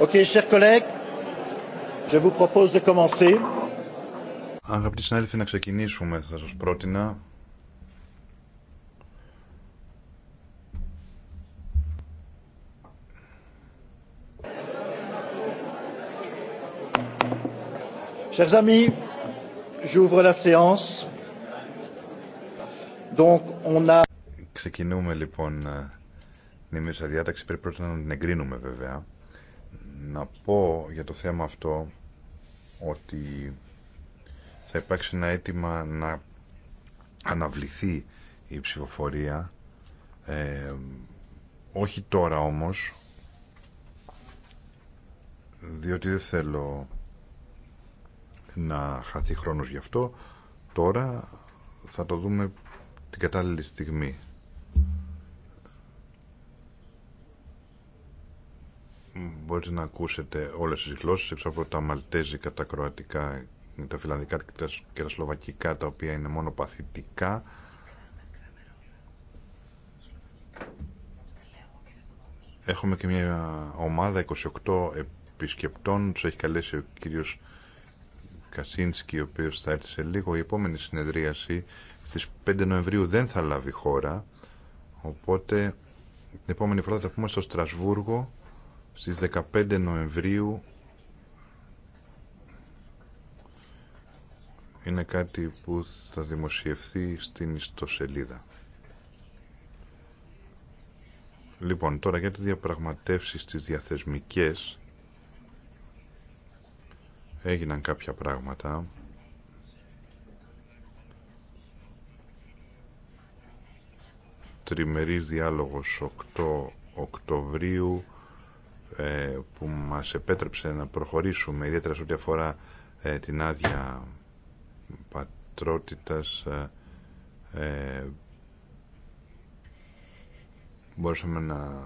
Okay, chers collègues, je vous propose de commencer. Αγαπητοί συνάδελφοι, να ξεκινήσουμε, θα σας πρότεινα. Chers amis, j'ouvre la séance. Donc, on a... Ξεκινούμε λοιπόν ε, την ημέρα διάταξη, πρέπει πρώτα να την εγκρίνουμε βέβαια να πω για το θέμα αυτό ότι θα υπάρξει ένα αίτημα να αναβληθεί η ψηφοφορία ε, όχι τώρα όμως διότι δεν θέλω να χαθεί χρόνος γι' αυτό τώρα θα το δούμε την κατάλληλη στιγμή μπορείτε να ακούσετε όλες τις γλώσσες έξω από τα μαλτέζικα, τα κροατικά, τα φιλανδικά και τα σλοβακικά τα οποία είναι μόνο παθητικά Έχουμε και μια ομάδα 28 επισκεπτών τους έχει καλέσει ο κύριος Κασίνσκι ο οποίος θα έρθει σε λίγο η επόμενη συνεδρίαση στις 5 Νοεμβρίου δεν θα λάβει χώρα οπότε την επόμενη φορά θα τα πούμε στο Στρασβούργο στις 15 Νοεμβρίου είναι κάτι που θα δημοσιευθεί στην ιστοσελίδα. Λοιπόν, τώρα για τις διαπραγματεύσεις τις διαθεσμικές έγιναν κάποια πράγματα. Τριμερής διάλογος 8 Οκτωβρίου ε, που μας επέτρεψε να προχωρήσουμε ιδιαίτερα σε ό,τι αφορά ε, την άδεια πατρότητας ε, μπορούσαμε να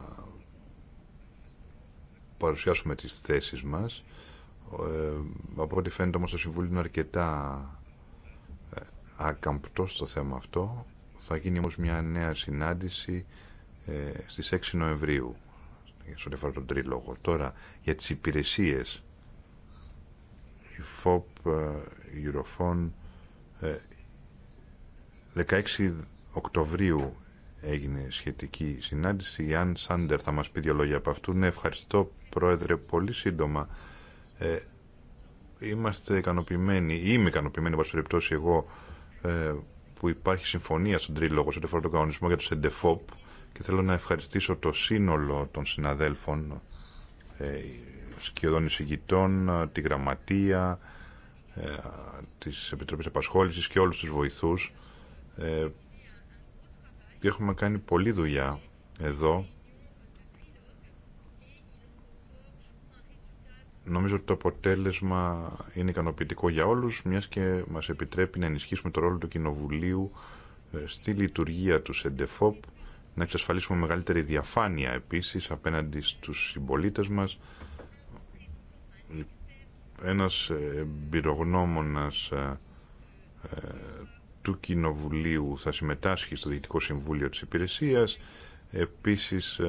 παρουσιάσουμε τις θέσεις μας από ό,τι φαίνεται όμως το Συμβούλιο είναι αρκετά ακαμπτό στο θέμα αυτό θα γίνει όμως μια νέα συνάντηση στις 6 Νοεμβρίου στον ό,τι αφορά τρίλογο. Τώρα, για τις υπηρεσίες, η ΦΟΠ, ε, η Eurofon, 16 ε, Οκτωβρίου έγινε σχετική συνάντηση. Η Αν Σάντερ θα μας πει δύο λόγια από αυτού. Ναι, ευχαριστώ Πρόεδρε, πολύ σύντομα. Ε, είμαστε ικανοποιημένοι, ή είμαι ικανοποιημένη, όπως περιπτώσει εγώ, ε, που υπάρχει συμφωνία στον Τρίλογο, σε αφορά τον κανονισμό για το ΣΕΝΤΕΦΟΠ και θέλω να ευχαριστήσω το σύνολο των συναδέλφων ε, σκιωδών εισηγητών, ε, τη γραμματεία ε, της Επιτροπής Απασχόλησης και όλους τους βοηθούς. Έχουμε κάνει πολλή δουλειά εδώ. Νομίζω ότι το αποτέλεσμα είναι ικανοποιητικό για όλους, μιας και μας επιτρέπει να ενισχύσουμε το ρόλο του Κοινοβουλίου στη λειτουργία του ΣΕΝΤΕΦΟΠ να εξασφαλίσουμε μεγαλύτερη διαφάνεια επίσης απέναντι στους συμπολίτε μας. Ένας ε, εμπειρογνώμονας ε, ε, του Κοινοβουλίου θα συμμετάσχει στο Διοικητικό Συμβούλιο της Υπηρεσίας. Επίσης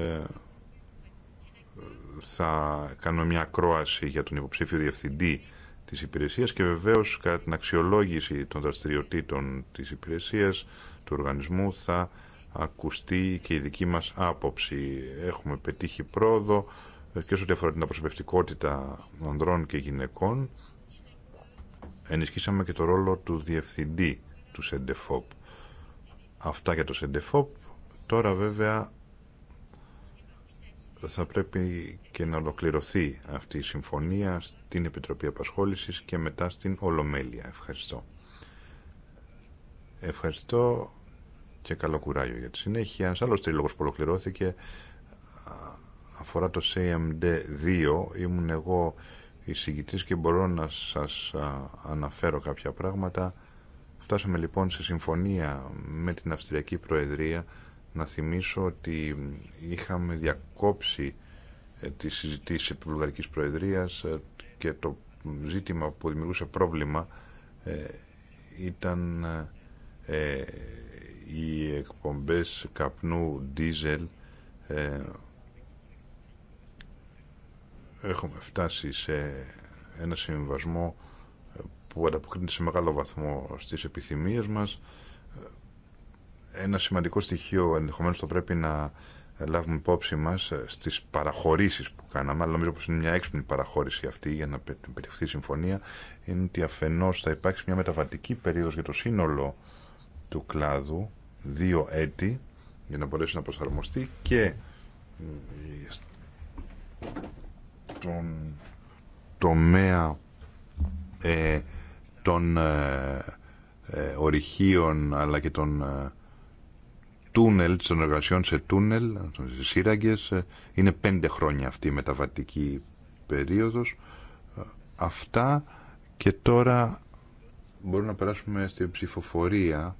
θα κάνω μια ακρόαση για τον υποψήφιο διευθυντή της υπηρεσίας και βεβαίως κατά την αξιολόγηση των δραστηριοτήτων της υπηρεσίας του οργανισμού θα ακουστεί και η δική μας άποψη. Έχουμε πετύχει πρόοδο και όσο αφορά την των ανδρών και γυναικών ενισχύσαμε και το ρόλο του διευθυντή του ΣΕΝΤΕΦΟΠ. Αυτά για το ΣΕΝΤΕΦΟΠ. Τώρα βέβαια θα πρέπει και να ολοκληρωθεί αυτή η συμφωνία στην Επιτροπή Απασχόλησης και μετά στην Ολομέλεια. Ευχαριστώ. Ευχαριστώ και καλό κουράγιο για τη συνέχεια. Ένα άλλο τρίλογο που ολοκληρώθηκε αφορά το CMD2. Ήμουν εγώ εισηγητή και μπορώ να σας αναφέρω κάποια πράγματα. Φτάσαμε λοιπόν σε συμφωνία με την Αυστριακή Προεδρία. Να θυμίσω ότι είχαμε διακόψει ε, τη συζήτηση του Βουλγαρικής Προεδρίας ε, και το ζήτημα που δημιουργούσε πρόβλημα ε, ήταν οι εκπομπές καπνού ντίζελ έχουμε φτάσει σε ένα συμβασμό ε, που ανταποκρίνεται σε μεγάλο βαθμό στις επιθυμίες μας ένα σημαντικό στοιχείο ενδεχομένως το πρέπει να λάβουμε υπόψη μας ε, στις παραχωρήσεις που κάναμε αλλά νομίζω πως είναι μια έξυπνη παραχώρηση αυτή για να επιτευχθεί η συμφωνία είναι ότι αφενός θα υπάρξει μια μεταβατική περίοδος για το σύνολο του κλάδου δύο έτη για να μπορέσει να προσαρμοστεί και τον τομέα ε, των ε, ε, ορυχείων αλλά και των ε, τούνελ, των εργασιών σε τούνελ, σε σύραγγες, ε, είναι πέντε χρόνια αυτή η μεταβατική περίοδος. Αυτά και τώρα μπορούμε να περάσουμε στην ψηφοφορία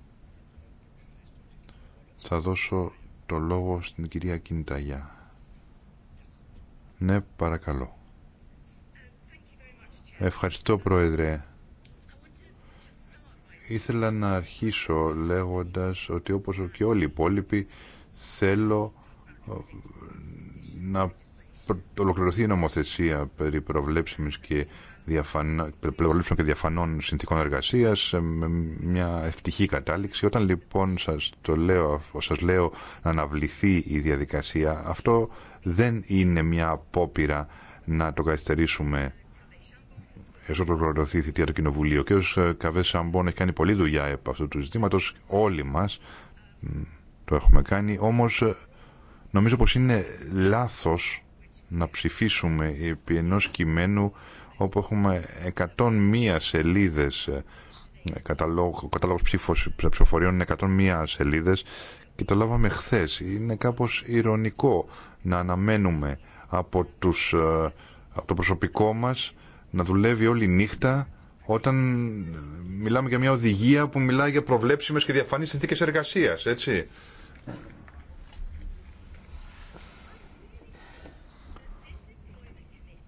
θα δώσω το λόγο στην κυρία Κινταγιά. Ναι, παρακαλώ. Ευχαριστώ, Πρόεδρε. Ήθελα να αρχίσω λέγοντας ότι όπως και όλοι οι υπόλοιποι θέλω ε, να ολοκληρωθεί η νομοθεσία περί προβλέψιμης και διαφανών, και διαφανών συνθήκων εργασίας ε, με μια ευτυχή κατάληξη. Όταν λοιπόν σας, το λέω, σας λέω να αναβληθεί η διαδικασία, αυτό δεν είναι μια απόπειρα να το καθυστερήσουμε εσώ το ολοκληρωθεί η θητεία του Κοινοβουλίου. Και ο ε, Καβέ Σαμπόν έχει κάνει πολλή δουλειά από αυτού του ζητήματο. Όλοι μα το έχουμε κάνει. Όμω ε, νομίζω πω είναι λάθο να ψηφίσουμε επί ενό κειμένου όπου έχουμε 101 σελίδες ε, ο κατάλογος ψήφος, ψηφοφοριών είναι 101 σελίδες και το λάβαμε χθες. Είναι κάπως ηρωνικό να αναμένουμε από, τους, ε, από το προσωπικό μας να δουλεύει όλη νύχτα όταν μιλάμε για μια οδηγία που μιλάει για προβλέψιμες και διαφανείς συνθήκες εργασίας, έτσι.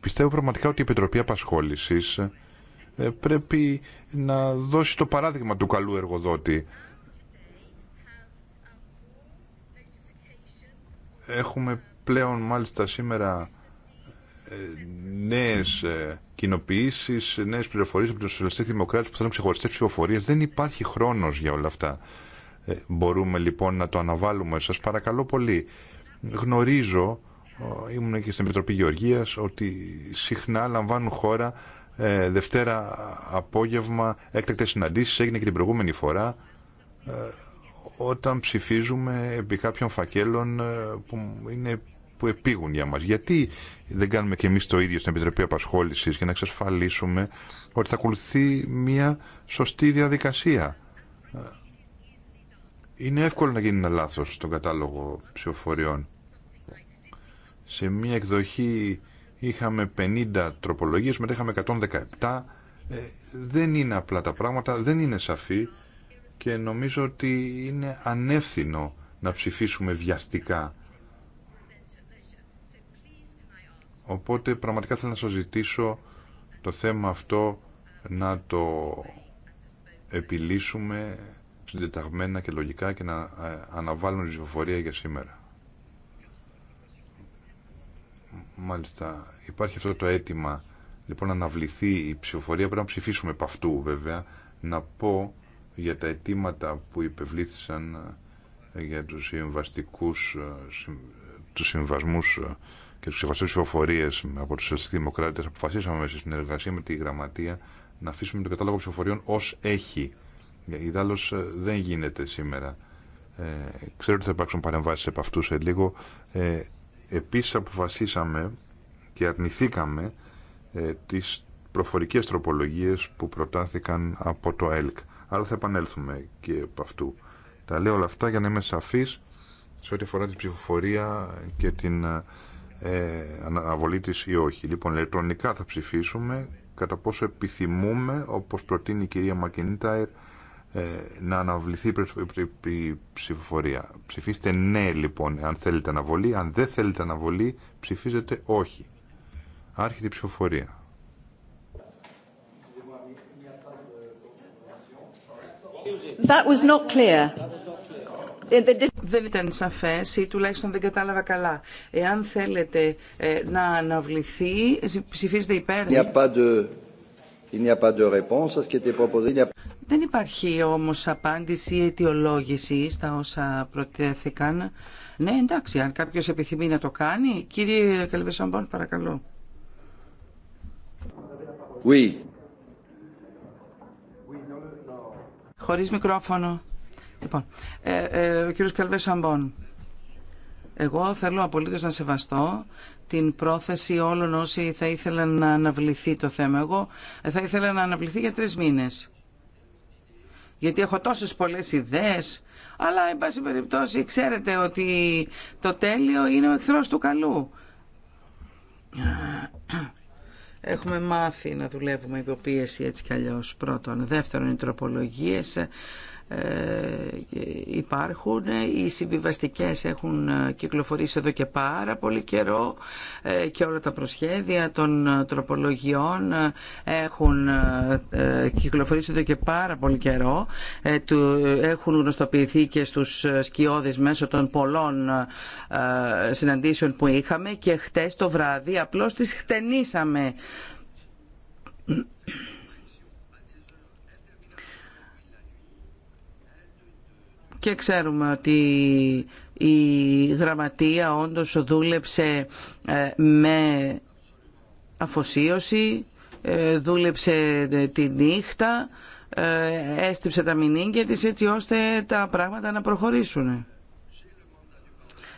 πιστεύω πραγματικά ότι η Επιτροπή απασχόληση ε, πρέπει να δώσει το παράδειγμα του καλού εργοδότη. Έχουμε πλέον μάλιστα σήμερα ε, νέες ε, κοινοποιήσεις, νέες πληροφορίες από τους σοσιαλιστές δημοκράτες που θέλουν ξεχωριστέ ψηφοφορίες. Δεν υπάρχει χρόνος για όλα αυτά. Μπορούμε λοιπόν να το αναβάλουμε. Σας παρακαλώ πολύ. Γνωρίζω ήμουν και στην Επιτροπή Γεωργίας, ότι συχνά λαμβάνουν χώρα ε, Δευτέρα απόγευμα έκτακτες συναντήσεις, έγινε και την προηγούμενη φορά, ε, όταν ψηφίζουμε επί κάποιων φακέλων ε, που, είναι, που επίγουν για μας. Γιατί δεν κάνουμε και εμείς το ίδιο στην Επιτροπή Απασχόλησης για να εξασφαλίσουμε ότι θα ακολουθεί μια σωστή διαδικασία. Είναι εύκολο να γίνει ένα λάθος στον κατάλογο ψηφοφοριών. Σε μια εκδοχή είχαμε 50 τροπολογίες, μετά είχαμε 117. Ε, δεν είναι απλά τα πράγματα, δεν είναι σαφή και νομίζω ότι είναι ανεύθυνο να ψηφίσουμε βιαστικά. Οπότε πραγματικά θέλω να σας ζητήσω το θέμα αυτό να το επιλύσουμε συντεταγμένα και λογικά και να ε, αναβάλουμε τη ψηφοφορία για σήμερα. Μάλιστα, υπάρχει αυτό το αίτημα λοιπόν να αναβληθεί η ψηφοφορία. Πρέπει να ψηφίσουμε από αυτού βέβαια. Να πω για τα αιτήματα που υπευλήθησαν ε, για τους συμβαστικούς ε, τους συμβασμούς ε, και τους συμβαστικούς ψηφοφορίες από τους σωστικούς δημοκράτες αποφασίσαμε σε συνεργασία με τη γραμματεία να αφήσουμε τον κατάλογο ψηφοφοριών ως έχει. Ιδάλλως δεν γίνεται σήμερα. Ε, ξέρω ότι θα υπάρξουν παρεμβάσεις από αυτού σε λίγο. Ε, Επίσης αποφασίσαμε και αρνηθήκαμε ε, τις προφορικές τροπολογίες που προτάθηκαν από το ΕΛΚ. Αλλά θα επανέλθουμε και από αυτού. Τα λέω όλα αυτά για να είμαι σαφής σε ό,τι αφορά την ψηφοφορία και την ε, αναβολή της ή όχι. Λοιπόν, ηλεκτρονικά θα ψηφίσουμε κατά πόσο επιθυμούμε, όπως προτείνει η κυρία επιθυμουμε οπως προτεινει η κυρια μακινιταερ ε, να αναβληθεί η ψηφοφορία. Ψηφίστε ναι λοιπόν αν θέλετε αναβολή. Αν δεν θέλετε αναβολή ψηφίζετε όχι. Άρχεται η ψηφοφορία. That was not clear. Δεν ήταν σαφές ή τουλάχιστον δεν κατάλαβα καλά. Εάν θέλετε ε, να αναβληθεί, ψηφίστε υπέρ. Δεν υπάρχει όμως απάντηση ή αιτιολόγηση στα όσα προτέθηκαν. Ναι, εντάξει, αν κάποιος επιθυμεί να το κάνει. Κύριε Καλβέσαμπον, παρακαλώ. Oui. Χωρίς μικρόφωνο. Λοιπόν, ε, ε, ο κύριος Εγώ θέλω απολύτως να σεβαστώ την πρόθεση όλων όσοι θα ήθελαν να αναβληθεί το θέμα. Εγώ θα ήθελα να αναβληθεί για τρεις μήνες γιατί έχω τόσες πολλές ιδέες, αλλά εν πάση περιπτώσει ξέρετε ότι το τέλειο είναι ο εχθρός του καλού. Έχουμε μάθει να δουλεύουμε υποπίεση έτσι κι αλλιώς πρώτον. Δεύτερον, οι τροπολογίες ε, υπάρχουν. Οι συμβιβαστικές έχουν ε, κυκλοφορήσει εδώ και πάρα πολύ καιρό ε, και όλα τα προσχέδια των τροπολογιών έχουν κυκλοφορήσει εδώ και πάρα πολύ καιρό. Έχουν γνωστοποιηθεί και στους σκιώδεις μέσω των πολλών συναντήσεων που είχαμε και χτες το βράδυ απλώς τις χτενίσαμε. και ξέρουμε ότι η γραμματεία όντως δούλεψε ε, με αφοσίωση, ε, δούλεψε ε, τη νύχτα, έστριψε τα μηνύγκια της έτσι ώστε τα πράγματα να προχωρήσουν.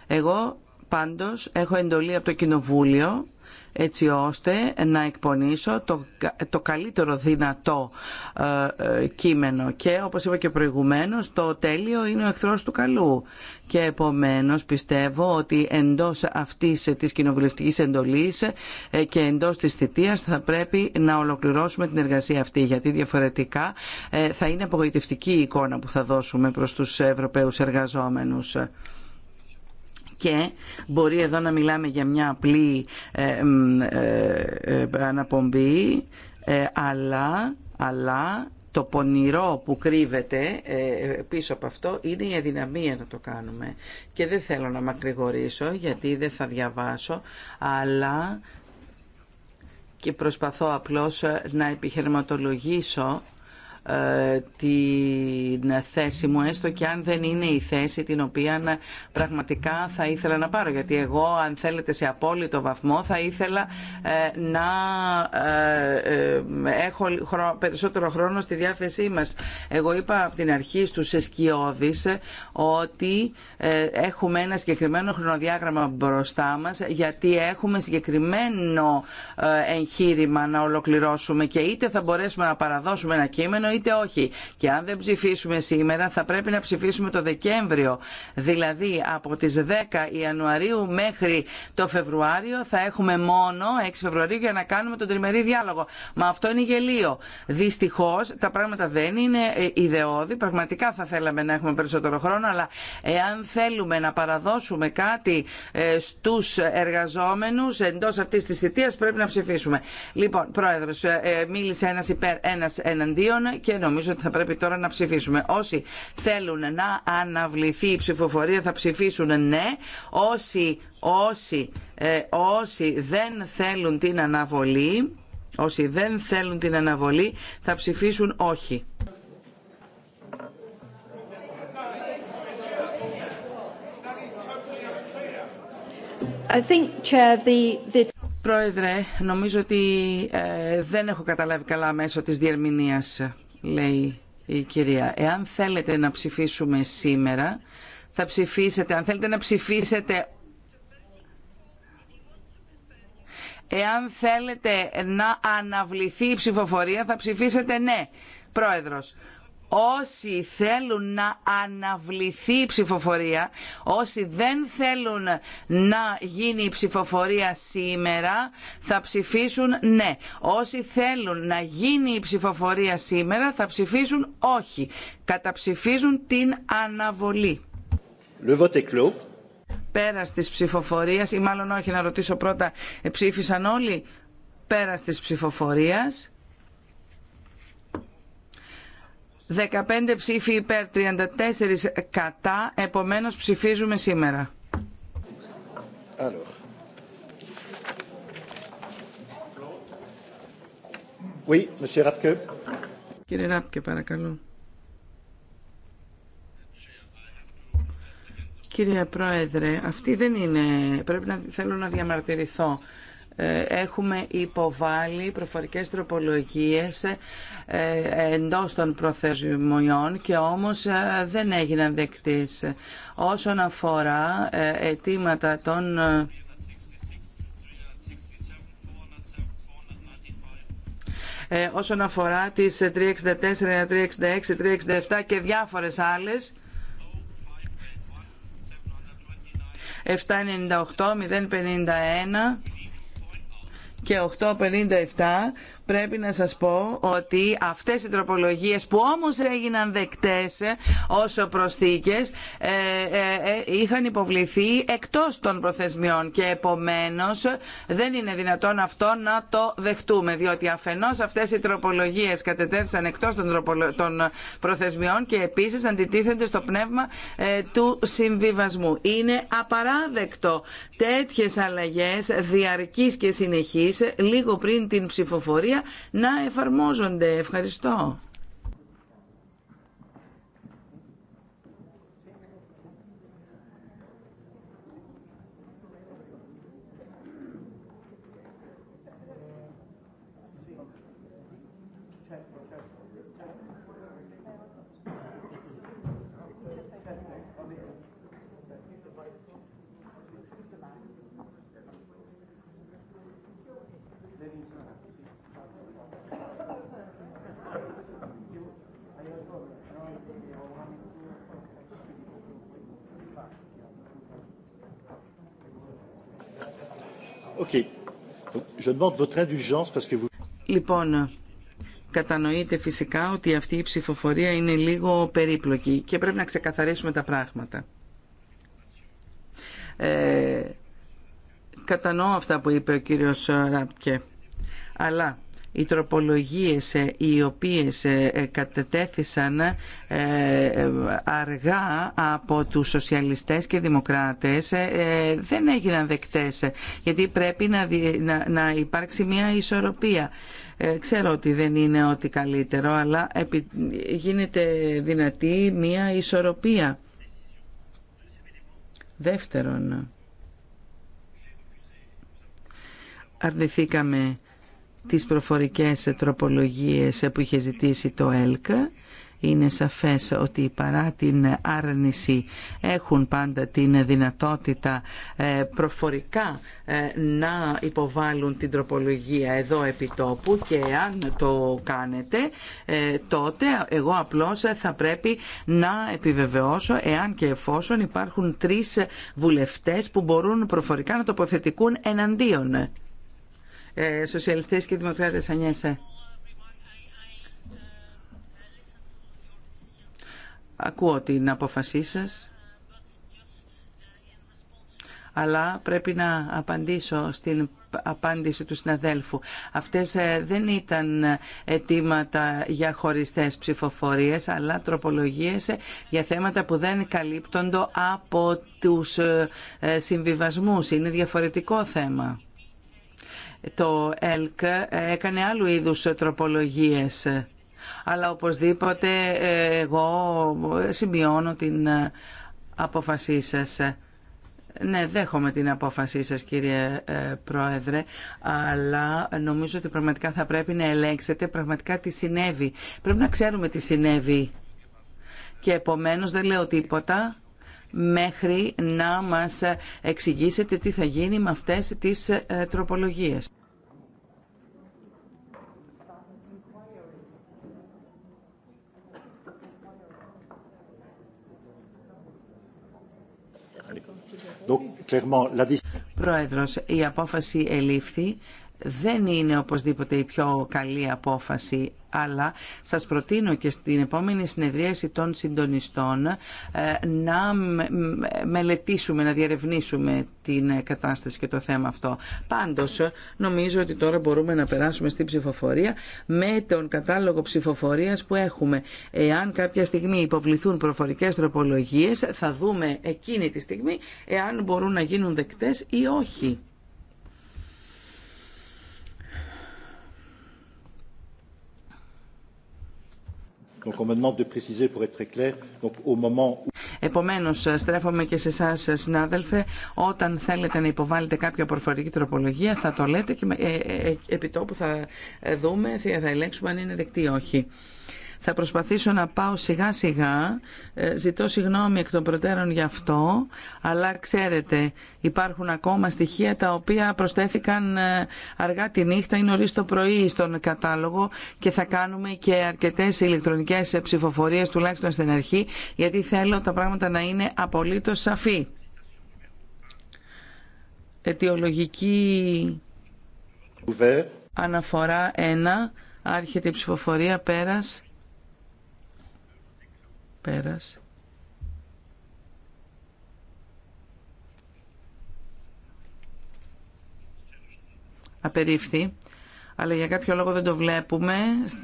Εγώ πάντως έχω εντολή από το Κοινοβούλιο έτσι ώστε να εκπονήσω το, το καλύτερο δυνατό ε, ε, κείμενο. Και όπως είπα και προηγουμένως, το τέλειο είναι ο εχθρός του καλού. Και επομένως πιστεύω ότι εντός αυτής της κοινοβουλευτικής εντολής ε, και εντός της θητείας θα πρέπει να ολοκληρώσουμε την εργασία αυτή, γιατί διαφορετικά θα είναι απογοητευτική η εικόνα που θα δώσουμε προς τους Ευρωπαίους εργαζόμενους και μπορεί εδώ να μιλάμε για μια απλή ε, ε, ε, αναπομπή αλλά, αλλά το πονηρό που κρύβεται πίσω από αυτό είναι η αδυναμία να το κάνουμε. Και δεν θέλω να μακρηγορήσω γιατί δεν θα διαβάσω, αλλά και προσπαθώ απλώς να επιχειρηματολογήσω ε, την θέση μου, έστω και αν δεν είναι η θέση την οποία ε, πραγματικά θα ήθελα να πάρω. Γιατί εγώ, αν θέλετε, σε απόλυτο βαθμό θα ήθελα ε, να έχω περισσότερο χρόνο στη διάθεσή μας. Εγώ είπα από την αρχή στους εσκιώδης ότι έχουμε ένα συγκεκριμένο χρονοδιάγραμμα μπροστά μας γιατί έχουμε συγκεκριμένο εγχείρημα να ολοκληρώσουμε και είτε θα μπορέσουμε να παραδώσουμε ένα κείμενο είτε όχι. Και αν δεν ψηφίσουμε σήμερα θα πρέπει να ψηφίσουμε το Δεκέμβριο. Δηλαδή από τις 10 Ιανουαρίου μέχρι το Φεβρουάριο θα έχουμε μόνο 6 Φεβρουαρίου για να κάνουμε τον τριμερή διάλογο. Μα αυτό είναι γελίο. Δυστυχώ τα πράγματα δεν είναι ε, ιδεώδη. Πραγματικά θα θέλαμε να έχουμε περισσότερο χρόνο, αλλά εάν θέλουμε να παραδώσουμε κάτι ε, στου εργαζόμενου εντό αυτή τη θητεία πρέπει να ψηφίσουμε. Λοιπόν, Πρόεδρο, ε, μίλησε ένα υπέρ, ένα εναντίον και νομίζω ότι θα πρέπει τώρα να ψηφίσουμε. Όσοι θέλουν να αναβληθεί η ψηφοφορία θα ψηφίσουν ναι. Όσοι, όσοι, ε, όσοι δεν θέλουν την αναβολή, όσοι δεν θέλουν την αναβολή θα ψηφίσουν όχι. I think, Chair, the, the... Πρόεδρε, νομίζω ότι ε, δεν έχω καταλάβει καλά μέσω της διερμηνίας λέει η κυρία. Εάν θέλετε να ψηφίσουμε σήμερα, θα ψηφίσετε. Αν θέλετε να ψηφίσετε Εάν θέλετε να αναβληθεί η ψηφοφορία θα ψηφίσετε ναι. Πρόεδρος, όσοι θέλουν να αναβληθεί η ψηφοφορία, όσοι δεν θέλουν να γίνει η ψηφοφορία σήμερα, θα ψηφίσουν ναι. Όσοι θέλουν να γίνει η ψηφοφορία σήμερα, θα ψηφίσουν όχι. Καταψηφίζουν την αναβολή. Le vote est Πέρας της ψηφοφορίας, ή μάλλον όχι να ρωτήσω πρώτα, ε, ψήφισαν όλοι πέρας της ψηφοφορίας. 15 ψήφοι υπέρ, 34 κατά, επομένως ψηφίζουμε σήμερα. Alors. Oui, monsieur Rapke. Κύριε Ράπκε, παρακαλώ. Κύριε Πρόεδρε, αυτή δεν είναι... Πρέπει να θέλω να διαμαρτυρηθώ. Ε, έχουμε υποβάλει προφορικές τροπολογίες ε, εντός των προθεσμιών και όμως ε, δεν έγιναν δεκτής. Όσον αφορά αιτήματα των όσον αφορά τις 364, 366, 367 και διάφορες άλλες 798, 051 και 857 πρέπει να σας πω ότι αυτές οι τροπολογίες που όμως έγιναν δεκτές όσο προσθήκες ε, ε, ε, είχαν υποβληθεί εκτός των προθεσμιών και επομένως δεν είναι δυνατόν αυτό να το δεχτούμε διότι αφενός αυτές οι τροπολογίες κατετέθησαν εκτός των προθεσμιών και επίσης αντιτίθενται στο πνεύμα του συμβιβασμού. Είναι απαράδεκτο τέτοιες αλλαγές διαρκής και συνεχής λίγο πριν την ψηφοφορία να εφαρμόζονται. Ευχαριστώ. Λοιπόν, κατανοείτε φυσικά ότι αυτή η ψηφοφορία είναι λίγο περίπλοκη και πρέπει να ξεκαθαρίσουμε τα πράγματα. Ε, κατανοώ αυτά που είπε ο κύριος Ράπκε, αλλά οι τροπολογίες ε, οι οποίες ε, ε, κατετέθησαν αργά από τους σοσιαλιστές και δημοκράτες δεν έγιναν δεκτές γιατί πρέπει να υπάρξει μια ισορροπία. Ξέρω ότι δεν είναι ό,τι καλύτερο αλλά γίνεται δυνατή μια ισορροπία. Δεύτερον, αρνηθήκαμε τις προφορικές τροπολογίες που είχε ζητήσει το ΕΛΚΑ. Είναι σαφές ότι παρά την άρνηση έχουν πάντα την δυνατότητα ε, προφορικά ε, να υποβάλουν την τροπολογία εδώ επί τόπου και αν το κάνετε ε, τότε εγώ απλώς θα πρέπει να επιβεβαιώσω εάν και εφόσον υπάρχουν τρεις βουλευτές που μπορούν προφορικά να τοποθετικούν εναντίον ε, σοσιαλιστές και δημοκράτες Ανιέσε. Ακούω την αποφασή σας, αλλά πρέπει να απαντήσω στην απάντηση του συναδέλφου. Αυτές ε, δεν ήταν αιτήματα για χωριστές ψηφοφορίες, αλλά τροπολογίες ε, για θέματα που δεν καλύπτονται από τους ε, συμβιβασμούς. Είναι διαφορετικό θέμα το ΕΛΚ έκανε άλλου είδους τροπολογίες. Αλλά οπωσδήποτε ε, εγώ σημειώνω την ε, απόφασή σας. Ναι, δέχομαι την απόφασή σας κύριε ε, Πρόεδρε, αλλά νομίζω ότι πραγματικά θα πρέπει να ελέγξετε πραγματικά τι συνέβη. Πρέπει να ξέρουμε τι συνέβη. Και επομένως δεν λέω τίποτα μέχρι να μας εξηγήσετε τι θα γίνει με αυτές τις ε, τροπολογίες. Πρόεδρος, η απόφαση ελήφθη. Δεν είναι οπωσδήποτε η πιο καλή απόφαση αλλά σας προτείνω και στην επόμενη συνεδρίαση των συντονιστών ε, να μελετήσουμε, να διαρευνήσουμε την κατάσταση και το θέμα αυτό. Πάντως, νομίζω ότι τώρα μπορούμε να περάσουμε στην ψηφοφορία με τον κατάλογο ψηφοφορίας που έχουμε. Εάν κάποια στιγμή υποβληθούν προφορικές τροπολογίες, θα δούμε εκείνη τη στιγμή εάν μπορούν να γίνουν δεκτές ή όχι. Επομένω, στρέφομαι και σε εσά, συνάδελφε, όταν θέλετε να υποβάλλετε κάποια προφορική τροπολογία θα το λέτε και ε, ε, ε, επί τόπου θα δούμε, θα ελέγξουμε αν είναι δεκτή ή όχι. Θα προσπαθήσω να πάω σιγά σιγά. Ε, ζητώ συγγνώμη εκ των προτέρων γι' αυτό. Αλλά ξέρετε, υπάρχουν ακόμα στοιχεία τα οποία προσθέθηκαν ε, αργά τη νύχτα ή νωρί το πρωί στον κατάλογο και θα κάνουμε και αρκετέ ηλεκτρονικέ ψηφοφορίε, τουλάχιστον στην αρχή, γιατί θέλω τα πράγματα να είναι απολύτω σαφή. Αιτιολογική αναφορά 1, άρχεται η ψηφοφορία πέρας Πέρας. Απερίφθη. Αλλά για κάποιο λόγο δεν το βλέπουμε.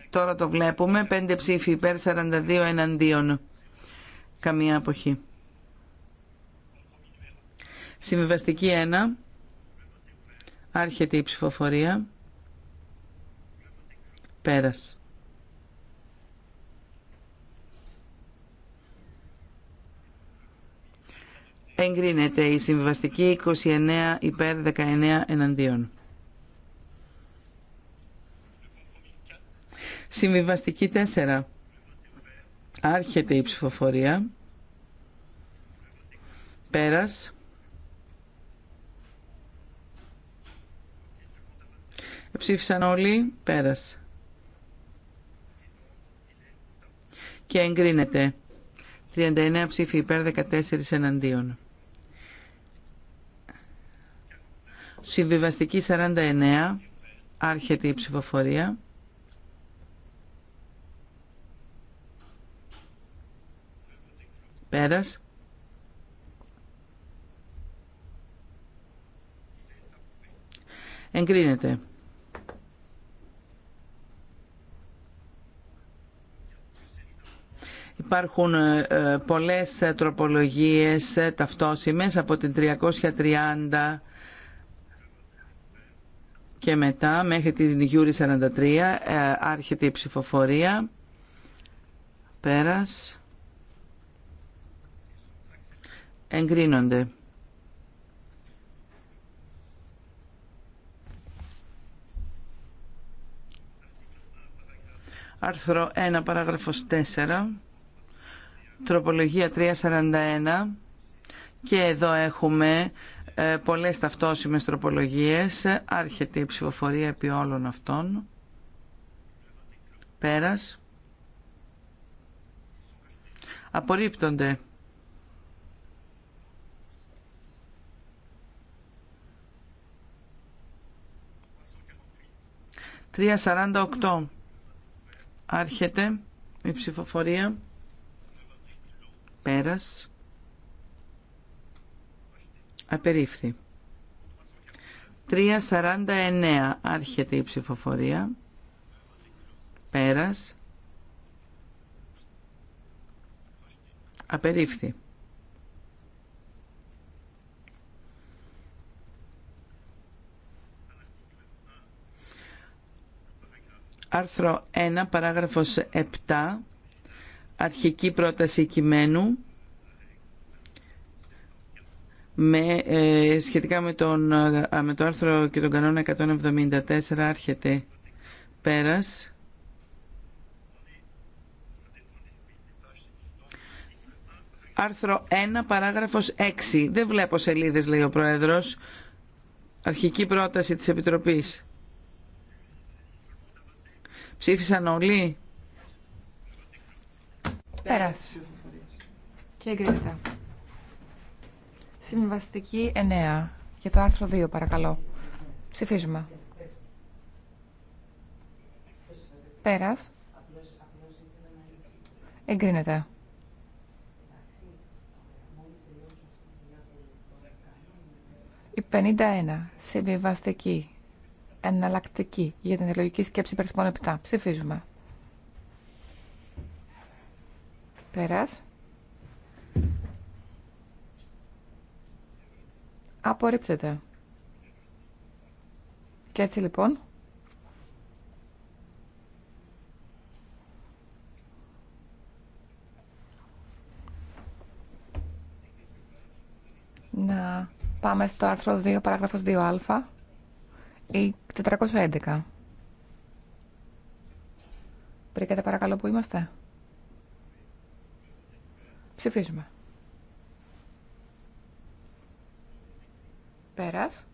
Τώρα το βλέπουμε. 5 ψήφοι υπέρ 42 εναντίον. Καμία αποχή. Συμβιβαστική 1. Άρχεται η ψηφοφορία. Πέρας. εγκρίνεται η συμβιβαστική 29 υπέρ 19 εναντίον. Συμβιβαστική 4. Άρχεται η ψηφοφορία. Πέρας. Ψήφισαν όλοι. Πέρας. Και εγκρίνεται. 39 ψήφοι υπέρ 14 εναντίον. Συμβιβαστική 49. Άρχεται η ψηφοφορία. Πέρας. Εγκρίνεται. Υπάρχουν ε, ε, πολλές ε, τροπολογίες ταυτόσιμες από την 330 και μετά μέχρι την Γιούρι 43 ε, άρχεται η ψηφοφορία. Πέρας. Εγκρίνονται. Άρθρο 1, παράγραφος 4, τροπολογία 341 και εδώ έχουμε ε, πολλές ταυτόσιμες τροπολογίες, άρχεται η ψηφοφορία επί όλων αυτών. Πέρας. Απορρίπτονται. Τρία Άρχεται η ψηφοφορία. Πέρας. Απερίφθη. 3.49 άρχεται η ψηφοφορία. Πέρας. Απερίφθη. Άρθρο 1, παράγραφος 7, αρχική πρόταση κειμένου με, ε, σχετικά με, τον, με το άρθρο και τον κανόνα 174 άρχεται πέρας. Άρθρο 1, παράγραφος 6. Δεν βλέπω σελίδες, λέει ο Πρόεδρος. Αρχική πρόταση της Επιτροπής. Ψήφισαν όλοι. Πέρας. Και εγκρίνεται. Συμβαστική 9. Για το άρθρο 2, παρακαλώ. Ψηφίζουμε. Πέρας. Εγκρίνεται. Η 51. Συμβιβαστική. Εναλλακτική. Για την ελλογική σκέψη περιθμών 7. Ψηφίζουμε. Πέρας. Απορρίπτεται. Και έτσι λοιπόν... Να πάμε στο άρθρο 2, παράγραφος 2α ή 411. Βρήκατε παρακαλώ που είμαστε. Ψηφίζουμε. Πέρας.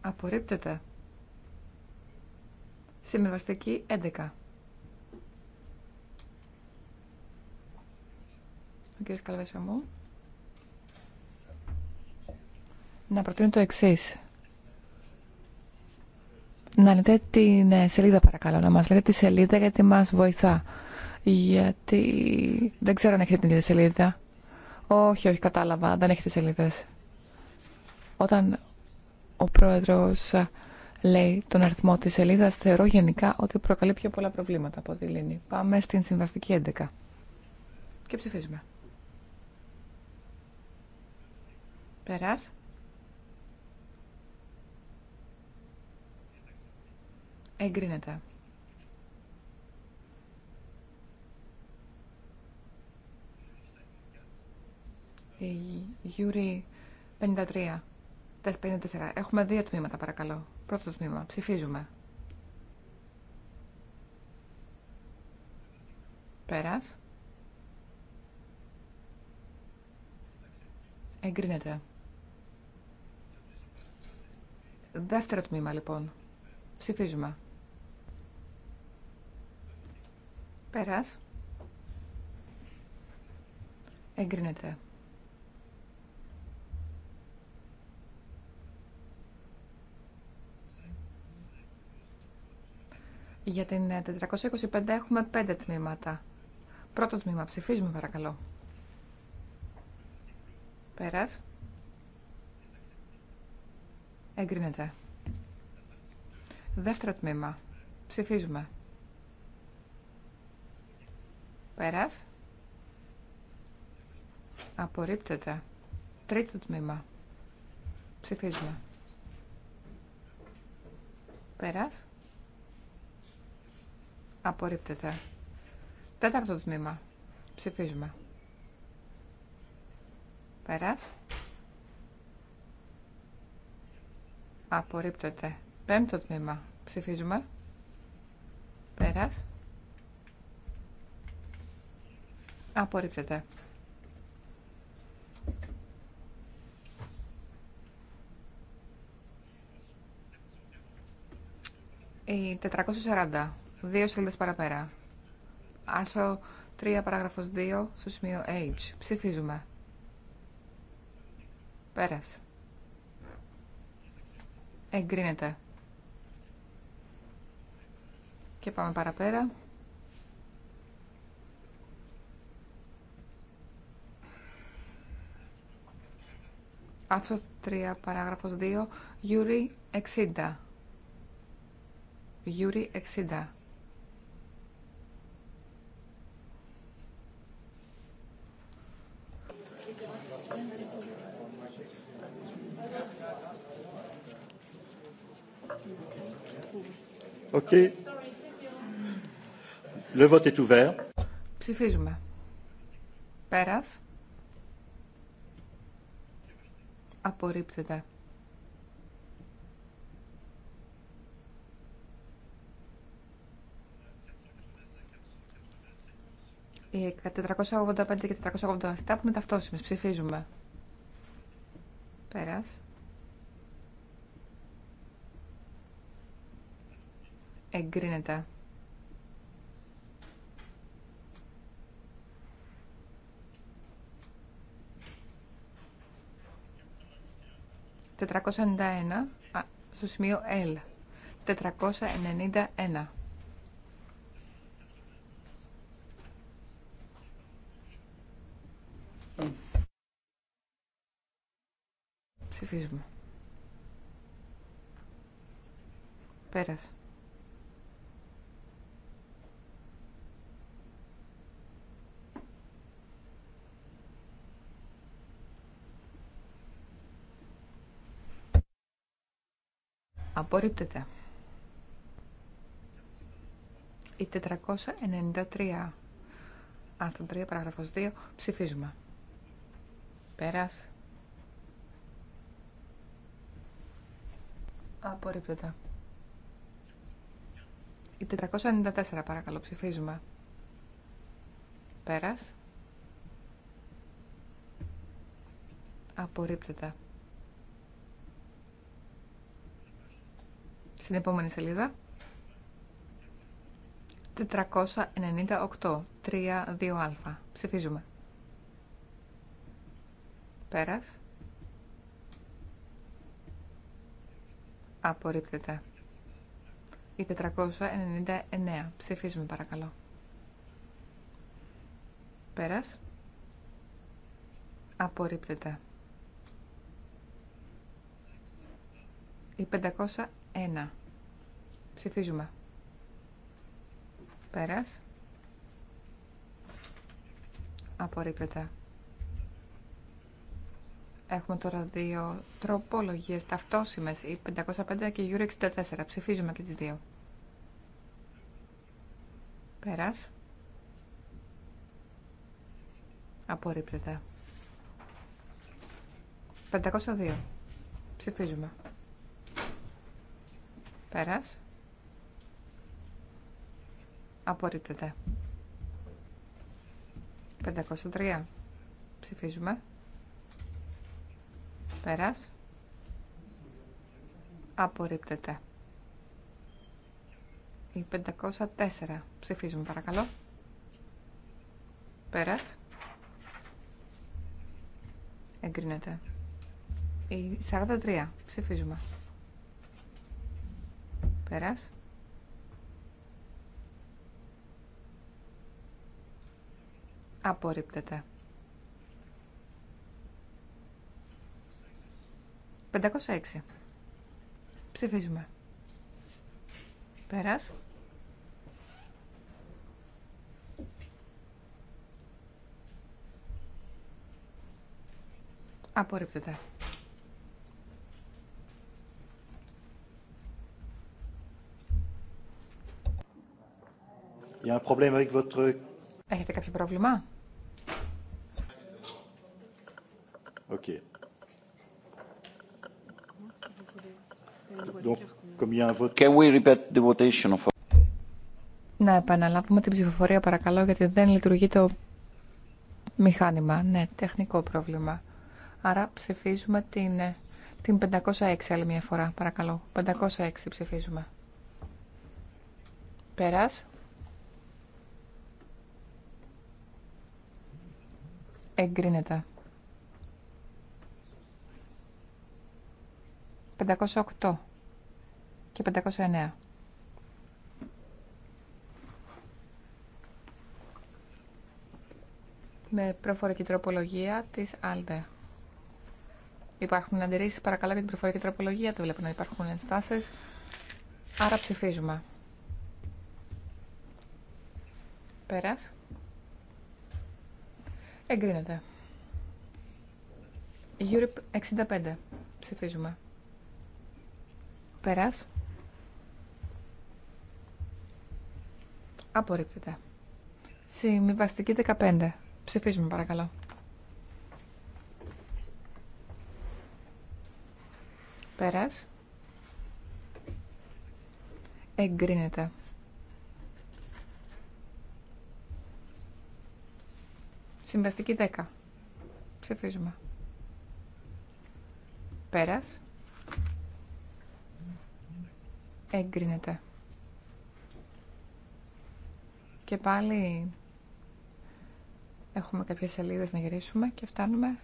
Απορρίπτεται. Συμβιβαστική 11. Ο κ. μου. Να προτείνω το εξή. Να λέτε την ε, σελίδα παρακαλώ, να μας λέτε τη σελίδα γιατί μας βοηθά. Γιατί δεν ξέρω αν έχετε την ίδια σελίδα. Όχι, όχι, κατάλαβα. Δεν έχετε σελίδε. Όταν ο πρόεδρο λέει τον αριθμό τη σελίδα, θεωρώ γενικά ότι προκαλεί πιο πολλά προβλήματα από τη λύνει. Πάμε στην συμβαστική 11. Και ψηφίζουμε. Περάς. Εγκρίνεται. Γιούρι 53. 54. Έχουμε δύο τμήματα παρακαλώ. Πρώτο τμήμα. Ψηφίζουμε. Πέρας. Εγκρίνεται. Δεύτερο τμήμα λοιπόν. Ψηφίζουμε. Πέρας. Εγκρίνεται. Για την 425 ε, έχουμε πέντε τμήματα. Πρώτο τμήμα, ψηφίζουμε παρακαλώ. Πέρας. Εγκρίνεται. Δεύτερο τμήμα. Ψηφίζουμε. Πέρας. Απορρίπτεται. Τρίτο τμήμα. Ψηφίζουμε. Πέρας. Απορρίπτεται. Τέταρτο τμήμα. Ψηφίζουμε. Πέρας. Απορρίπτεται. Πέμπτο τμήμα. Ψηφίζουμε. Πέρας. Απορρίπτεται. Η 440. Δύο σελίδε παραπέρα. Άρθρο 3, παράγραφο 2, στο σημείο H. Ψηφίζουμε. Πέρασε. Εγκρίνεται. Και πάμε παραπέρα. Άρθρο 3, παράγραφος 2, Γιούρι 60. Γιούρι 60. Okay. Le vote est ouvert. Ψηφίζουμε. Πέρας. Απορρίπτεται. Ε, Οι 485 και 487 που είναι ταυτόσιμες. Ψηφίζουμε. Πέρας. εγκρίνεται. Τετρακόσια «491» στο σημείο L. «491». Ψηφίζουμε. Πέρασε. Απορρίπτεται. Η 493. Άρθρο 3, παράγραφος 2. Ψηφίζουμε. Πέρας. Απορρίπτεται. Η 494 παρακαλώ ψηφίζουμε. Πέρας. Απορρίπτεται. Στην επόμενη σελίδα. 498. 498-3-2-α. α Ψηφίζουμε. Πέρας. Απορρίπτεται. Η 499. Ψηφίζουμε παρακαλώ. Πέρας. Απορρίπτεται. Η ένα Ψηφίζουμε. Πέρας. Απορρίπτεται. Έχουμε τώρα δύο τροπολογίες ταυτόσιμες, η 505 και η Euro 64. Ψηφίζουμε και τις δύο. Πέρας. Απορρίπτεται. 502. Ψηφίζουμε. Πέρας. Απορρίπτεται. 503. Ψηφίζουμε. Πέρας. Απορρίπτεται. Η 504. Ψηφίζουμε παρακαλώ. Πέρας. Εγκρίνεται. Η 43. Ψηφίζουμε. Πέρας. Απορρίπτεται. 506. Ψηφίζουμε. Πέρας. Απορρίπτεται. Έχετε κάποιο πρόβλημα? Can we repeat the votation of... Να επαναλάβουμε την ψηφοφορία παρακαλώ γιατί δεν λειτουργεί το μηχάνημα. Ναι, τεχνικό πρόβλημα. Άρα ψηφίζουμε την, ε, την 506 άλλη μια φορά παρακαλώ. 506 ψηφίζουμε. Πέρας. εγκρίνεται. 508 και 509. Με προφορική τροπολογία της ΑΛΔΕ. Υπάρχουν αντιρρήσεις παρακαλώ για την προφορική τροπολογία. το βλέπω να υπάρχουν ενστάσεις. Άρα ψηφίζουμε. Πέρας. Εγκρίνεται. Europe 65. Ψηφίζουμε. Πέρας. Απορρίπτεται. Συμβιβαστική 15. Ψηφίζουμε παρακαλώ. Πέρας. Εγκρίνεται. Συμβαστική 10. Ψηφίζουμε. Πέρας. Εγκρίνεται. Και πάλι έχουμε κάποιες σελίδες να γυρίσουμε και φτάνουμε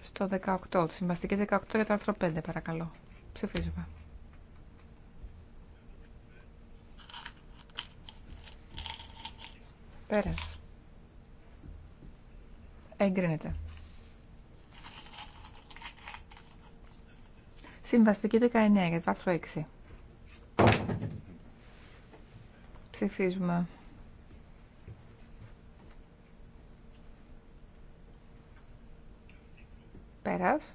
στο 18. Συμβαστική 18 για το άρθρο 5 παρακαλώ. Ψηφίζουμε. Πέρας. Εγκρίνεται. Συμβαστική 19 για το άρθρο 6. Ψηφίζουμε. Πέρας.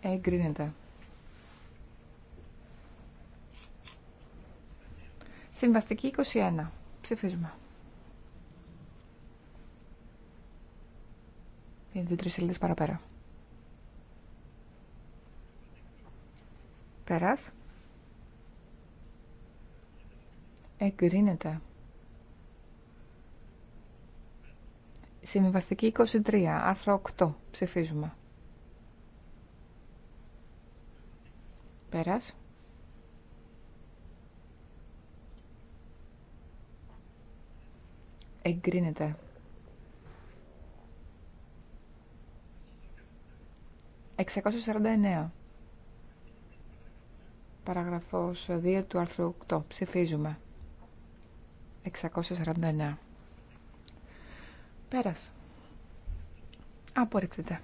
Εγκρίνεται. Συμβαστική 21. Ψηφίζουμε. Είναι δύο-τρει σελίδε παραπέρα. Πέρα. Εγκρίνεται. Συμβιβαστική 23, άρθρο 8. Ψηφίζουμε. Πέρας. Εγκρίνεται. 649. Παραγραφός 2 του άρθρου 8. Ψηφίζουμε. 649. Πέρας. Απορρίπτεται.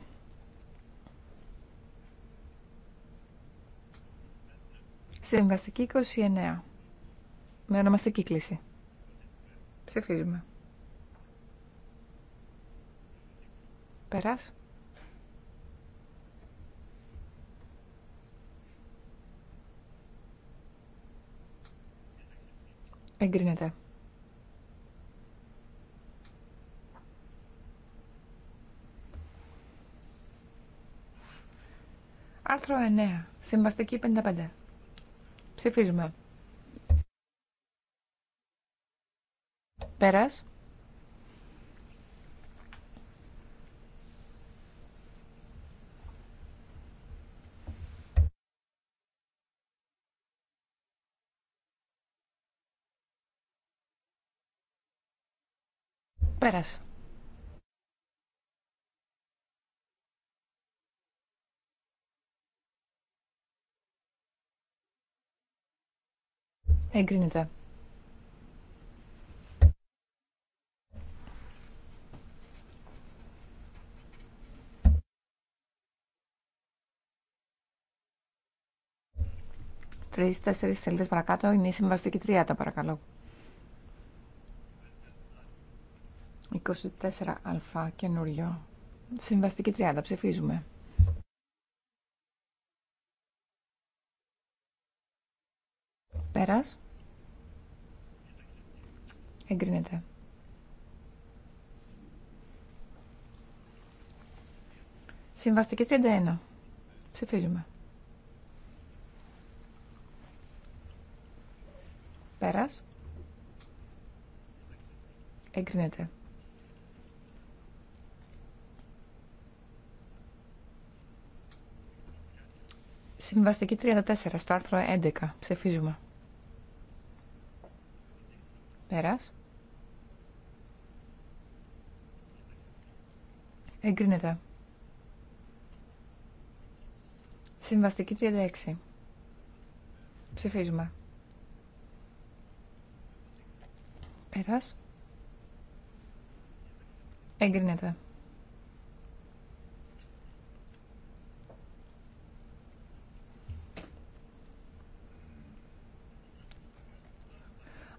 29. Με ονομαστική κλίση. Ψηφίζουμε. Πέρας. Εγκρίνεται. Άρθρο 9. Συμβαστική 55. Ψηφίζουμε. Πέρας. Πέρας. Εγκρίνεται. Τρει-τέσσερι σελίδες παρακάτω είναι η συμβαστική τριάτα, παρακαλώ. 24α καινούριο. Συμβαστική 30. Ψηφίζουμε. Πέρας. Εγκρίνεται. Συμβαστική 31. Ψηφίζουμε. Πέρας. Εγκρίνεται. Συμβαστική 34 στο άρθρο 11. Ψεφίζουμε. Πέρας. Εγκρίνεται. Συμβαστική 36. Ψηφίζουμε. Πέρας. Εγκρίνεται.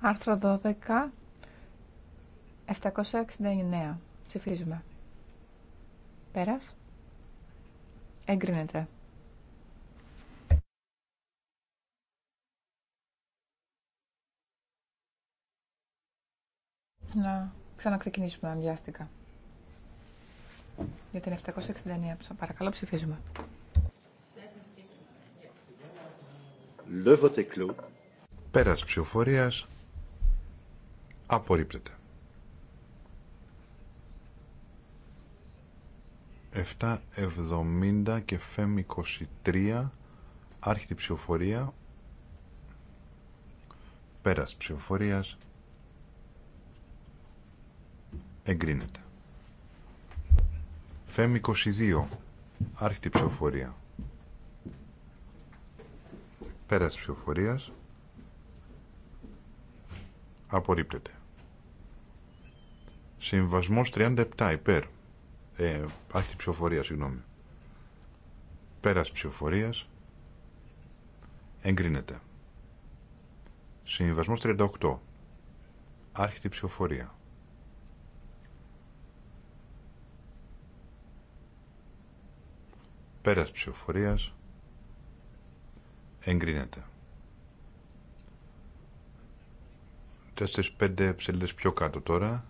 Άρθρο 12, 769. Ψηφίζουμε. Πέρας. Εγκρίνεται. Να ξαναξεκινήσουμε αμοιάστηκα. Για την 769, παρακαλώ ψηφίζουμε. Le vote est clos. Πέρας ψηφοφορίας. Απορρίπτεται. 7.70 και ΦΕΜ 23 άρχιτη ψηφοφορία πέρας ψηφοφορίας εγκρίνεται ΦΕΜ 22 άρχιτη ψηφοφορία πέρας ψηφοφορίας απορρίπτεται Συμβασμό 37 υπέρ. Ε, άρχιτη ψηφοφορία, συγγνώμη. Πέρα ψηφοφορία Εγκρίνεται. Συμβασμό 38. Άρχιτη ψηφοφορία. Πέρα ψηφοφορίας. τέσσερι 4-5 ψελίδες πιο κάτω τώρα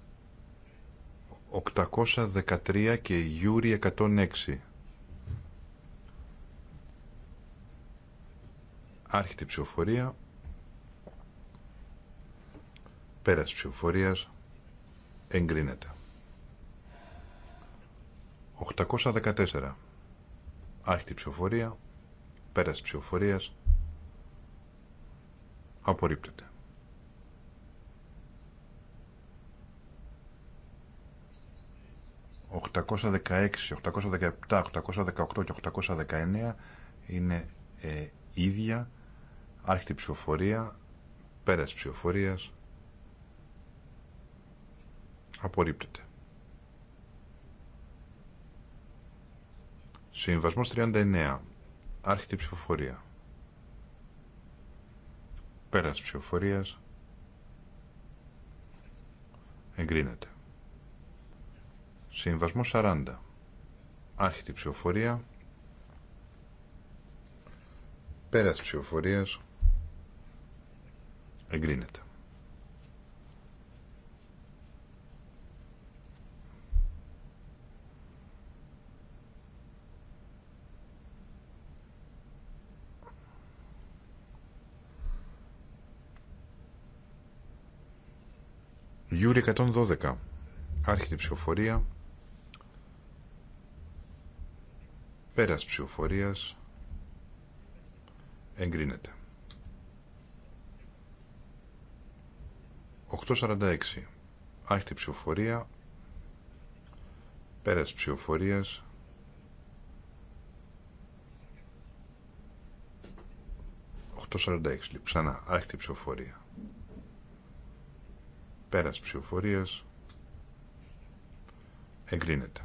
813 και η Γιούρι 106. Άρχιτη ψηφοφορία. Πέρας ψηφοφορίας. Εγκρίνεται. 814. Άρχιτη ψηφοφορία. Πέρας ψηφοφορίας. Απορρίπτεται. 816, 817, 818 και 819 είναι ε, ίδια άρχιτη ψηφοφορία, πέρας ψηφοφορίας, απορρίπτεται. Συμβασμός 39, άρχιτη ψηφοφορία, πέρας ψηφοφορίας, εγκρίνεται. Συμβασμός 40. Άρχιτη ψηφοφορία. Πέρας ψηφοφορίας. Εγκρίνεται. Γιούρι 112. Άρχιτη ψηφοφορία. Πέρας ψηφοφορίας εγκρίνεται. 8.46 Άρχιτη ψηφοφορία Πέρας ψηφοφορίας 8.46. Λοιπόν, ξανά άρχιτη ψηφοφορία πέρας ψηφοφορίας εγκρίνεται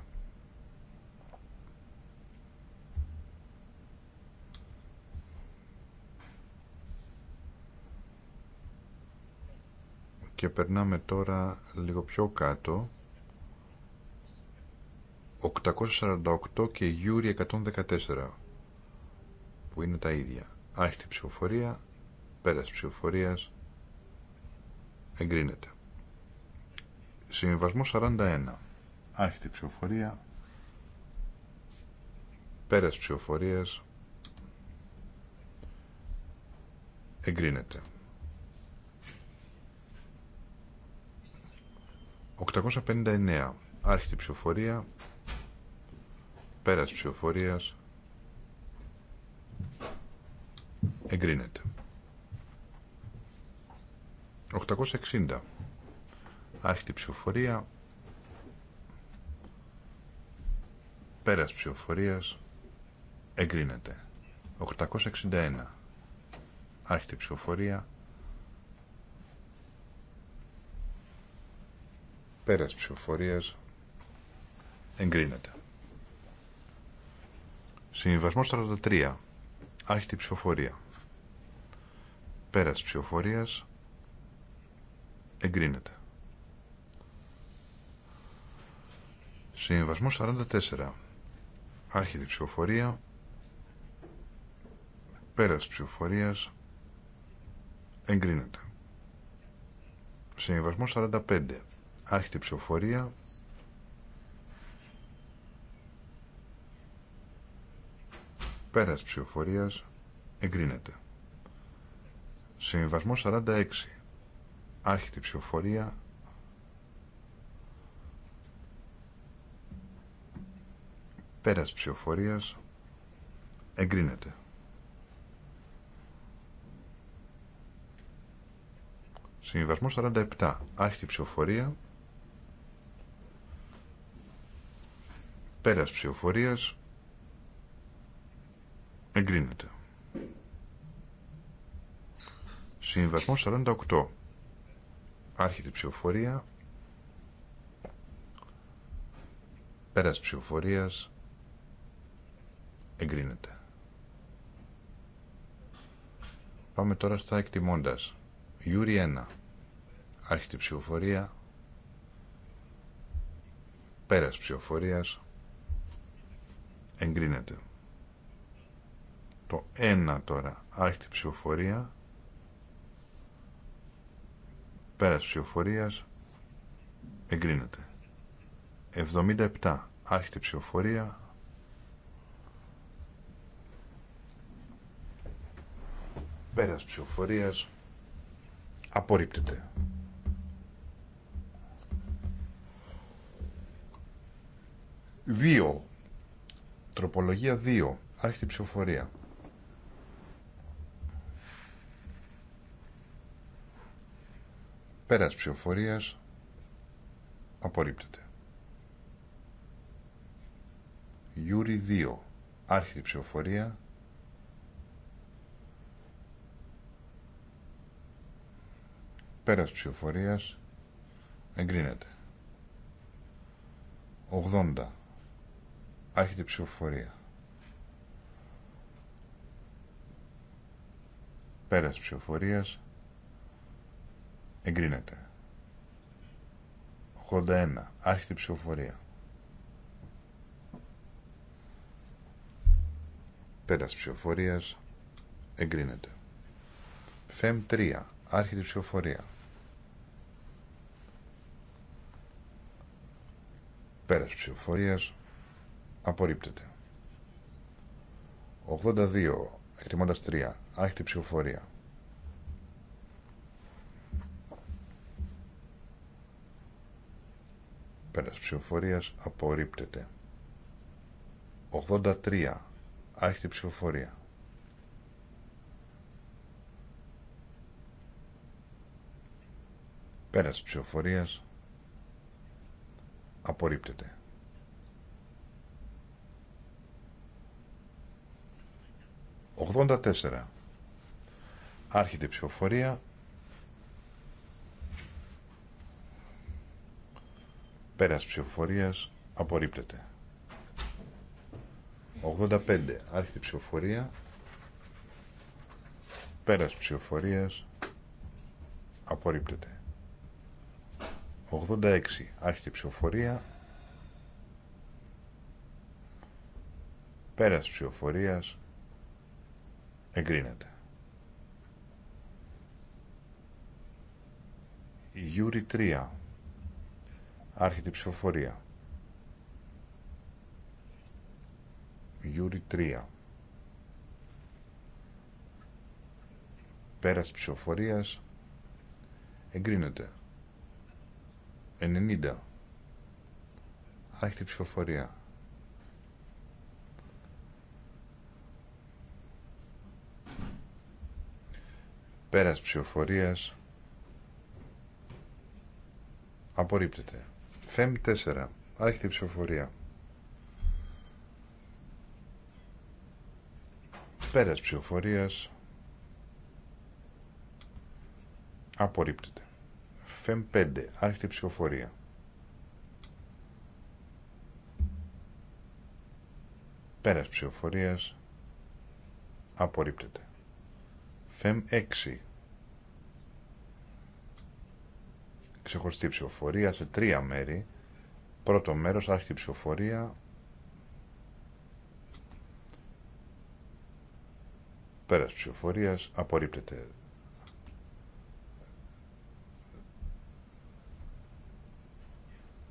Και περνάμε τώρα λίγο πιο κάτω. 848 και Γιούρι 114 που είναι τα ίδια. Άρχιτη ψηφοφορία, πέρας ψηφοφορίας, εγκρίνεται. Συμβασμό 41. Άρχιτη ψηφοφορία, πέρας ψηφοφορίας, εγκρίνεται. 859. Άρχιτη ψηφοφορία. Πέρας ψηφοφορίας. Εγκρίνεται. 860. Άρχιτη ψηφοφορία. Πέρας ψηφοφορίας. Εγκρίνεται. 861. Άρχιτη ψηφοφορία. Πέρας ψηφοφορίας εγκρίνεται. Συμβιβασμός 43. Άρχιτη ψηφοφορία. Πέρας ψηφοφορίας εγκρίνεται. Συμβασμός 44. Άρχιτη ψηφοφορία. Πέρας ψηφοφορίας. Εγκρίνεται. Συμβασμός 45. Άρχεται ψηφοφορία. Πέρας ψηφοφορίας εγκρίνεται. Συμβασμό 46. Άρχεται ψηφοφορία. Πέρας ψηφοφορίας εγκρίνεται. Συμβασμό 47. Άρχιτη ψηφοφορία. Πέρας ψηφοφορίας. Εγκρίνεται. Συμβασμό 48. Άρχεται ψηφοφορία. Πέρας ψηφοφορίας. Εγκρίνεται. Πάμε τώρα στα εκτιμώντας. Γιούρι 1. Άρχεται ψηφοφορία. Πέρας ψηφοφορίας εγκρίνεται το 1 τώρα άρχεται ψηφοφορία πέρας ψηφοφορίας εγκρίνεται 77 άρχεται ψηφοφορία πέρας ψηφοφορίας απορρίπτεται δύο Τροπολογία 2. Άρχιτη ψηφοφορία. Πέρας ψηφοφορίας απορρίπτεται. Γιούρι 2. Άρχιτη ψηφοφορία. Πέρας ψηφοφορίας εγκρίνεται. 80. Άρχεται η ψηφοφορία. τη ψηφοφορία Εγκρίνεται. 81. Άρχεται η ψηφοφορία. τη ψηφοφορία Εγκρίνεται. ΦΕΜ 3. Άρχεται η ψηφοφορία. ψηφοφορία εγκρίνεται. Απορρίπτεται. 82. Εκτιμώντας 3. Άρχεται ψηφοφορία. Πέρας ψηφοφορίας απορρίπτεται. 83. Άρχεται ψηφοφορία. Πέρας ψηφοφορίας απορρίπτεται. 84. άρχιτε ψηφοφορία. Πέρας ψηφοφορίας απορρίπτεται. 85. άρχιτε ψηφοφορία. Πέρας ψηφοφορίας απορρίπτεται. 86. άρχιτε ψηφοφορία. Πέρας ψηφοφορίας Εγκρίνεται. Γιούρι 3. Άρχεται η ψηφοφορία. Γιούρι 3. Πέρας ψηφοφορίας. Εγκρίνεται. 90. Άρχεται η ψηφοφορία. Πέρας ψηφοφορίας. Απορρίπτεται. Φεμ 4. άρχιτε η ψηφοφορία. Πέρας ψηφοφορίας. Απορρίπτεται. Φεμ 5. Άρχεται η ψηφοφορία. Πέρας ψηφοφορίας. Απορρίπτεται. ΦΕΜ 6. Ξεχωριστή ψηφοφορία σε τρία μέρη. Πρώτο μέρος, άρχιτη ψηφοφορία. Πέρας ψηφοφορίας, απορρίπτεται.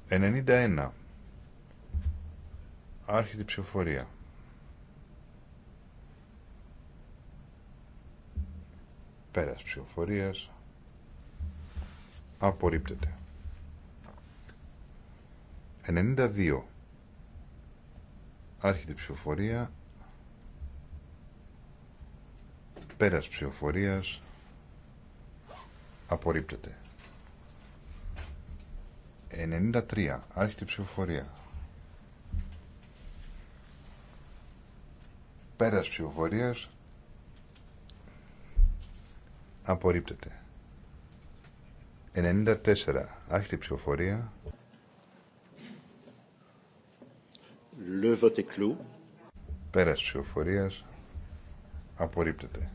Ενενήντα ένα. Άρχιτη ψηφοφορία. Πέρας ψηφοφορίας. Απορρίπτεται. 92. Άρχεται ψηφοφορία. Πέρας ψηφοφορίας. Απορρίπτεται. 93. Άρχεται ψηφοφορία. Πέρας ψηφοφορίας απορρίπτεται. 94. Άρχεται η ψηφοφορία. Le vote est Πέρας ψηφοφορίας. Απορρίπτεται.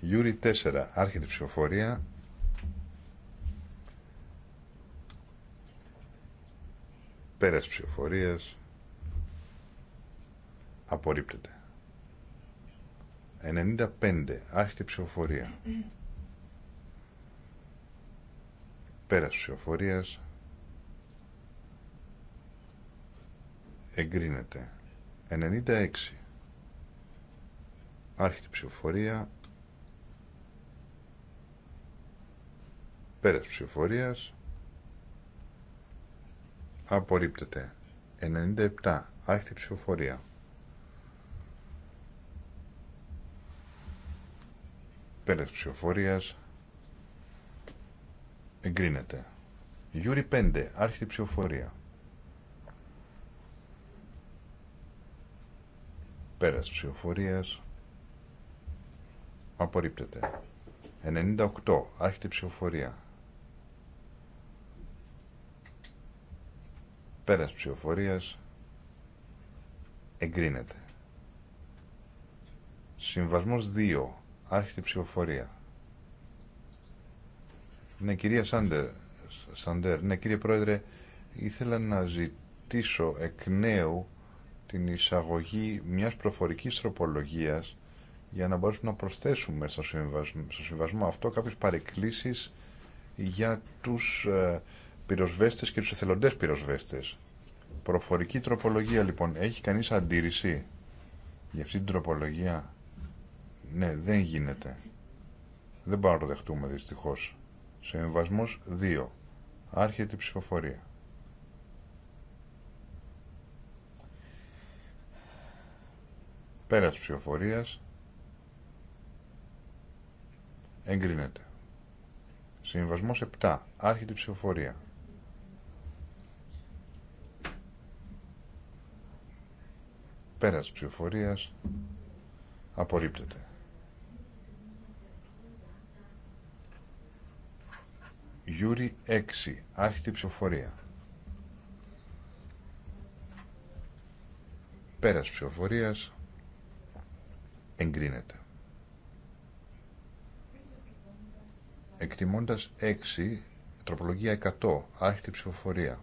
Γιούρι 4. Άρχεται η ψηφοφορία. Πέρας ψηφοφορίας. Απορρίπτεται. 95. Άρχεται ψηφοφορία. Πέρας ψηφοφορία Εγκρίνεται. 96. Άρχεται ψηφοφορία. Πέρας ψηφοφορία Απορρίπτεται. 97. Άρχεται ψηφοφορία. Πέρας ψηφοφορίας. Εγκρίνεται. Γιούρι 5. Άρχιτη ψηφοφορία. Πέρας ψηφοφορίας. Απορρίπτεται. 98. Άρχιτη ψηφοφορία. Πέρας ψηφοφορίας. Εγκρίνεται. Συμβασμός 2. Άρχεται η ψηφοφορία. Ναι, κυρία Σάντερ, Σάντερ, ναι κύριε Πρόεδρε, ήθελα να ζητήσω εκ νέου την εισαγωγή μιας προφορικής τροπολογίας για να μπορέσουμε να προσθέσουμε στο συμβασμό, αυτό κάποιες παρεκκλήσεις για τους ε, πυροσβέστες και τους εθελοντές πυροσβέστες. Προφορική τροπολογία λοιπόν. Έχει κανείς αντίρρηση για αυτή την τροπολογία. Ναι, δεν γίνεται. Δεν μπορούμε να το δεχτούμε δυστυχώ. Συμβασμό 2. Άρχεται η ψηφοφορία. Πέρας ψηφοφορία. εγκρίνεται. Συμβασμό 7. Άρχεται η ψηφοφορία. Πέρας ψηφοφορία απορρίπτεται. Γιούρι 6. Άρχιτη ψηφοφορία. Πέρας ψηφοφορίας. Εγκρίνεται. Εκτιμώντας 6. Τροπολογία 100. Άρχιτη ψηφοφορία.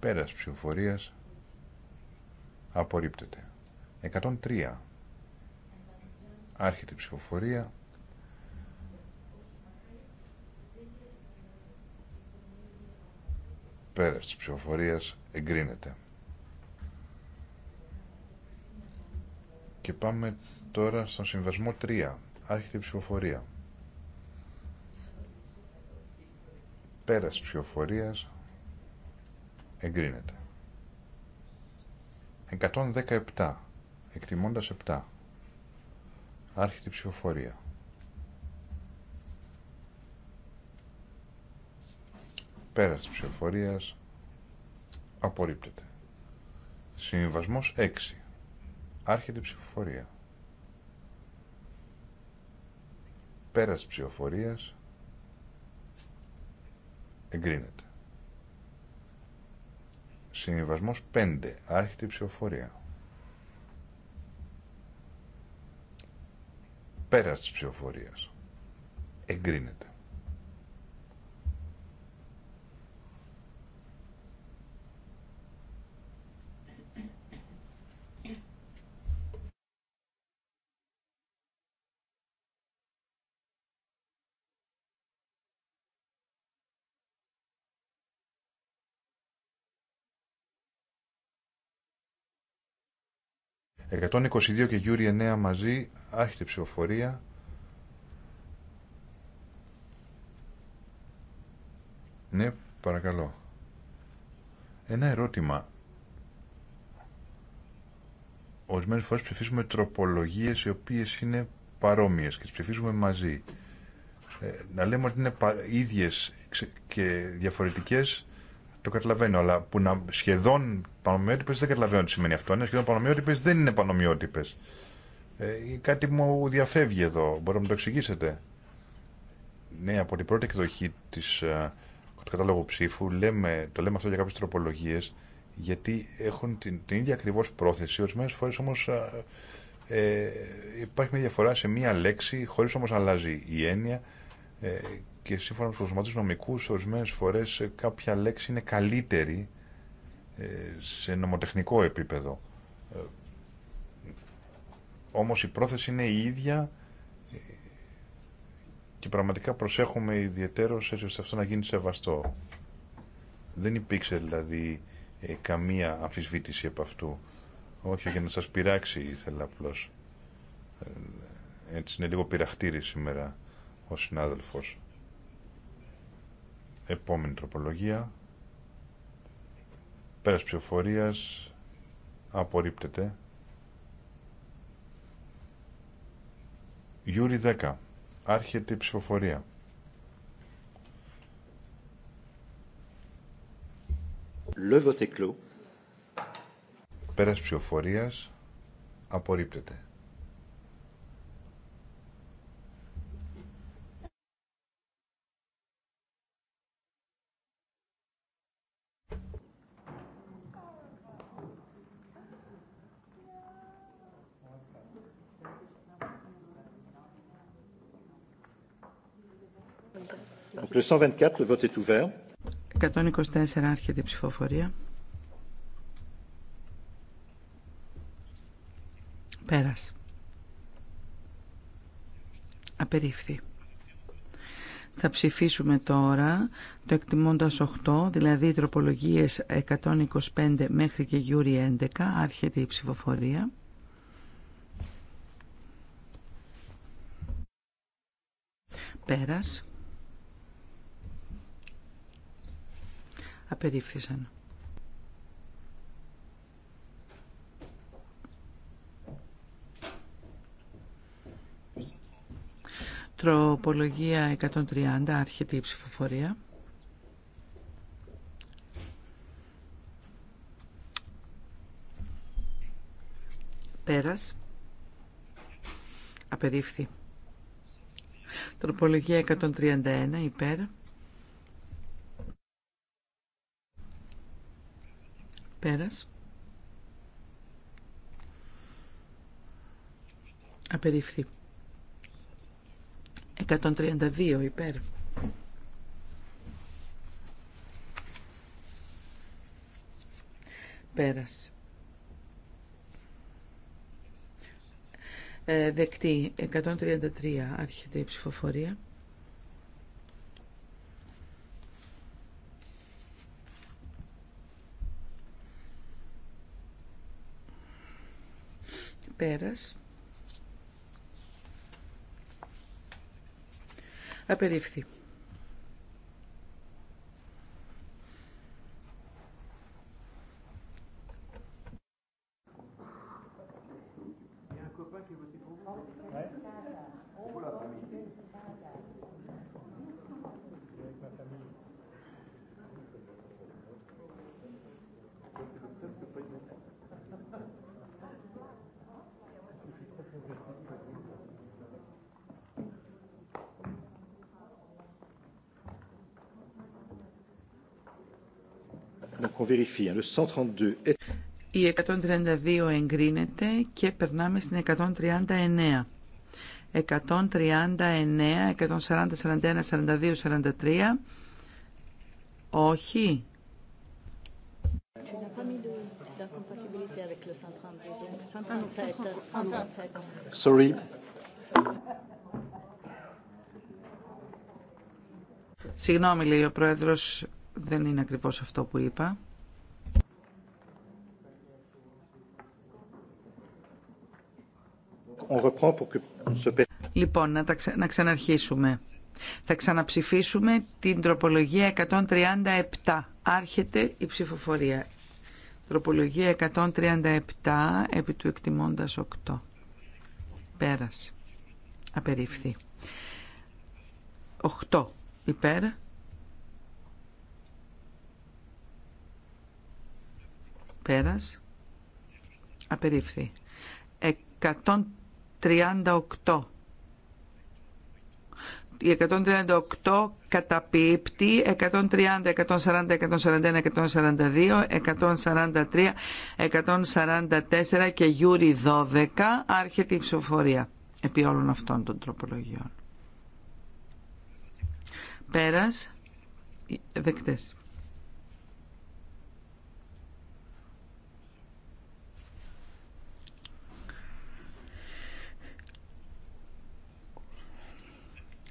Πέρας ψηφοφορίας. Απορρίπτεται. 103. Άρχεται η ψηφοφορία. Πέρας της ψηφοφορίας εγκρίνεται. Και πάμε τώρα στον συμβασμό 3. Άρχεται η ψηφοφορία. Πέρας της ψηφοφορίας εγκρίνεται. 117. Εκτιμώντας 7. Άρχεται η ψηφοφορία. Πέρας της ψηφοφορίας απορρίπτεται. Συμβασμός 6. Άρχεται η ψηφοφορία. Πέρας της ψηφοφορίας εγκρίνεται. Συμβασμός 5. Άρχεται η ψηφοφορία. Πέρας της ψηφοφορίας. Εγκρίνεται. 122 και Γιούρι 9 μαζί, άρχεται ψηφοφορία. Ναι, παρακαλώ. Ένα ερώτημα. Ορισμένε φορέ ψηφίζουμε τροπολογίε οι οποίε είναι παρόμοιε και τι ψηφίζουμε μαζί. Ε, να λέμε ότι είναι ίδιε και διαφορετικέ, το καταλαβαίνω, αλλά που να σχεδόν Πανομοιότυπε δεν καταλαβαίνω τι σημαίνει αυτό. Είναι σχεδόν πανομοιότυπε, δεν είναι πανομοιότυπε. Ε, κάτι μου διαφεύγει εδώ. Μπορείτε να μου το εξηγήσετε. Ναι, από την πρώτη εκδοχή τη ε, του κατάλογου ψήφου λέμε, το λέμε αυτό για κάποιε τροπολογίε γιατί έχουν την, ίδια ακριβώ πρόθεση. Ορισμένε φορέ όμω ε, ε, υπάρχει μια διαφορά σε μία λέξη, χωρί όμω αλλάζει η έννοια. Ε, και σύμφωνα με του νομικού, ορισμένε φορέ ε, κάποια λέξη είναι καλύτερη ε, σε νομοτεχνικό επίπεδο. Ε, όμως η πρόθεση είναι η ίδια ε, και πραγματικά προσέχουμε ιδιαίτερως έτσι ώστε αυτό να γίνει σεβαστό. Δεν υπήρξε δηλαδή καμία αμφισβήτηση από αυτού. Όχι για να σας πειράξει ήθελα απλώς. Έτσι είναι λίγο πειραχτήρι σήμερα ο συνάδελφος. Επόμενη τροπολογία. Πέρας ψηφοφορίας απορρίπτεται. Γιούρι 10. Άρχεται η ψηφοφορία. Le vote Πέρας ψηφοφορίας απορρίπτεται. Le 124, le vote est ouvert. 124 άρχεται η ψηφοφορία. Πέρας. Απερίφθη. Θα ψηφίσουμε τώρα το εκτιμώντας 8, δηλαδή τροπολογίες 125 μέχρι και γιούρι 11, άρχεται η ψηφοφορία. Πέρας. απερίφθησαν. Τροπολογία 130, άρχεται η ψηφοφορία. Πέρας. Απερίφθη. Τροπολογία 131, υπέρ. Πέρας. Απερίφθη. 132 υπέρ. Πέρας. Ε, δεκτή. 133 άρχεται η ψηφοφορία. Πέρας. Απερίφθη. Η 132 εγκρίνεται και περνάμε στην 139. 139, 140, 41, 42, 43. Όχι. Sorry. Συγγνώμη, λέει ο Πρόεδρος, δεν είναι ακριβώς αυτό που είπα. Λοιπόν, να, να ξαναρχίσουμε. Θα ξαναψηφίσουμε την τροπολογία 137. Άρχεται η ψηφοφορία. Τροπολογία 137 επί του εκτιμώντας 8. Πέρασε. Απερίφθη. 8 υπέρ. Πέρας. Απερίφθη. 138. Η 138 καταπίπτει 130, 140, 141, 142, 143, 144 και Γιούρι 12 άρχεται η ψηφοφορία επί όλων αυτών των τροπολογιών. Πέρας, δεκτές.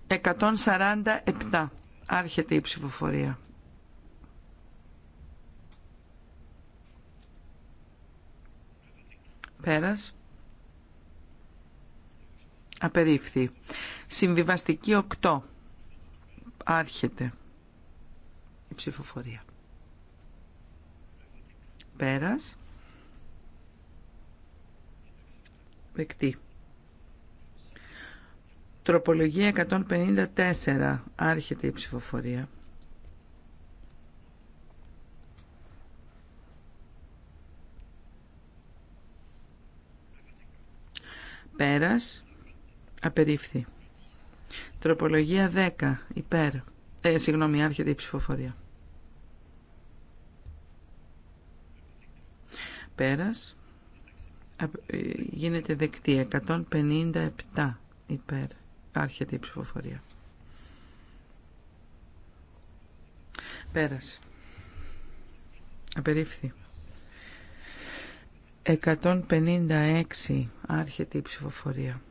147. Άρχεται η ψηφοφορία. Πέρας. Απερίφθη. Συμβιβαστική 8. Άρχεται η ψηφοφορία. Πέρας. Δεκτή. Τροπολογία 154. Άρχεται η ψηφοφορία. Πέρας. Απερίφθη. Τροπολογία 10. Υπέρ. Ε, συγγνώμη, άρχεται η ψηφοφορία. Πέρας. Ε, γίνεται δεκτή. 157. Υπέρ. Άρχεται η ψηφοφορία. Πέρασε. Απερίφθη. 156 άρχεται η ψηφοφορία.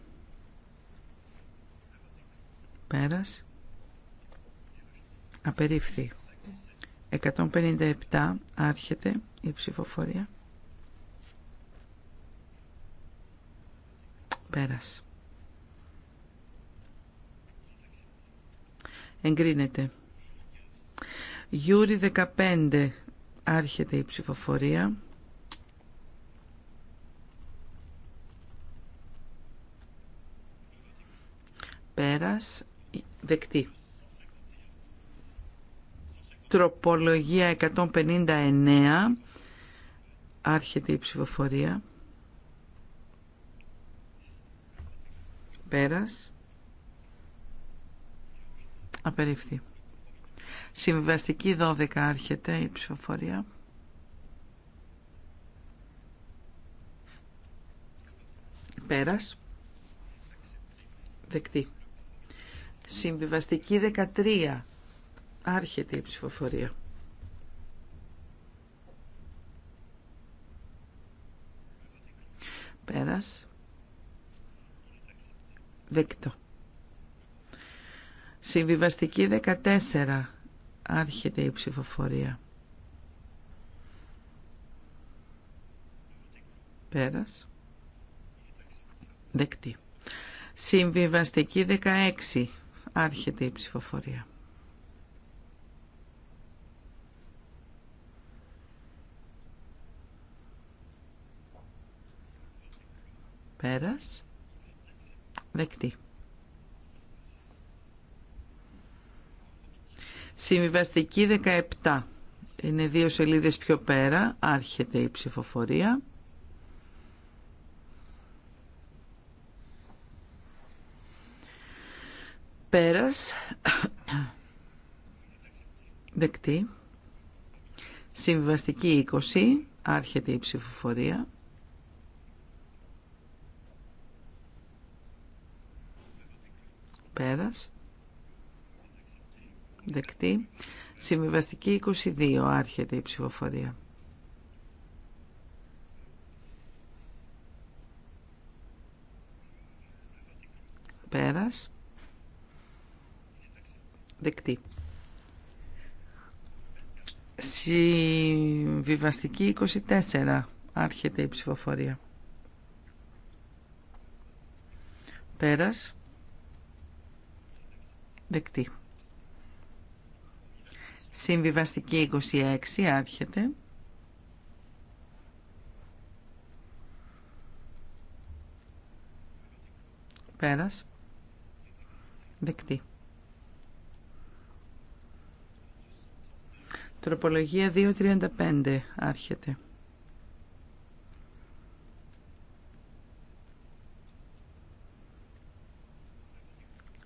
Πέρας. Απερίφθη. 157 άρχεται η ψηφοφορία. Πέρας. Εγκρίνεται. Γιούρι 15. Άρχεται η ψηφοφορία. Πέρας. Δεκτή. Τροπολογία 159. Άρχεται η ψηφοφορία. Πέρας. Απερίφθη. Συμβιβαστική 12 άρχεται η ψηφοφορία. Πέρας. Δεκτή. Συμβιβαστική 13 άρχεται η ψηφοφορία. Πέρας. Δεκτό. Συμβιβαστική 14. Άρχεται η ψηφοφορία. Πέρας. Δεκτή. Συμβιβαστική 16. Άρχεται η ψηφοφορία. Πέρας. Δεκτή. Συμβιβαστική 17. Είναι δύο σελίδες πιο πέρα. Άρχεται η ψηφοφορία. Πέρας. Δεκτή. Συμβιβαστική 20. Άρχεται η ψηφοφορία. Πέρας. Δεκτή. Συμβιβαστική 22. Άρχεται η ψηφοφορία. Πέρας. Δεκτή. Συμβιβαστική 24. Άρχεται η ψηφοφορία. Πέρας. Δεκτή. Συμβιβαστική 26 άρχεται. Πέρας. Δεκτή. Τροπολογία 2.35 άρχεται.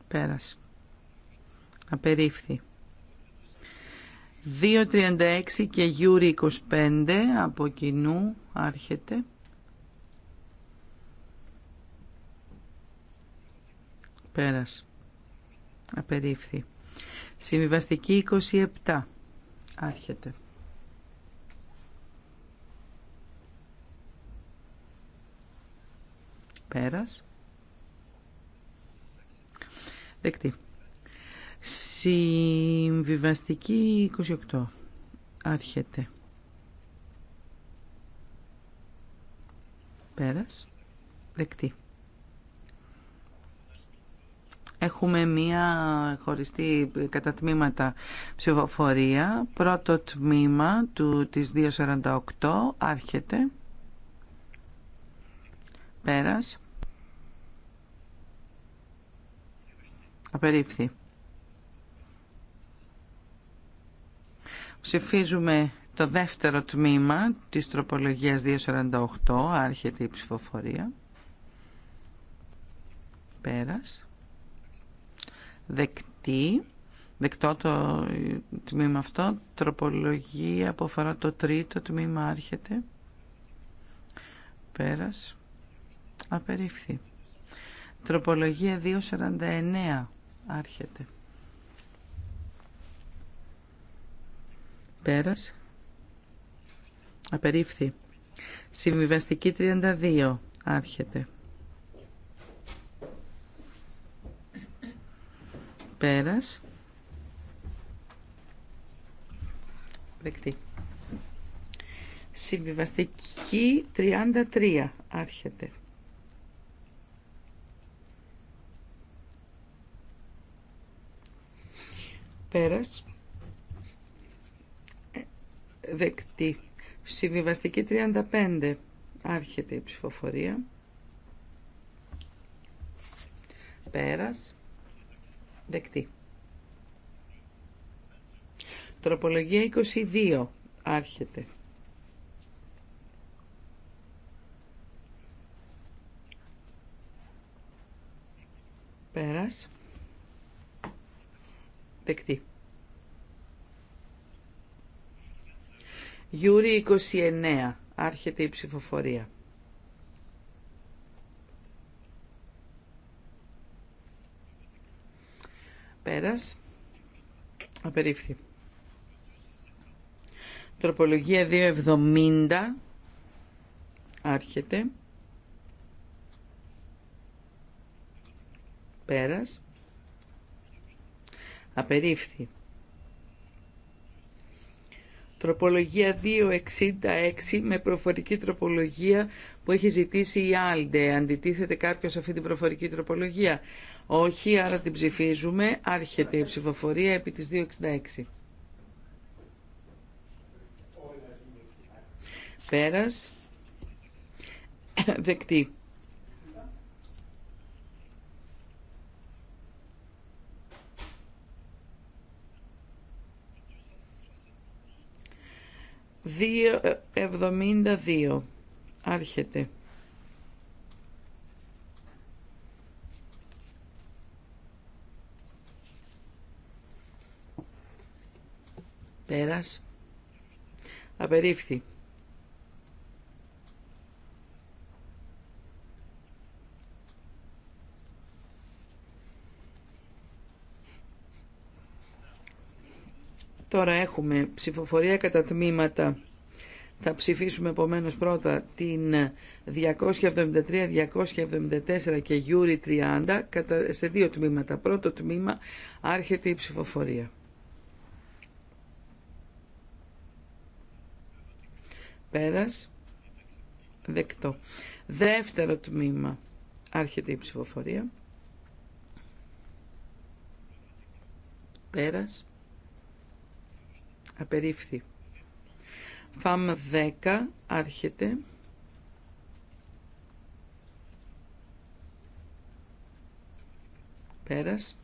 Πέρας. Απερίφθη. 2.36 και Γιούρι 25 από κοινού άρχεται. Πέρας. Απερίφθη. Συμβιβαστική 27 άρχεται. Πέρας. Δεκτή. Συμβιβαστική 28. Άρχεται. Πέρας. Δεκτή. Έχουμε μία χωριστή κατά τμήματα ψηφοφορία. Πρώτο τμήμα του, της 248 άρχεται. Πέρας. Απερίφθη. Ψηφίζουμε το δεύτερο τμήμα της τροπολογίας 248, άρχεται η ψηφοφορία. Πέρας. Δεκτή. Δεκτό το τμήμα αυτό. Τροπολογία που αφορά το τρίτο τμήμα άρχεται. Πέρας. Απερίφθη. Τροπολογία 249 άρχεται. Πέρας. Απερίφθη. Συμβιβαστική 32. Άρχεται. Πέρας. Δεκτή. Συμβιβαστική 33. Άρχεται. Πέρας δεκτή. Συμβιβαστική 35. Άρχεται η ψηφοφορία. Πέρας. Δεκτή. Τροπολογία 22. Άρχεται. Πέρας. Δεκτή. Γιούρι 29. Άρχεται η ψηφοφορία. Πέρας. Απερίφθη. Τροπολογία 270. Άρχεται. Πέρας. Απερίφθη. Τροπολογία 266 με προφορική τροπολογία που έχει ζητήσει η Άλντε. Αντιτίθεται κάποιος αυτή την προφορική τροπολογία. Όχι, άρα την ψηφίζουμε. Άρχεται η ψηφοφορία επί της 266. Πέρας. Δεκτή. 2.72 άρχεται πέρας απερίφθη Τώρα έχουμε ψηφοφορία κατά τμήματα. Θα ψηφίσουμε επομένως πρώτα την 273, 274 και Γιούρι 30 σε δύο τμήματα. Πρώτο τμήμα άρχεται η ψηφοφορία. Πέρας. Δεκτό. Δεύτερο τμήμα άρχεται η ψηφοφορία. Πέρας. Απερίφθη. ΦΑΜ 10 άρχεται. Πέρας.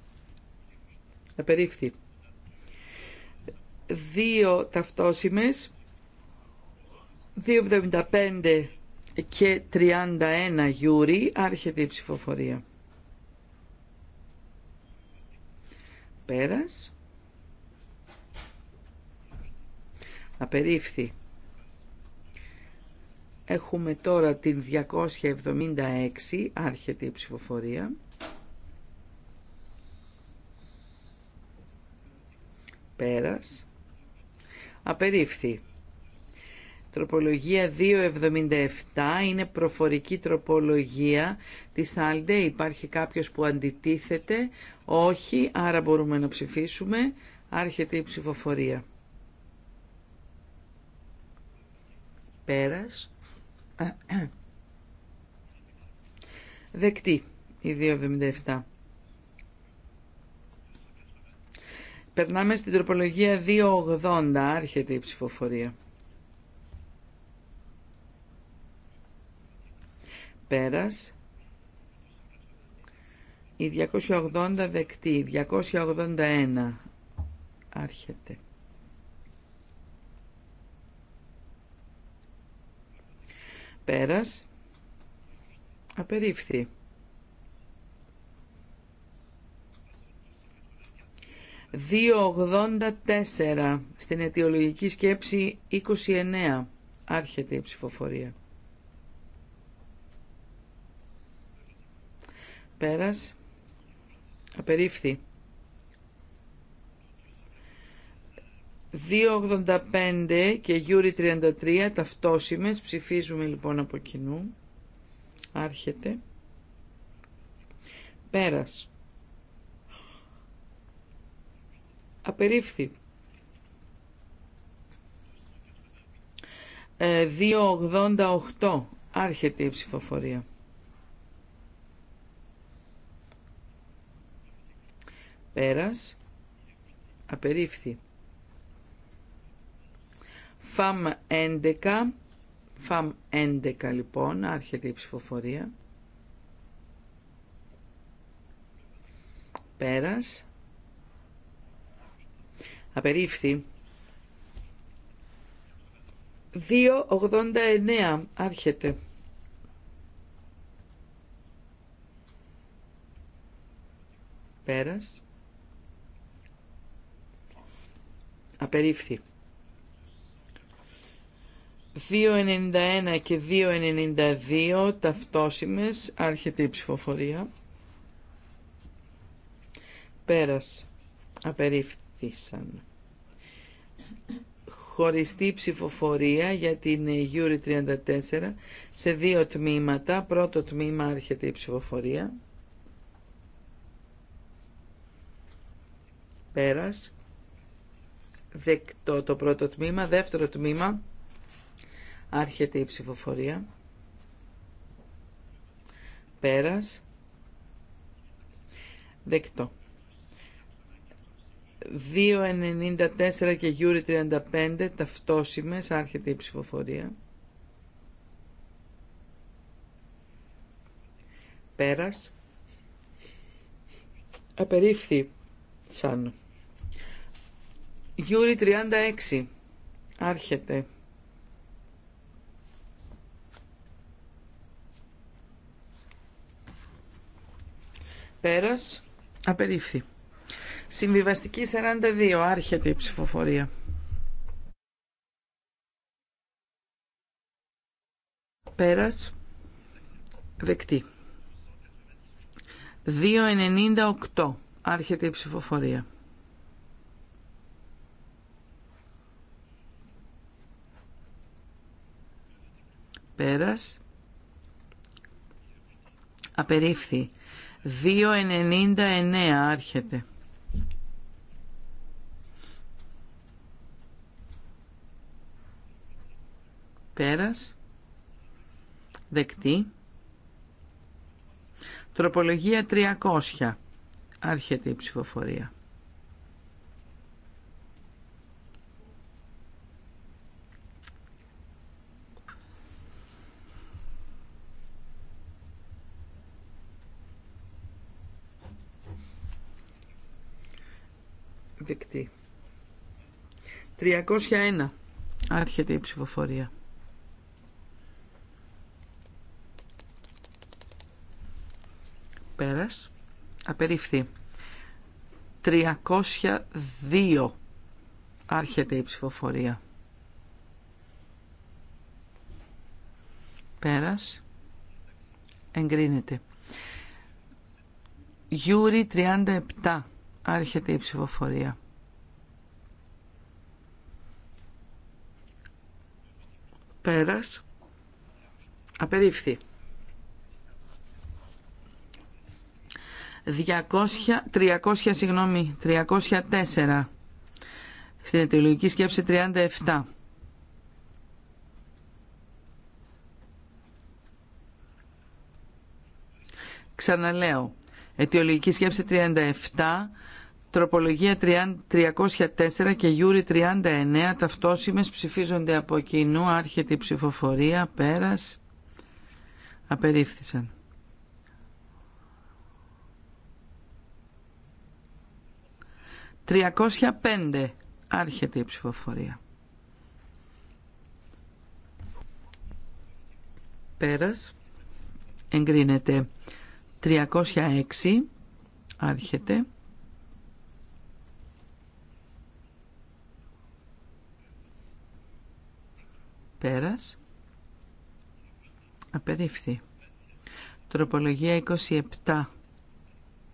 Απερίφθη. Δύο ταυτόσημες. 2,75 και 31 γιούρι. Άρχεται η ψηφοφορία. Πέρας. Απερίφθη. Έχουμε τώρα την 276, άρχεται η ψηφοφορία. Πέρας. Απερίφθη. Τροπολογία 277 είναι προφορική τροπολογία της ΑΛΔΕ. Υπάρχει κάποιος που αντιτίθεται. Όχι, άρα μπορούμε να ψηφίσουμε. Άρχεται η ψηφοφορία. Πέρας. Δεκτή η 277. Περνάμε στην τροπολογία 280. Άρχεται η ψηφοφορία. Πέρας. Η 280 δεκτή. 281. Άρχεται. Πέρας. Απερίφθη. 2.84 στην αιτιολογική σκέψη 29 άρχεται η ψηφοφορία. Πέρας. Απερίφθη. 285 και Γιούρι 33 ταυτόσιμες. Ψηφίζουμε λοιπόν από κοινού. Άρχεται. Πέρας. Απερίφθη. 288 ε, άρχεται η ψηφοφορία. Πέρας. Απερίφθη. ΦΑΜ 11, ΦΑΜ 11 λοιπόν, άρχεται η ψηφοφορία. Πέρας. Απερίφθη. 2.89 άρχεται. Πέρας. Απερίφθη. 2.91 και 2.92 ταυτόσιμες άρχεται η ψηφοφορία πέρας απερίφθησαν χωριστή ψηφοφορία για την Γιούρι 34 σε δύο τμήματα πρώτο τμήμα άρχεται η ψηφοφορία πέρας δεκτό το πρώτο τμήμα δεύτερο τμήμα Άρχεται η ψηφοφορία. Πέρας. Δεκτό. 2.94 και γιούρι 35 ταυτόσιμες. Άρχεται η ψηφοφορία. Πέρας. Απερίφθη σαν. Γιούρι 36. Άρχεται. Πέρας. Απερίφθη. Συμβιβαστική 42. Άρχεται η ψηφοφορία. περα Δεκτή. 2.98. Άρχεται η ψηφοφορία. Πέρας. Απερίφθη. 2.99 άρχεται. Πέρας. Δεκτή. Τροπολογία 300. Άρχεται η ψηφοφορία. δεκτή. 301. Άρχεται η ψηφοφορία. Πέρας. Απερίφθη. 302. Άρχεται η ψηφοφορία. Πέρας. Εγκρίνεται. Γιούρι 37. Άρχεται η ψηφοφορία. Πέρας. Απερίφθη. 200, 300, συγγνώμη, 304. Στην αιτιολογική σκέψη 37. Ξαναλέω. Αιτιολογική σκέψη 37 Τροπολογία 304 και Γιούρι 39 ταυτόσημες ψηφίζονται από κοινού, άρχεται η ψηφοφορία, πέρας, απερίφθησαν. 305, άρχεται η ψηφοφορία. Πέρας εγκρίνεται 306 άρχεται Πέρας. Απερίφθη. Τροπολογία 27.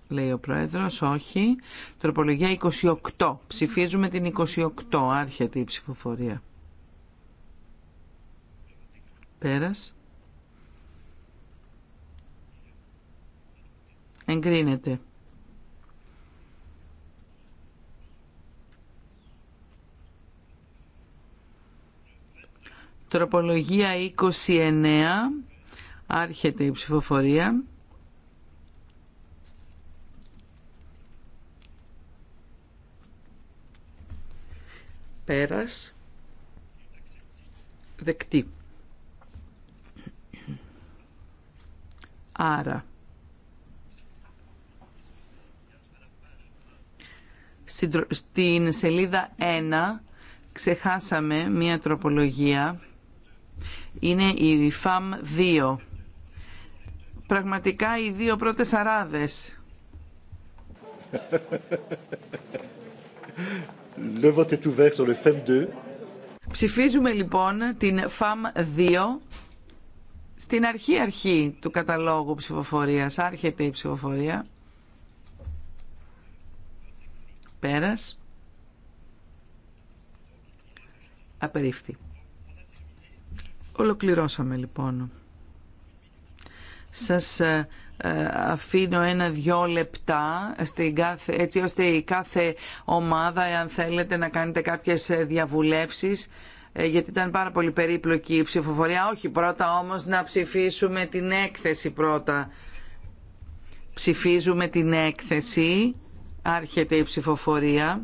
Λέει ο Πρόεδρος, όχι. Τροπολογία 28. Ψηφίζουμε την 28. Άρχεται η ψηφοφορία. Πέρας. Εγκρίνεται. Τροπολογία 29. Άρχεται η ψηφοφορία. Πέρας. Δεκτή. Άρα. Στην σελίδα 1 ξεχάσαμε μία τροπολογία είναι η ΦΑΜ 2. Πραγματικά οι δύο πρώτες αράδες. Le vote est ouvert sur le 2. Ψηφίζουμε λοιπόν την ΦΑΜ 2 στην αρχή αρχή του καταλόγου ψηφοφορίας. Άρχεται η ψηφοφορία. Πέρας. Απερίφθη. Ολοκληρώσαμε λοιπόν. Σας ε, ε, αφήνω ένα-δυο λεπτά στην έτσι ώστε η κάθε ομάδα, αν θέλετε να κάνετε κάποιες ε, διαβουλεύσεις, γιατί ήταν πάρα πολύ περίπλοκη η ψηφοφορία. Όχι, πρώτα όμως να ψηφίσουμε την έκθεση πρώτα. Ψηφίζουμε την έκθεση, άρχεται η ψηφοφορία.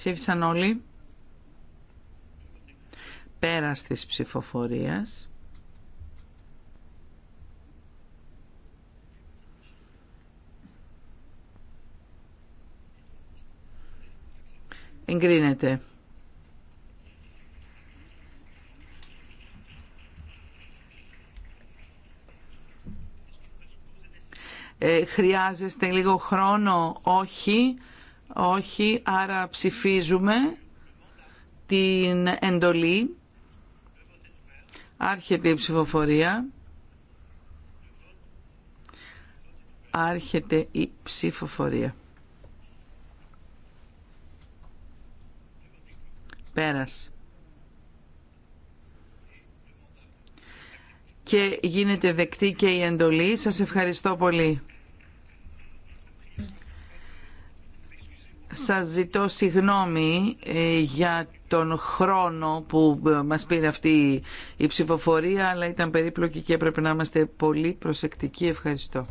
Ψήφισαν όλοι. Πέρας της ψηφοφορίας. Εγκρίνεται. Ε, χρειάζεστε λίγο χρόνο, όχι. Όχι, άρα ψηφίζουμε την εντολή. Άρχεται η ψηφοφορία. Άρχεται η ψηφοφορία. Πέρας. Και γίνεται δεκτή και η εντολή. Σας ευχαριστώ πολύ. Σας ζητώ συγγνώμη ε, για τον χρόνο που ε, μας πήρε αυτή η ψηφοφορία, αλλά ήταν περίπλοκη και έπρεπε να είμαστε πολύ προσεκτικοί. Ευχαριστώ.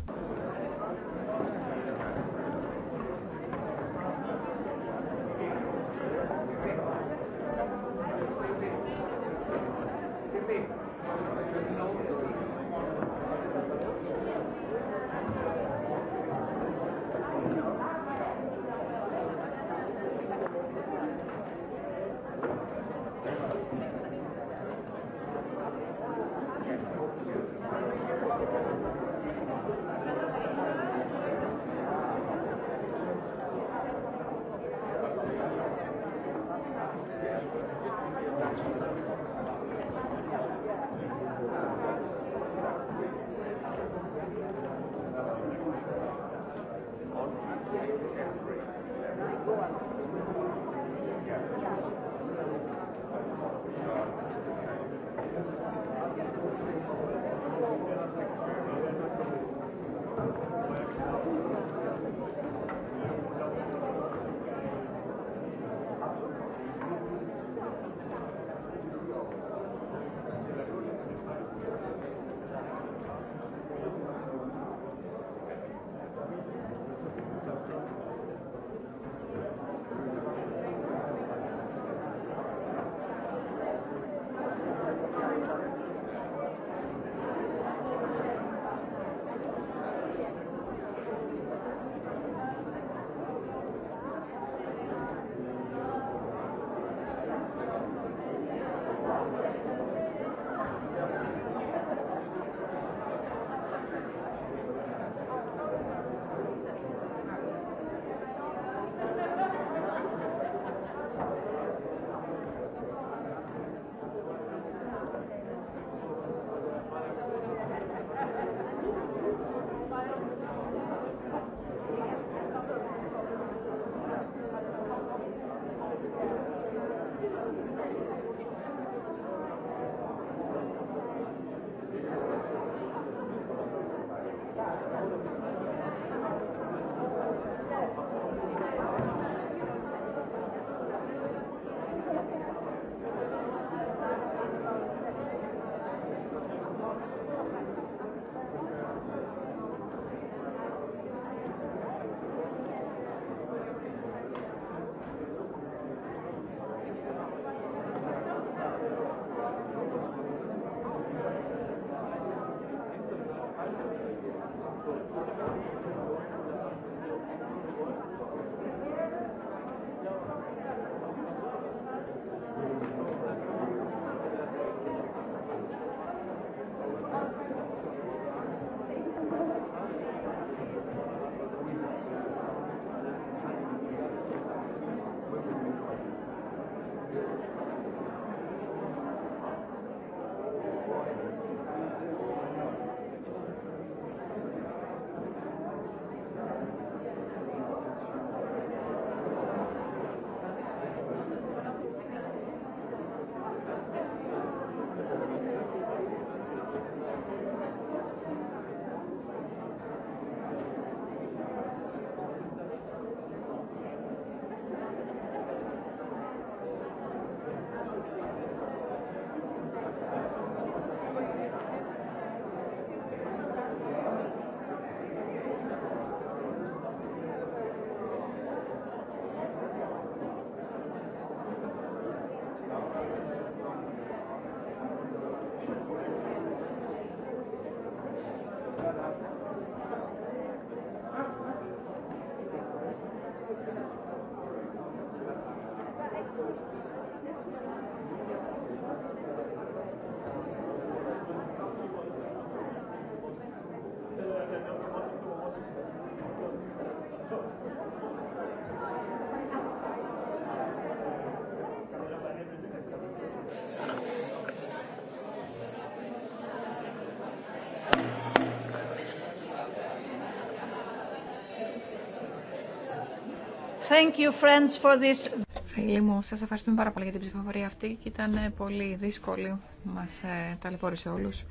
Thank you, friends, for this... Φίλοι μου, σας ευχαριστούμε πάρα πολύ για την ψηφοφορία αυτή και ήταν ε, πολύ δύσκολη, μας ε, ταλαιπώρησε όλους.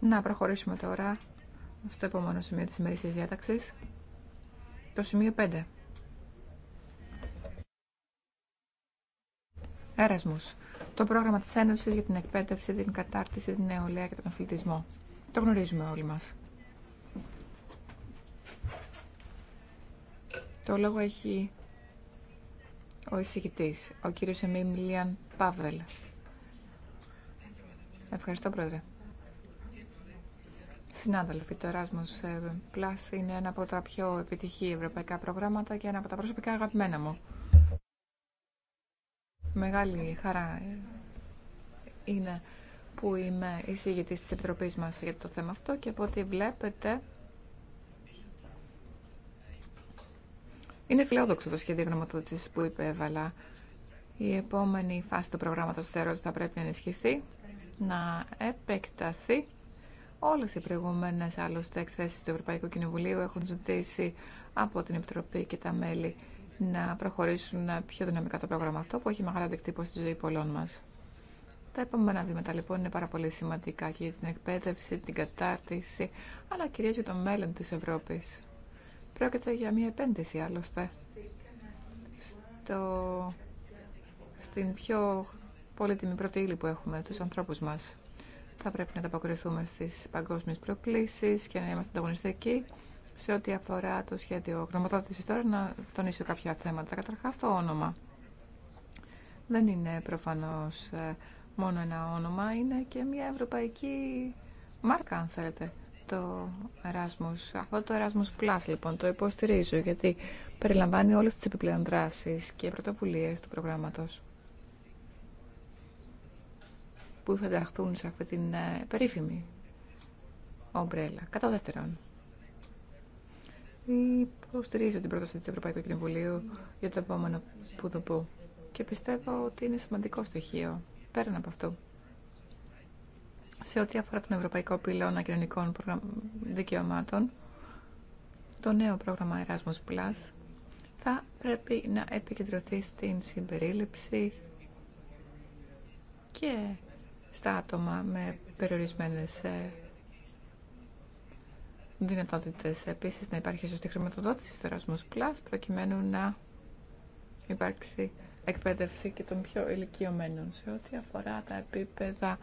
Να προχωρήσουμε τώρα στο επόμενο σημείο της ημερής διάταξης, το σημείο 5. Έρασμος. Το πρόγραμμα της Ένωσης για την εκπαίδευση, την κατάρτιση, την νεολαία και τον αθλητισμό. Το γνωρίζουμε όλοι μας. Το λόγο έχει ο εισηγητής, ο κύριος Εμίλιαν Πάβελ. Ευχαριστώ, Πρόεδρε. Συνάδελφοι, το Erasmus Plus είναι ένα από τα πιο επιτυχή ευρωπαϊκά προγράμματα και ένα από τα προσωπικά αγαπημένα μου. Μεγάλη χαρά είναι που είμαι εισηγητής της Επιτροπής μας για το θέμα αυτό και από ό,τι βλέπετε Είναι φιλόδοξο το σχέδιο γνωματοδότηση που υπέβαλα. Η επόμενη φάση του προγράμματο θεωρώ ότι θα πρέπει να ενισχυθεί, να επεκταθεί. Όλε οι προηγούμενε άλλωστε εκθέσει του Ευρωπαϊκού Κοινοβουλίου έχουν ζητήσει από την Επιτροπή και τα μέλη να προχωρήσουν πιο δυναμικά το πρόγραμμα αυτό που έχει μεγάλη αντικτύπωση στη ζωή πολλών μα. Τα επόμενα βήματα λοιπόν είναι πάρα πολύ σημαντικά και για την εκπαίδευση, την κατάρτιση, αλλά κυρίως για το μέλλον της Ευρώπης. Πρόκειται για μια επένδυση άλλωστε στην πιο πολύτιμη πρωτεΐλη που έχουμε, τους ανθρώπους μας. Θα πρέπει να ανταποκριθούμε στις παγκόσμιες προκλήσεις και να είμαστε ανταγωνιστικοί σε ό,τι αφορά το σχέδιο γνωμοδότησης. Τώρα να τονίσω κάποια θέματα. Καταρχάς το όνομα. Δεν είναι προφανώς ε, μόνο ένα όνομα, είναι και μια ευρωπαϊκή μάρκα, αν θέλετε το Erasmus. Αυτό το Erasmus Plus λοιπόν το υποστηρίζω γιατί περιλαμβάνει όλες τις επιπλέον δράσεις και πρωτοβουλίες του προγράμματος που θα ενταχθούν σε αυτή την ε, περίφημη ομπρέλα. Κατά δεύτερον, υποστηρίζω την πρόταση της Ευρωπαϊκού Κοινοβουλίου για το επόμενο που το πω και πιστεύω ότι είναι σημαντικό στοιχείο πέραν από αυτό σε ό,τι αφορά τον Ευρωπαϊκό Πυλώνα Κοινωνικών Δικαιωμάτων, το νέο πρόγραμμα Erasmus Plus θα πρέπει να επικεντρωθεί στην συμπερίληψη και στα άτομα με περιορισμένες ε, δυνατότητες. Επίσης, να υπάρχει σωστή χρηματοδότηση στο Erasmus Plus, προκειμένου να υπάρξει εκπαίδευση και των πιο ηλικιωμένων σε ό,τι αφορά τα επίπεδα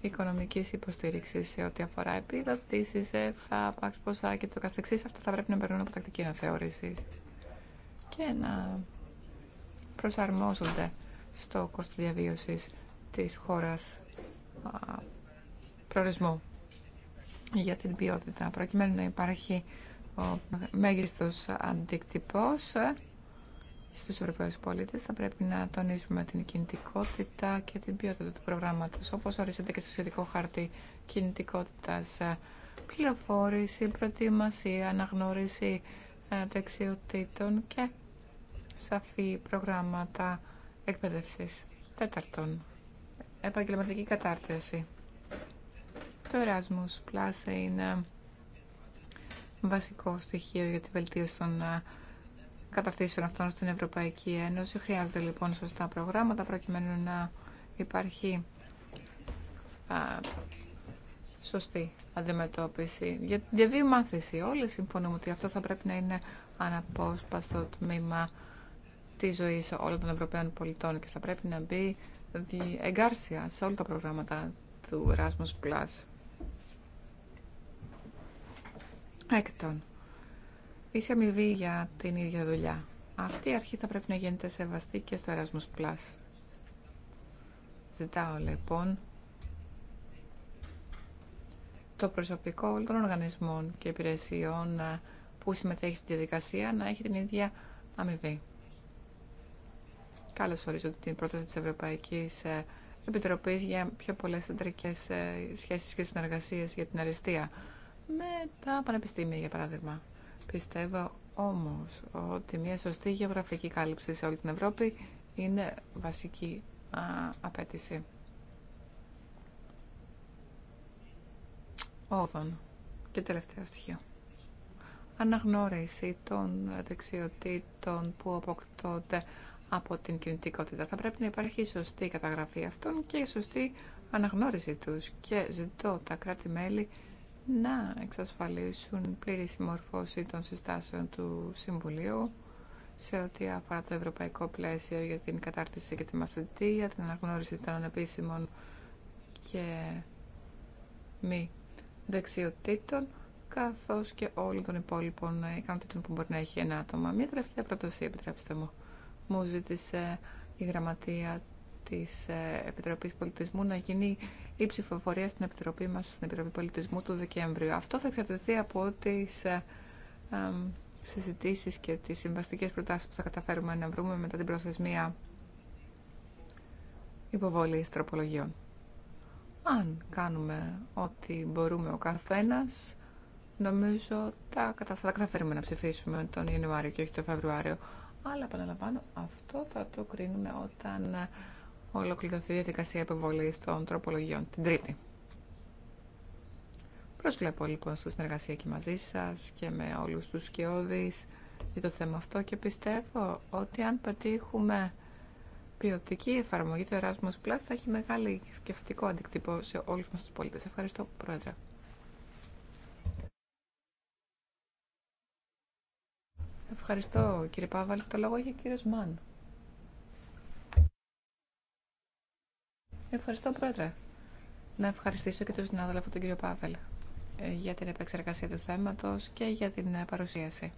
οικονομική υποστήριξη σε ό,τι αφορά επιδοτήσεις, εφαπαξ, ποσά και το καθεξής. Αυτά θα πρέπει να περνούν από τακτική αναθεώρηση και να προσαρμόζονται στο κόστο διαβίωση τη χώρα προορισμού για την ποιότητα, προκειμένου να υπάρχει ο μέγιστος αντικτυπός στους Ευρωπαίους πολίτες θα πρέπει να τονίσουμε την κινητικότητα και την ποιότητα του προγράμματος όπως ορίζεται και στο σχετικό χάρτη κινητικότητας πληροφόρηση, προετοιμασία, αναγνώριση ε, δεξιοτήτων και σαφή προγράμματα εκπαίδευσης. Τέταρτον, επαγγελματική κατάρτιση. Το Erasmus Plus είναι βασικό στοιχείο για τη βελτίωση των ε, καταρτήσεων αυτών στην Ευρωπαϊκή Ένωση. Χρειάζονται λοιπόν σωστά προγράμματα προκειμένου να υπάρχει α, σωστή αντιμετώπιση. Για διεμάθηση. διαβίου όλοι συμφωνούμε ότι αυτό θα πρέπει να είναι αναπόσπαστο τμήμα της ζωής όλων των Ευρωπαίων πολιτών και θα πρέπει να μπει εγκάρσια σε όλα τα προγράμματα του Erasmus Plus. Έκτον, ίση αμοιβή για την ίδια δουλειά. Αυτή η αρχή θα πρέπει να γίνεται σεβαστή και στο Erasmus Plus. Ζητάω λοιπόν το προσωπικό όλων των οργανισμών και υπηρεσιών ε, που συμμετέχει στη διαδικασία να έχει την ίδια αμοιβή. Καλώς ορίζω την πρόταση της Ευρωπαϊκής ε, Επιτροπής για πιο πολλές εταιρικές ε, σχέσεις και συνεργασίες για την αριστεία με τα πανεπιστήμια, για παράδειγμα. Πιστεύω όμως ότι μια σωστή γεωγραφική κάλυψη σε όλη την Ευρώπη είναι βασική απέτηση. Όδων. Και τελευταίο στοιχείο. Αναγνώριση των δεξιοτήτων που αποκτώνται από την κινητικότητα. Θα πρέπει να υπάρχει σωστή καταγραφή αυτών και σωστή αναγνώριση τους. Και ζητώ τα κράτη-μέλη να εξασφαλίσουν πλήρη συμμορφώση των συστάσεων του Συμβουλίου σε ό,τι αφορά το ευρωπαϊκό πλαίσιο για την κατάρτιση και τη μαθητεία, την αναγνώριση των ανεπίσημων και μη δεξιοτήτων, καθώς και όλων των υπόλοιπων ικανότητων που μπορεί να έχει ένα άτομα. Μία τελευταία πρόταση, επιτρέψτε μου. Μου ζήτησε η γραμματεία της ε, Επιτροπής Πολιτισμού να γίνει η ψηφοφορία στην Επιτροπή μας, στην Επιτροπή Πολιτισμού του Δεκέμβριου. Αυτό θα εξαρτηθεί από τις ε, συζητήσεις και τις συμβαστικές προτάσεις που θα καταφέρουμε να βρούμε μετά την προθεσμία υποβολή τροπολογιών. Αν κάνουμε ό,τι μπορούμε ο καθένας, νομίζω τα θα καταφέρουμε να ψηφίσουμε τον Ιανουάριο και όχι τον Φεβρουάριο. Αλλά επαναλαμβάνω, αυτό θα το κρίνουμε όταν ε, ολοκληρωθεί η διαδικασία επιβολή των τροπολογιών την Τρίτη. Προσβλέπω λοιπόν στη συνεργασία και μαζί σα και με όλους τους σκιώδει για το θέμα αυτό και πιστεύω ότι αν πετύχουμε ποιοτική εφαρμογή του Erasmus Plus θα έχει μεγάλη και θετικό αντικτύπο σε όλους μας τους πολίτε. Ευχαριστώ Πρόεδρε. Ευχαριστώ κύριε Πάβαλη. Το λόγο έχει ο κύριο Ευχαριστώ, Πρόεδρε. Να ευχαριστήσω και τον συνάδελφο τον κύριο Πάβελ ε, για την επεξεργασία του θέματος και για την ε, παρουσίαση.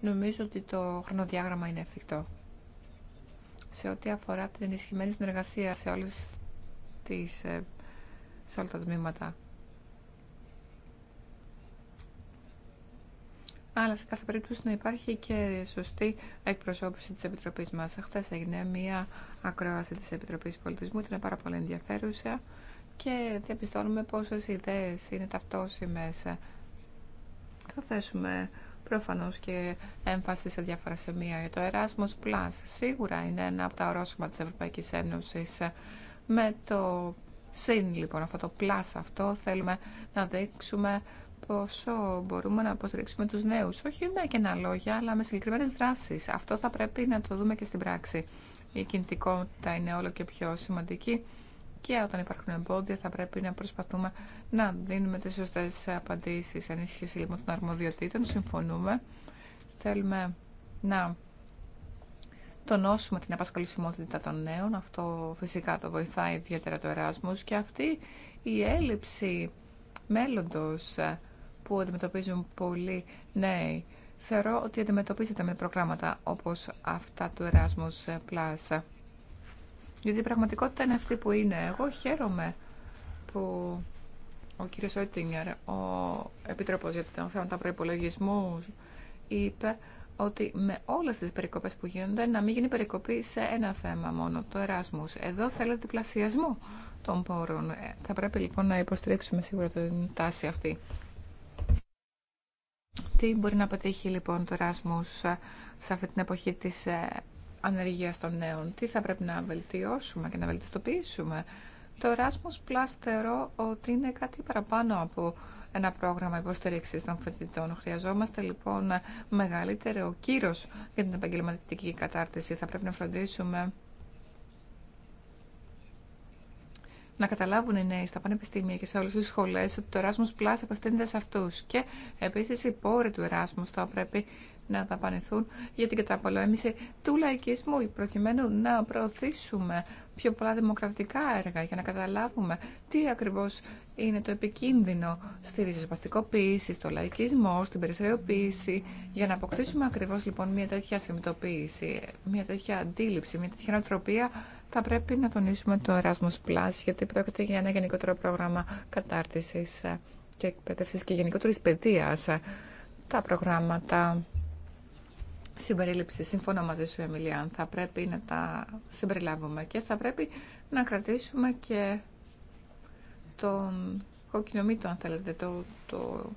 Νομίζω ότι το χρονοδιάγραμμα είναι εφικτό. Σε ό,τι αφορά την ενισχυμένη συνεργασία σε όλες τις ε, σε όλα τα τμήματα αλλά σε κάθε περίπτωση να υπάρχει και σωστή εκπροσώπηση της Επιτροπής μας. Χθε έγινε μια ακρόαση της Επιτροπής Πολιτισμού, ήταν πάρα πολύ ενδιαφέρουσα και διαπιστώνουμε πόσες ιδέες είναι ταυτόσιμες. Θα θέσουμε προφανώς και έμφαση σε διάφορα σημεία για το Erasmus Plus. Σίγουρα είναι ένα από τα ορόσημα της Ευρωπαϊκής Ένωσης με το συν λοιπόν αυτό το πλάσ αυτό θέλουμε να δείξουμε πόσο μπορούμε να υποστηρίξουμε τους νέους. Όχι με κενά λόγια, αλλά με συγκεκριμένες δράσεις. Αυτό θα πρέπει να το δούμε και στην πράξη. Η κινητικότητα είναι όλο και πιο σημαντική και όταν υπάρχουν εμπόδια θα πρέπει να προσπαθούμε να δίνουμε τις σωστές απαντήσεις. Ενίσχυση λοιπόν των αρμοδιοτήτων, συμφωνούμε. Θέλουμε να τονώσουμε την απασχολησιμότητα των νέων. Αυτό φυσικά το βοηθάει ιδιαίτερα το Εράσμος και αυτή η έλλειψη μέλλοντος που αντιμετωπίζουν πολλοί νέοι. Θεωρώ ότι αντιμετωπίζεται με προγράμματα όπως αυτά του Erasmus Plus. Γιατί η πραγματικότητα είναι αυτή που είναι. Εγώ χαίρομαι που ο κύριος Ότινγκερ, ο Επίτροπος για τα θέματα προπολογισμού, είπε ότι με όλες τις περικοπές που γίνονται να μην γίνει περικοπή σε ένα θέμα μόνο, το Erasmus Εδώ θέλετε διπλασιασμό των πόρων. Ε, θα πρέπει λοιπόν να υποστηρίξουμε σίγουρα την τάση αυτή. Τι μπορεί να πετύχει λοιπόν το Erasmus σε αυτή την εποχή της ε, ανεργίας των νέων, τι θα πρέπει να βελτιώσουμε και να βελτιστοποιήσουμε. Το Erasmus Plus θεωρώ ότι είναι κάτι παραπάνω από ένα πρόγραμμα υποστήριξη των φοιτητών. Χρειαζόμαστε λοιπόν μεγαλύτερο κύρος για την επαγγελματική κατάρτιση. Θα πρέπει να φροντίσουμε να καταλάβουν οι νέοι στα πανεπιστήμια και σε όλε τι σχολέ ότι το Erasmus Plus απευθύνεται σε αυτού. Και επίση οι πόροι του Erasmus θα πρέπει να δαπανηθούν για την καταπολέμηση του λαϊκισμού, προκειμένου να προωθήσουμε πιο πολλά δημοκρατικά έργα για να καταλάβουμε τι ακριβώ είναι το επικίνδυνο στη ριζοσπαστικοποίηση, στο λαϊκισμό, στην περιθωριοποίηση, για να αποκτήσουμε ακριβώ λοιπόν μια τέτοια συνειδητοποίηση, μια τέτοια αντίληψη, μια τέτοια νοοτροπία θα πρέπει να τονίσουμε το Erasmus Plus, γιατί πρόκειται για ένα γενικότερο πρόγραμμα κατάρτιση και εκπαίδευση και γενικότερη παιδεία. Τα προγράμματα συμπερίληψη, σύμφωνα μαζί σου, Εμιλιάν, θα πρέπει να τα συμπεριλάβουμε και θα πρέπει να κρατήσουμε και τον κόκκινο μύτο, αν θέλετε, το, το,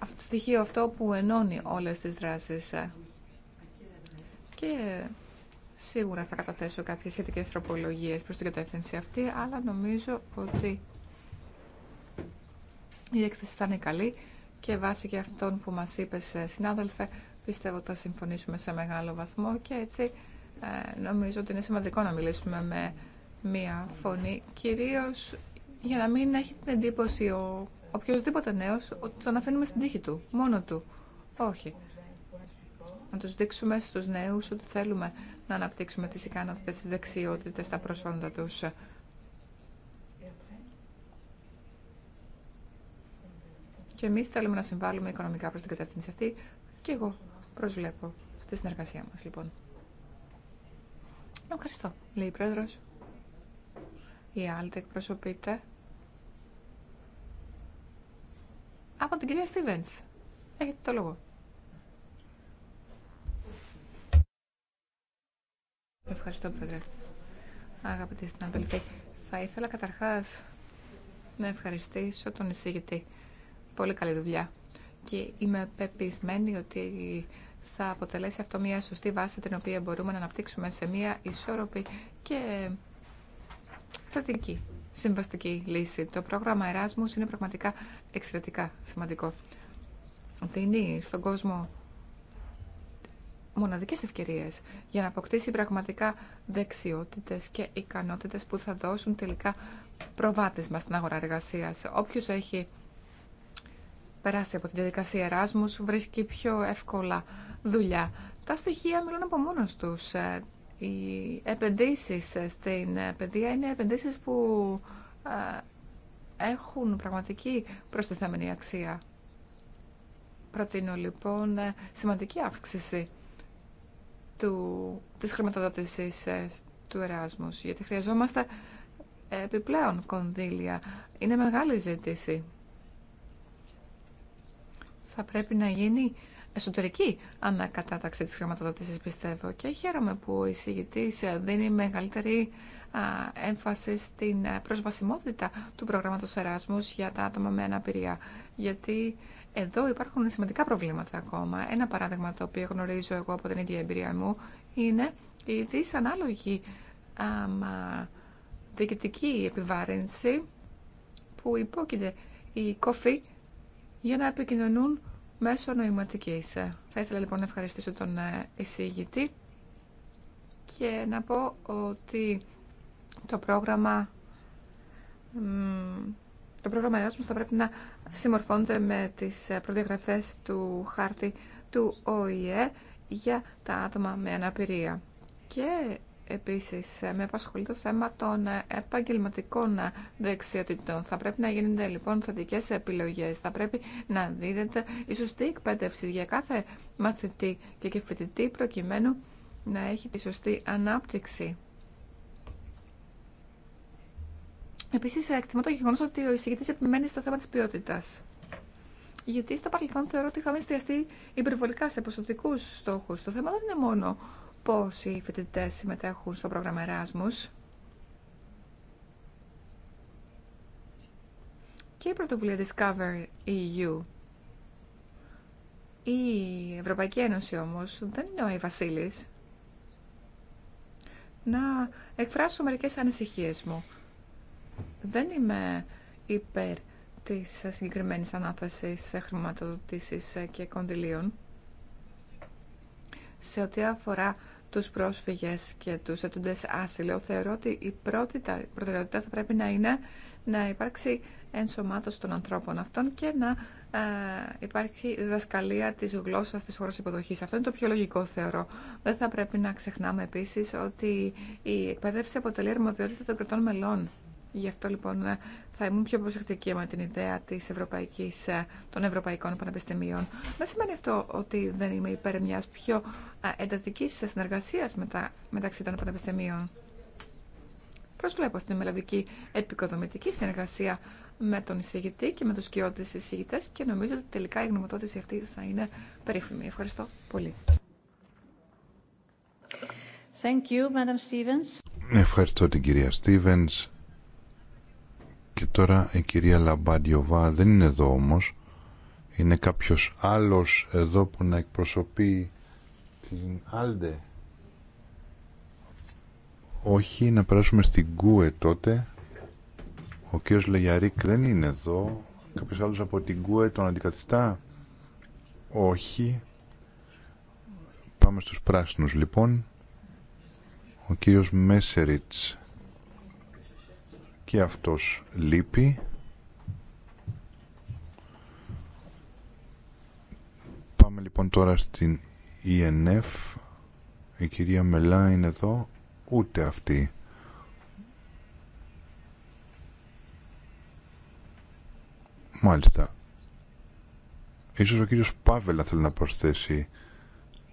το στοιχείο αυτό που ενώνει όλες τις δράσεις. Σίγουρα θα καταθέσω κάποιες σχετικές τροπολογίες προς την κατεύθυνση αυτή, αλλά νομίζω ότι η έκθεση θα είναι καλή και βάσει και αυτών που μας είπε συνάδελφε, πιστεύω ότι θα συμφωνήσουμε σε μεγάλο βαθμό και έτσι ε, νομίζω ότι είναι σημαντικό να μιλήσουμε με μία φωνή, κυρίως για να μην έχει την εντύπωση ο οποιοδήποτε νέος ότι τον αφήνουμε στην τύχη του, μόνο του. Όχι. Να τους δείξουμε στους νέους ότι θέλουμε να αναπτύξουμε τις ικανότητες, τις δεξιότητες, τα προσόντα τους. Και εμείς θέλουμε να συμβάλλουμε οικονομικά προς την κατεύθυνση αυτή και εγώ προσβλέπω στη συνεργασία μας, λοιπόν. Ευχαριστώ, λέει η Πρόεδρος. Η άλλη εκπροσωπείται από την κυρία Στίβενς. Έχετε το λόγο. Ευχαριστώ, Πρόεδρε. Αγαπητοί συναδελφοί, θα ήθελα καταρχάς να ευχαριστήσω τον εισηγητή. Πολύ καλή δουλειά. Και είμαι πεπισμένη ότι θα αποτελέσει αυτό μια σωστή βάση την οποία μπορούμε να αναπτύξουμε σε μια ισόρροπη και θετική συμβαστική λύση. Το πρόγραμμα Εράσμους είναι πραγματικά εξαιρετικά σημαντικό. Δίνει στον κόσμο μοναδικές ευκαιρίες για να αποκτήσει πραγματικά δεξιότητες και ικανότητες που θα δώσουν τελικά προβάτισμα στην αγορά εργασίας. Όποιος έχει περάσει από τη διαδικασία Εράσμους βρίσκει πιο εύκολα δουλειά. Τα στοιχεία μιλούν από μόνος τους. Ε, οι επενδύσεις στην παιδεία είναι επενδύσεις που ε, έχουν πραγματική προστιθέμενη αξία. Προτείνω λοιπόν ε, σημαντική αύξηση του, της χρηματοδότησης ε, του Εράσμους, γιατί χρειαζόμαστε επιπλέον κονδύλια. Είναι μεγάλη ζήτηση. Θα πρέπει να γίνει εσωτερική ανακατάταξη της χρηματοδότησης, πιστεύω. Και χαίρομαι που ο συγητής ε, δίνει μεγαλύτερη έμφαση στην ε, προσβασιμότητα του προγράμματος Εράσμους για τα άτομα με αναπηρία. Γιατί εδώ υπάρχουν σημαντικά προβλήματα ακόμα. Ένα παράδειγμα το οποίο γνωρίζω εγώ από την ίδια εμπειρία μου είναι η δυσανάλογη διοικητική επιβάρυνση που υπόκειται η κοφή για να επικοινωνούν μέσω νοηματικής. Θα ήθελα λοιπόν να ευχαριστήσω τον ε, εισηγητή και να πω ότι το πρόγραμμα το πρόγραμμα Erasmus θα πρέπει να συμμορφώνονται με τις ε, προδιαγραφές του χάρτη του ΟΗΕ για τα άτομα με αναπηρία. Και επίσης ε, με απασχολεί το θέμα των ε, επαγγελματικών δεξιοτήτων. Θα πρέπει να γίνονται λοιπόν θετικές επιλογές. Θα πρέπει να δίδεται η σωστή εκπαίδευση για κάθε μαθητή και, και φοιτητή προκειμένου να έχει τη σωστή ανάπτυξη Επίση, εκτιμώ το γεγονό ότι ο εισηγητή επιμένει στο θέμα τη ποιότητα. Γιατί στο παρελθόν θεωρώ ότι είχαμε εστιαστεί υπερβολικά σε ποσοτικού στόχου. Το θέμα δεν είναι μόνο πώ οι φοιτητέ συμμετέχουν στο πρόγραμμα Εράσμου. Και η πρωτοβουλία Discover EU. Η Ευρωπαϊκή Ένωση όμως δεν είναι ο Άι Να εκφράσω μερικές ανησυχίες μου. Δεν είμαι υπέρ της συγκεκριμένης ανάθεσης χρηματοδοτήσεις και κονδυλίων σε ό,τι αφορά τους πρόσφυγες και τους ετούντες άσυλο, θεωρώ ότι η πρώτη προτεραιότητα θα πρέπει να είναι να υπάρξει ενσωμάτωση των ανθρώπων αυτών και να ε, υπάρχει διδασκαλία της γλώσσας της χώρας υποδοχής. Αυτό είναι το πιο λογικό θεωρώ. Δεν θα πρέπει να ξεχνάμε επίσης ότι η εκπαίδευση αποτελεί αρμοδιότητα των κρατών μελών. Γι' αυτό λοιπόν ε, θα ήμουν πιο προσεκτική με την ιδέα της Ευρωπαϊκής, ε, των Ευρωπαϊκών Πανεπιστημίων. Δεν σημαίνει αυτό ότι δεν είμαι υπέρ μια πιο ε, εντατική συνεργασία μετα, μεταξύ των πανεπιστημίων. Προσβλέπω στην μελλοντική επικοδομητική συνεργασία με τον εισηγητή και με τους κοιότητες εισηγητές και νομίζω ότι τελικά η γνωμοτότηση αυτή θα είναι περίφημη. Ευχαριστώ πολύ. Thank you, Madam Stevens. Ευχαριστώ την κυρία Stevens. Και τώρα η κυρία Λαμπάντιοβα δεν είναι εδώ όμως. Είναι κάποιος άλλος εδώ που να εκπροσωπεί την Άλντε. Όχι, να περάσουμε στην Κούε τότε. Ο κύριος Λεγιαρίκ δεν είναι εδώ. Κάποιος άλλος από την Κούε τον αντικαθιστά. Όχι. Πάμε στους πράσινους λοιπόν. Ο κύριος Μέσεριτς και αυτός λείπει. Πάμε λοιπόν τώρα στην ENF. Η κυρία Μελά είναι εδώ, ούτε αυτή. Μάλιστα. Ίσως ο κύριος Πάβελα θέλει να προσθέσει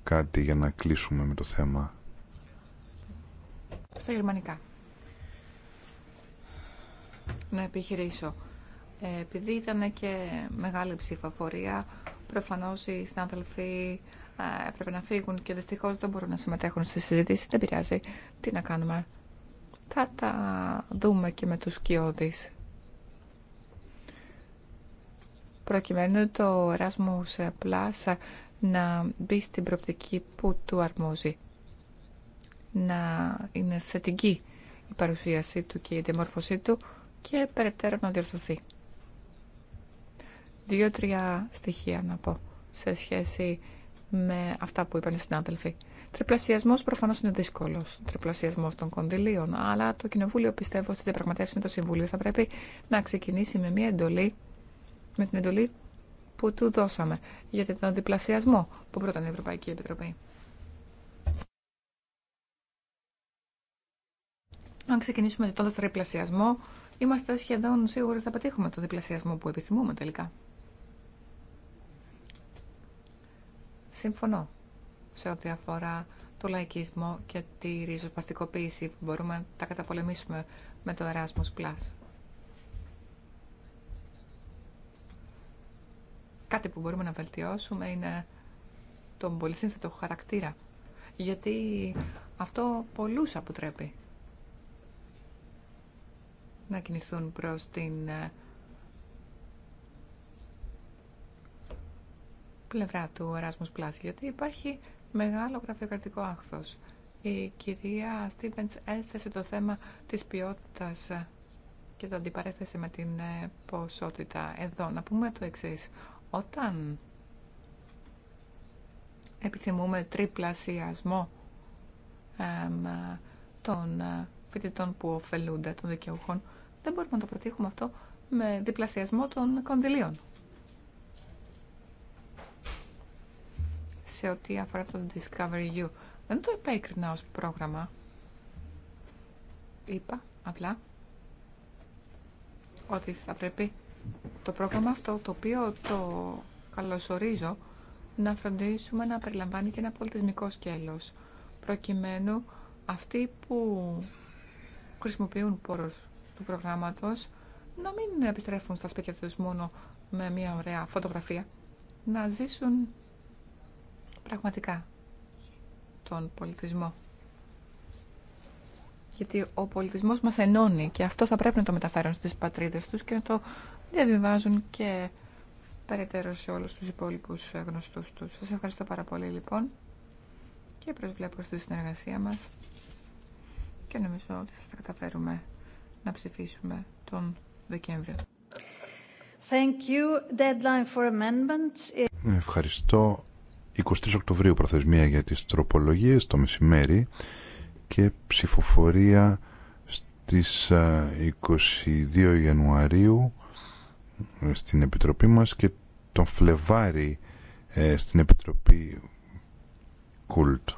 κάτι για να κλείσουμε με το θέμα. Στα γερμανικά να επιχειρήσω. Ε, επειδή ήταν και μεγάλη ψηφοφορία, προφανώς οι συνάδελφοι ε, έπρεπε να φύγουν και δυστυχώς δεν μπορούν να συμμετέχουν στη συζήτηση. Δεν πειράζει. Τι να κάνουμε. Θα τα δούμε και με τους κοιόδης. Προκειμένου το Erasmus Plus να μπει στην προπτική που του αρμόζει. Να είναι θετική η παρουσίασή του και η διαμόρφωσή του και περαιτέρω να διορθωθεί. Δύο-τρία στοιχεία να πω σε σχέση με αυτά που είπαν οι συνάδελφοι. Τριπλασιασμό προφανώ είναι δύσκολο. Τριπλασιασμό των κονδυλίων. Αλλά το Κοινοβούλιο πιστεύω στι διαπραγματεύσει με το Συμβούλιο θα πρέπει να ξεκινήσει με μια εντολή, με την εντολή που του δώσαμε για τον διπλασιασμό που πρότεινε η Ευρωπαϊκή Επιτροπή. Αν ξεκινήσουμε ζητώντα τριπλασιασμό, είμαστε σχεδόν σίγουροι ότι θα πετύχουμε το διπλασιασμό που επιθυμούμε τελικά. Συμφωνώ σε ό,τι αφορά το λαϊκισμό και τη ριζοσπαστικοποίηση που μπορούμε να τα καταπολεμήσουμε με το Erasmus+. Plus. Κάτι που μπορούμε να βελτιώσουμε είναι τον πολυσύνθετο χαρακτήρα. Γιατί αυτό πολλούς αποτρέπει να κινηθούν προς την ε, πλευρά του Erasmus γιατί υπάρχει μεγάλο γραφειοκρατικό άγχος. Η κυρία Στίβενς έθεσε το θέμα της ποιότητας ε, και το αντιπαρέθεσε με την ε, ποσότητα. Εδώ να πούμε το εξής. Όταν επιθυμούμε τριπλασιασμό των φοιτητών που ωφελούνται των δικαιούχων δεν μπορούμε να το πετύχουμε αυτό με διπλασιασμό των κονδυλίων. Σε ό,τι αφορά το Discovery U, δεν το επέκρινα ως πρόγραμμα. Είπα απλά ότι θα πρέπει το πρόγραμμα αυτό, το οποίο το καλωσορίζω, να φροντίσουμε να περιλαμβάνει και ένα πολιτισμικό σκέλος, προκειμένου αυτοί που χρησιμοποιούν πόρους του να μην επιστρέφουν στα σπίτια του μόνο με μια ωραία φωτογραφία. Να ζήσουν πραγματικά τον πολιτισμό. Γιατί ο πολιτισμός μας ενώνει και αυτό θα πρέπει να το μεταφέρουν στις πατρίδες τους και να το διαβιβάζουν και περαιτέρω σε όλους τους υπόλοιπους γνωστούς τους. Σας ευχαριστώ πάρα πολύ λοιπόν και προσβλέπω στη συνεργασία μας και νομίζω ότι θα τα καταφέρουμε να ψηφίσουμε τον Δεκέμβριο. Thank you. Deadline for amendments. Ευχαριστώ. 23 Οκτωβρίου προθεσμία για τις τροπολογίες το μεσημέρι και ψηφοφορία στις 22 Ιανουαρίου ε, στην Επιτροπή μας και τον Φλεβάρι ε, στην Επιτροπή Κούλτ.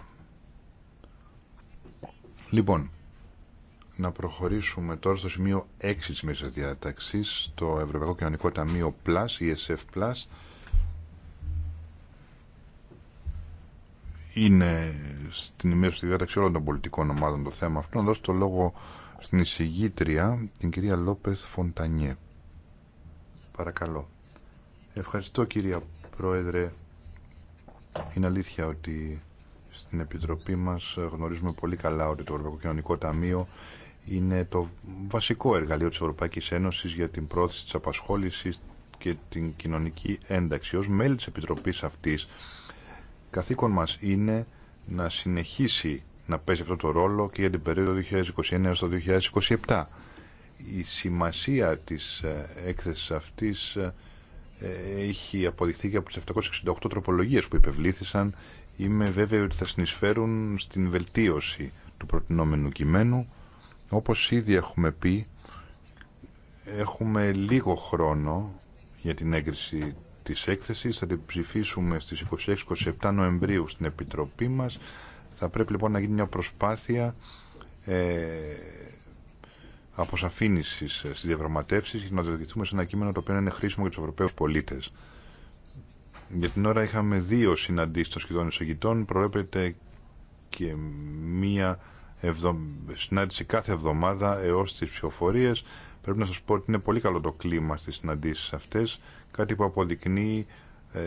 Λοιπόν, να προχωρήσουμε τώρα στο σημείο 6 της μέσης διάταξης, το Ευρωπαϊκό Κοινωνικό Ταμείο Plus, ESF Plus. Είναι στην ημέρα στη διάταξη όλων των πολιτικών ομάδων το θέμα αυτό. Να δώσω το λόγο στην εισηγήτρια, την κυρία Λόπεθ Φοντανιέ. Παρακαλώ. Ευχαριστώ κυρία Πρόεδρε. Είναι αλήθεια ότι στην Επιτροπή μας γνωρίζουμε πολύ καλά ότι το Ευρωπαϊκό Κοινωνικό Ταμείο είναι το βασικό εργαλείο της Ευρωπαϊκής Ένωσης για την πρόθεση της απασχόλησης και την κοινωνική ένταξη. Ως μέλη της Επιτροπής αυτής, καθήκον μας είναι να συνεχίσει να παίζει αυτό το ρόλο και για την περίοδο 2021 έως το 2027. Η σημασία της ε, έκθεσης αυτής ε, έχει αποδειχθεί και από τις 768 τροπολογίες που υπευλήθησαν. Είμαι βέβαιο ότι θα συνεισφέρουν στην βελτίωση του προτινόμενου κειμένου όπως ήδη έχουμε πει, έχουμε λίγο χρόνο για την έγκριση της έκθεσης. Θα την ψηφίσουμε στις 26-27 Νοεμβρίου στην Επιτροπή μας. Θα πρέπει λοιπόν να γίνει μια προσπάθεια ε, αποσαφήνισης στις διαπραγματεύσεις για να διαδικηθούμε σε ένα κείμενο το οποίο είναι χρήσιμο για τους Ευρωπαίους πολίτες. Για την ώρα είχαμε δύο συναντήσεις των σχεδόν εισαγητών, Προέπεται και μία συνάντηση κάθε εβδομάδα έως τις ψηφοφορίες. Πρέπει να σας πω ότι είναι πολύ καλό το κλίμα στις συναντήσεις αυτές, κάτι που αποδεικνύει ε,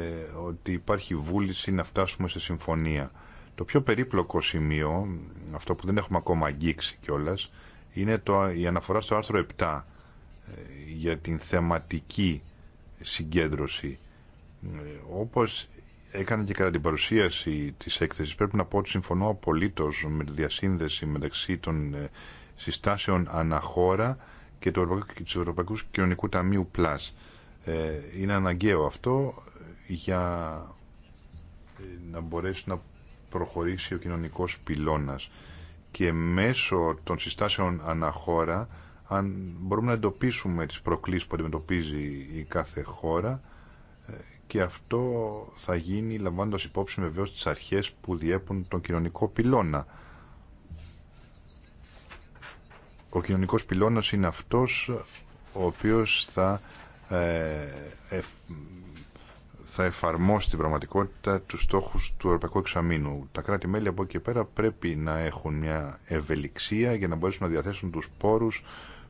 ότι υπάρχει βούληση να φτάσουμε σε συμφωνία. Το πιο περίπλοκο σημείο, αυτό που δεν έχουμε ακόμα αγγίξει κιόλα, είναι το, η αναφορά στο άρθρο 7 ε, για την θεματική συγκέντρωση. Ε, όπως έκανε και κατά την παρουσίαση της έκθεσης πρέπει να πω ότι συμφωνώ απολύτως με τη διασύνδεση μεταξύ των ε, συστάσεων αναχώρα και του Ευρωπαϊκού, Κοινωνικού Ταμείου Plus. Ε, είναι αναγκαίο αυτό για ε, να μπορέσει να προχωρήσει ο κοινωνικός πυλώνας και μέσω των συστάσεων αναχώρα αν μπορούμε να εντοπίσουμε τις προκλήσεις που αντιμετωπίζει η κάθε χώρα και αυτό θα γίνει λαμβάνοντας υπόψη βεβαίως τις αρχές που διέπουν τον κοινωνικό πυλώνα. Ο κοινωνικός πυλώνας είναι αυτός ο οποίος θα, ε, θα εφαρμόσει την πραγματικότητα τους στόχους του Ευρωπαϊκού Εξαμήνου. Τα κράτη-μέλη από εκεί και πέρα πρέπει να έχουν μια ευελιξία για να μπορέσουν να διαθέσουν τους πόρους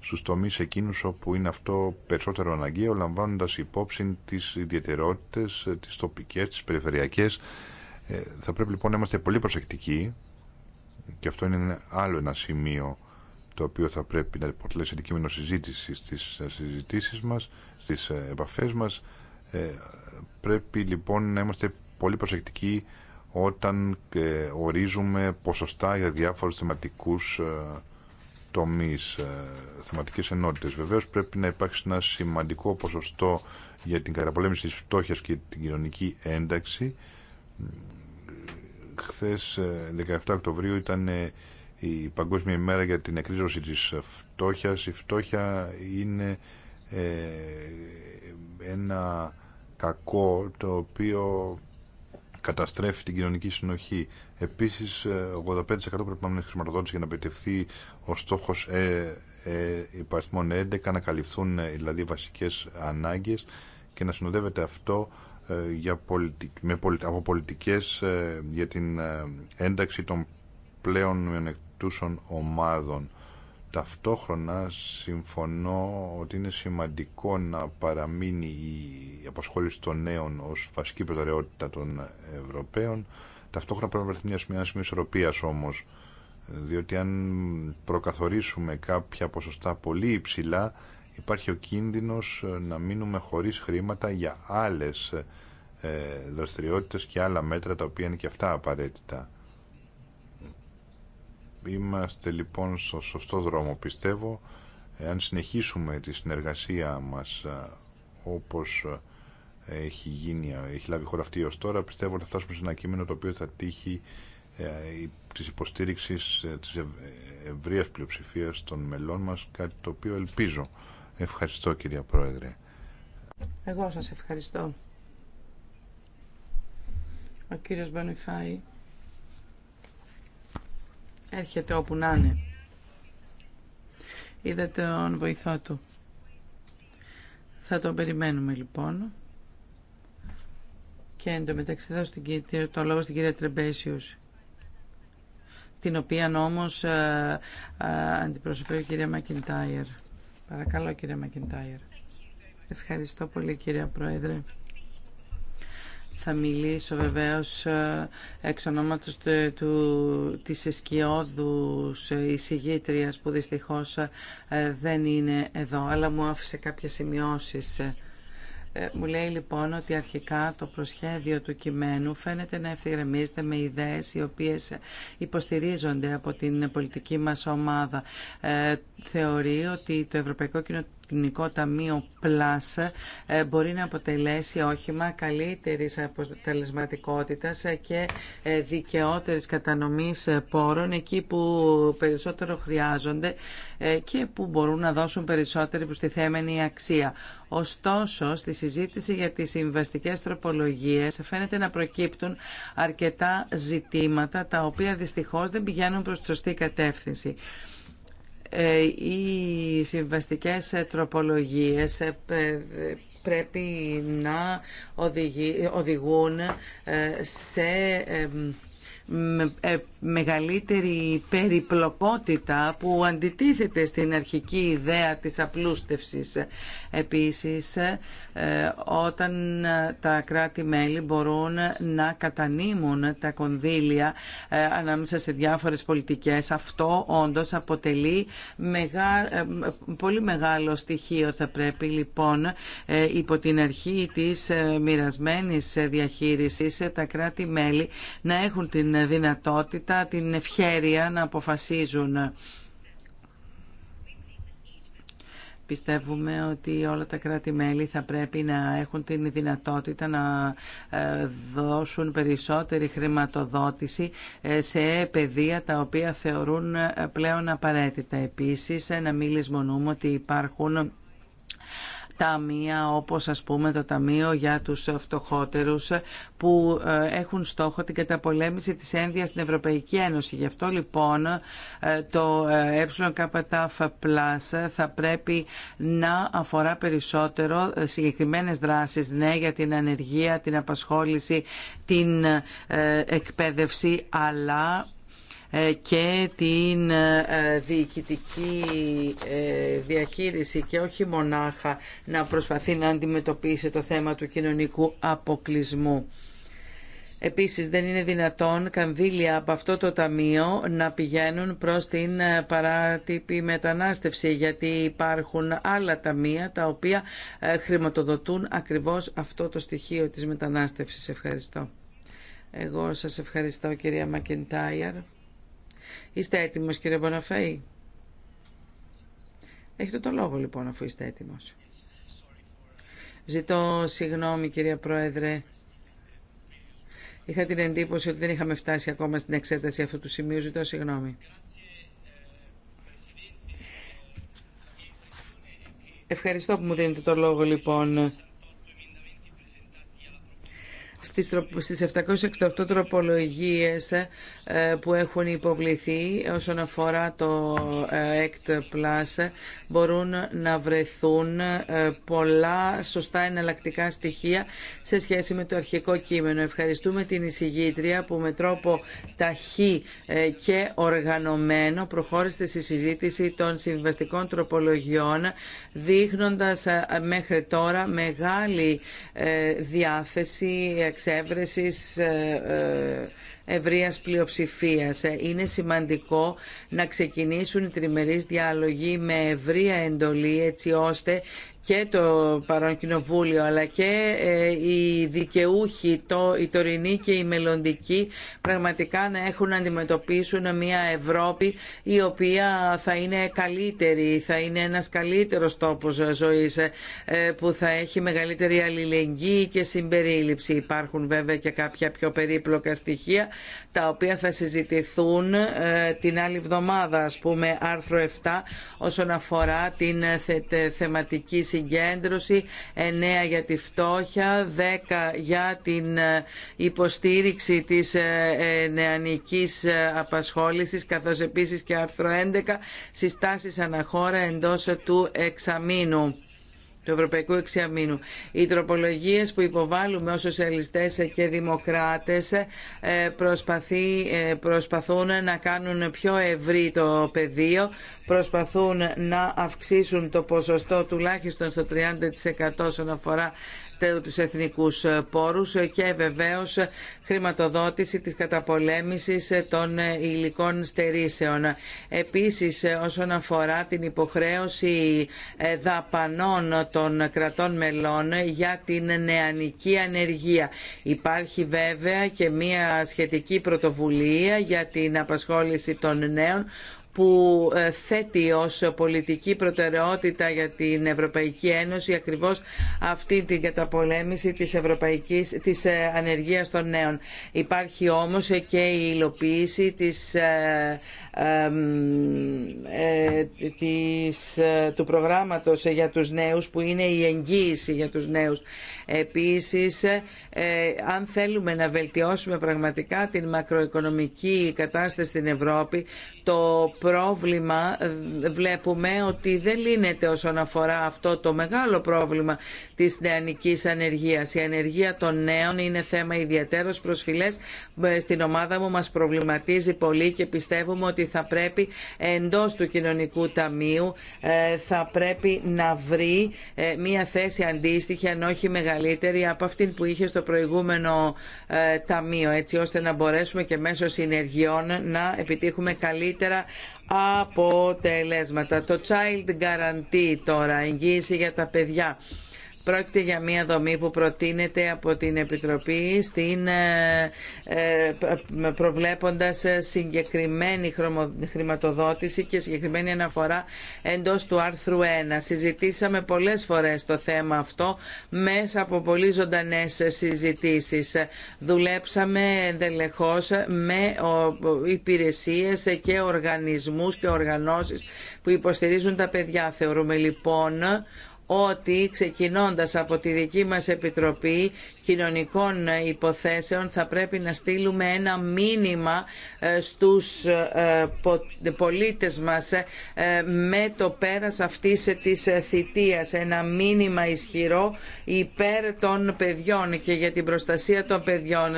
στους τομείς εκείνους όπου είναι αυτό περισσότερο αναγκαίο, λαμβάνοντας υπόψη τις ιδιαιτερότητες, ε, τις τοπικές, τις περιφερειακές. Ε, θα πρέπει λοιπόν να είμαστε πολύ προσεκτικοί και αυτό είναι άλλο ένα σημείο το οποίο θα πρέπει να υποτελέσει αντικείμενο συζήτηση στις ε, συζητήσεις μας, στις επαφές μας. Ε, πρέπει λοιπόν να είμαστε πολύ προσεκτικοί όταν ορίζουμε ποσοστά για διάφορους θεματικούς τομείς, ε, θεματικές ενότητες. Βεβαίως πρέπει να υπάρξει ένα σημαντικό ποσοστό για την καταπολέμηση της φτώχειας και την κοινωνική ένταξη. Χθες, 17 ε, Οκτωβρίου, ήταν η Παγκόσμια ημέρα για την εκρίζωση της φτώχειας. Η φτώχεια είναι ε, ένα κακό το οποίο καταστρέφει την κοινωνική συνοχή. Επίσης, 85% ε, πρέπει να είναι χρηματοδότηση για να επιτευχθεί ο στόχος ε, ε, υπαριθμών 11, να καλυφθούν ε, δηλαδή βασικές ανάγκες και να συνοδεύεται αυτό ε, για με από πολιτικές για την ένταξη των πλέον μειονεκτούσων ομάδων. Ταυτόχρονα συμφωνώ ότι είναι σημαντικό να παραμείνει η απασχόληση των νέων ως βασική προτεραιότητα των Ευρωπαίων. Ταυτόχρονα πρέπει να βρεθεί μια σημεία ισορροπία όμως, διότι αν προκαθορίσουμε κάποια ποσοστά πολύ υψηλά, υπάρχει ο κίνδυνος να μείνουμε χωρίς χρήματα για άλλες ε, δραστηριότητες και άλλα μέτρα τα οποία είναι και αυτά απαραίτητα. Είμαστε λοιπόν στο σωστό δρόμο πιστεύω. Αν συνεχίσουμε τη συνεργασία μας ε, όπως ε, έχει γίνει, ε, έχει λάβει χώρα αυτή ως τώρα, πιστεύω ότι θα φτάσουμε σε ένα κείμενο το οποίο θα τύχει της υποστήριξης της ευρείας πλειοψηφίας των μελών μας, κάτι το οποίο ελπίζω. Ευχαριστώ κυρία Πρόεδρε. Εγώ σας ευχαριστώ. Ο Έρχεται όπου να είναι. Είδα τον βοηθό του. Θα τον περιμένουμε λοιπόν. Και εντωμεταξύ θα το λόγο στην κυρία Τρεμπέσιους, την οποία όμως ε, ε, αντιπροσωπεύει η κυρία Μακιντάιερ. Παρακαλώ κυρία Μακιντάιερ. Ευχαριστώ πολύ κυρία Πρόεδρε. Θα μιλήσω βεβαίως ε, εξ ονόματος του, του, της εσκιώδους ε, εισηγήτριας που δυστυχώς ε, δεν είναι εδώ, αλλά μου άφησε κάποιες σημειώσεις. Μου λέει λοιπόν ότι αρχικά το προσχέδιο του κειμένου φαίνεται να ευθυγραμμίζεται με ιδέες οι οποίες υποστηρίζονται από την πολιτική μας ομάδα. Θεωρεί ότι το Ευρωπαϊκό Κοινοβούλιο Κοινωνικό Ταμείο Plus ε, μπορεί να αποτελέσει όχημα καλύτερης αποτελεσματικότητας ε, και ε, δικαιότερης κατανομής πόρων εκεί που περισσότερο χρειάζονται και που μπορούν να δώσουν περισσότερη προστιθέμενη αξία. Ωστόσο, στη συζήτηση για τις συμβαστικέ τροπολογίες φαίνεται να προκύπτουν αρκετά ζητήματα τα οποία δυστυχώς δεν πηγαίνουν προς σωστή κατεύθυνση. Ε, οι συμβαστικές τροπολογίες ε, πρέπει να οδηγούν ε, σε ε, μεγαλύτερη περιπλοκότητα που αντιτίθεται στην αρχική ιδέα της απλούστευσης. Επίσης, ε, όταν τα κράτη-μέλη μπορούν να κατανείμουν τα κονδύλια ε, ανάμεσα σε διάφορες πολιτικές, αυτό όντως αποτελεί πολύ μεγάλο στοιχείο. Θα πρέπει λοιπόν υπό την αρχή της μοιρασμένης διαχείρισης τα κράτη-μέλη να έχουν την δυνατότητα, την ευχέρεια να αποφασίζουν. Πιστεύουμε ότι όλα τα κράτη-μέλη θα πρέπει να έχουν την δυνατότητα να ε, δώσουν περισσότερη χρηματοδότηση ε, σε παιδεία τα οποία θεωρούν ε, πλέον απαραίτητα. Επίσης, να μην λησμονούμε ότι υπάρχουν ταμεία όπως ας πούμε το Ταμείο για τους Φτωχότερους που ε, έχουν στόχο την καταπολέμηση της ένδυας στην Ευρωπαϊκή Ένωση. Γι' αυτό λοιπόν ε, το ε, ΕΚΤΑΦ θα πρέπει να αφορά περισσότερο συγκεκριμένες δράσεις ναι, για την ανεργία, την απασχόληση, την εκπαίδευση αλλά ε, και την ε, διοικητική ε, διαχείριση και όχι μονάχα να προσπαθεί να αντιμετωπίσει το θέμα του κοινωνικού αποκλεισμού. Επίσης δεν είναι δυνατόν κανδύλια από αυτό το ταμείο να πηγαίνουν προς την παράτυπη μετανάστευση γιατί υπάρχουν άλλα ταμεία τα οποία χρηματοδοτούν ακριβώς αυτό το στοιχείο της μετανάστευσης. Ευχαριστώ. Εγώ σας ευχαριστώ κυρία Μακεντάιαρ. Είστε έτοιμος κύριε Μποναφέη. Έχετε το λόγο λοιπόν αφού είστε έτοιμος. Ζητώ συγγνώμη κυρία Πρόεδρε. Είχα την εντύπωση ότι δεν είχαμε φτάσει ακόμα στην εξέταση αυτού του σημείου. Ζητώ συγγνώμη. Ευχαριστώ που μου δίνετε το λόγο λοιπόν στις 768 τροπολογίες ε, που έχουν υποβληθεί όσον αφορά το ACT ε, μπορούν να βρεθούν ε, πολλά σωστά εναλλακτικά στοιχεία σε σχέση με το αρχικό κείμενο. Ευχαριστούμε την εισηγήτρια που με τρόπο ταχύ και οργανωμένο προχώρησε στη συζήτηση των συμβαστικών τροπολογιών δείχνοντας μέχρι τώρα μεγάλη διάθεση εξέβρεσης ε, ε, ευρείας πλειοψηφίας. Ε, είναι σημαντικό να ξεκινήσουν οι τριμερείς διάλογοι με ευρεία εντολή έτσι ώστε και το παρόν κοινοβούλιο αλλά και ε, οι δικαιούχοι, το, οι τωρινοί και οι μελλοντικοί πραγματικά να έχουν να αντιμετωπίσουν μια Ευρώπη η οποία θα είναι καλύτερη, θα είναι ένας καλύτερος τόπος ζωής ε, ε, που θα έχει μεγαλύτερη αλληλεγγύη και συμπερίληψη. Υπάρχουν βέβαια και κάποια πιο περίπλοκα στοιχεία τα οποία θα συζητηθούν την άλλη εβδομάδα, ας πούμε άρθρο 7 όσον αφορά την θεματική συγκέντρωση, 9 για τη φτώχεια, 10 για την ε, υποστήριξη της ε, ε, νεανικής απασχόλησης, καθώς επίσης και άρθρο 11 συστάσεις αναχώρα εντός του εξαμήνου του Ευρωπαϊκού Εξιαμήνου. Οι τροπολογίε που υποβάλλουμε ω σοσιαλιστέ και δημοκράτες ε, ε, προσπαθούν να κάνουν πιο ευρύ το πεδίο, προσπαθούν να αυξήσουν το ποσοστό τουλάχιστον στο 30% όσον αφορά του εθνικούς ε, πόρους και βεβαίως χρηματοδότηση της καταπολέμησης ε, των ε, υλικών στερήσεων. Επίσης, όσον αφορά την υποχρέωση δαπανών των κρατών μελών για την νεανική ανεργία. Υπάρχει βέβαια και μία σχετική πρωτοβουλία για την απασχόληση των νέων που ε, θέτει ως πολιτική προτεραιότητα για την Ευρωπαϊκή Ένωση ακριβώς αυτή την καταπολέμηση της, ευρωπαϊκής, της ε, ανεργίας των νέων. Υπάρχει όμως και η υλοποίηση της, ε, του προγράμματος για τους νέους που είναι η εγγύηση για τους νέους. Επίσης, αν θέλουμε να βελτιώσουμε πραγματικά την μακροοικονομική κατάσταση στην Ευρώπη, το πρόβλημα ε, βλέπουμε ότι δεν λύνεται όσον αφορά αυτό το μεγάλο πρόβλημα της νεανικής ανεργίας. Η ανεργία των νέων είναι θέμα ιδιαίτερος προσφυλές. Ε, στην ομάδα μου μας προβληματίζει πολύ και πιστεύουμε ότι θα πρέπει εντός του κοινωνικού ταμείου ε, θα πρέπει να βρει μια θέση αντίστοιχη αν όχι μεγαλύτερη από αυτήν που είχε στο προηγούμενο ταμείο έτσι ώστε να μπορέσουμε και μέσω συνεργειών να επιτύχουμε καλύτερα αποτελέσματα. Το Child Guarantee τώρα, εγγύηση για τα παιδιά. Πρόκειται για μια δομή που προτείνεται από την Επιτροπή στην, ε, ε, προβλέποντας συγκεκριμένη χρηματοδότηση και συγκεκριμένη αναφορά εντός του άρθρου 1. Συζητήσαμε πολλές φορές το θέμα αυτό μέσα από πολύ ζωντανέ συζητήσεις. Δουλέψαμε εντελεχώς με υπηρεσίες και οργανισμούς και οργανώσεις που υποστηρίζουν τα παιδιά. Θεωρούμε λοιπόν ότι ξεκινώντας από τη δική μας Επιτροπή Κοινωνικών Υποθέσεων θα πρέπει να στείλουμε ένα μήνυμα ε, στους ε, πολίτες μας ε, με το πέρας αυτής της θητείας. Ένα μήνυμα ισχυρό υπέρ των παιδιών και για την προστασία των παιδιών.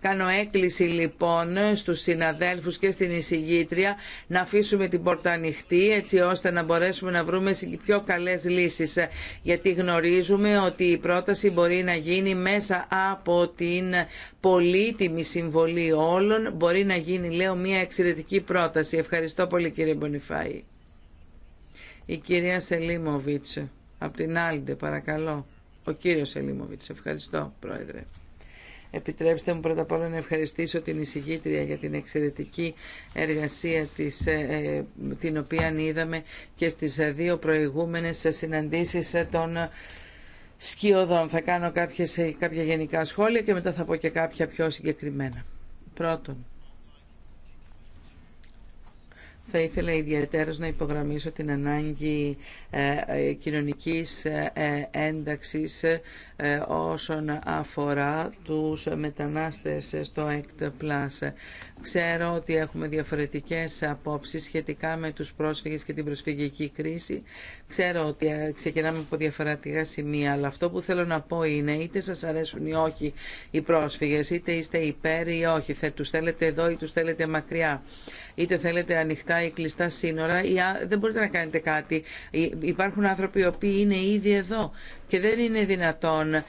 Κάνω έκκληση λοιπόν στους συναδέλφους και στην εισηγήτρια να αφήσουμε την πόρτα ανοιχτή έτσι ώστε να μπορέσουμε να βρούμε πιο καλές λύσεις γιατί γνωρίζουμε ότι η πρόταση μπορεί να γίνει μέσα από την πολύτιμη συμβολή όλων. Μπορεί να γίνει, λέω, μια εξαιρετική πρόταση. Ευχαριστώ πολύ κύριε Μπονιφάη. Η κυρία Σελίμοβιτς, από την Άλντε, παρακαλώ. Ο κύριος Σελίμοβιτς, ευχαριστώ πρόεδρε. Επιτρέψτε μου πρώτα απ' όλα να ευχαριστήσω την εισηγήτρια για την εξαιρετική εργασία της, ε, ε, την οποία είδαμε και στις δύο προηγούμενες συναντήσεις των σκιωδών. Θα κάνω κάποιες, ε, κάποια γενικά σχόλια και μετά θα πω και κάποια πιο συγκεκριμένα. Πρώτον, θα ήθελα ιδιαίτερα να υπογραμμίσω την ανάγκη κοινωνικής ένταξης ε, όσον αφορά τους μετανάστες στο ΕΚΤ Ξέρω ότι έχουμε διαφορετικές απόψεις σχετικά με τους πρόσφυγες και την προσφυγική κρίση. Ξέρω ότι ε, ξεκινάμε από διαφορετικά σημεία, αλλά αυτό που θέλω να πω είναι είτε σας αρέσουν ή όχι οι πρόσφυγες, είτε είστε υπέρ ή όχι, θε, τους θέλετε εδώ ή τους θέλετε μακριά, είτε θέλετε ανοιχτά ή κλειστά σύνορα, ή δεν μπορείτε να κάνετε κάτι. Υπάρχουν άνθρωποι οι οποίοι είναι ήδη εδώ και δεν είναι δυνατόν ε,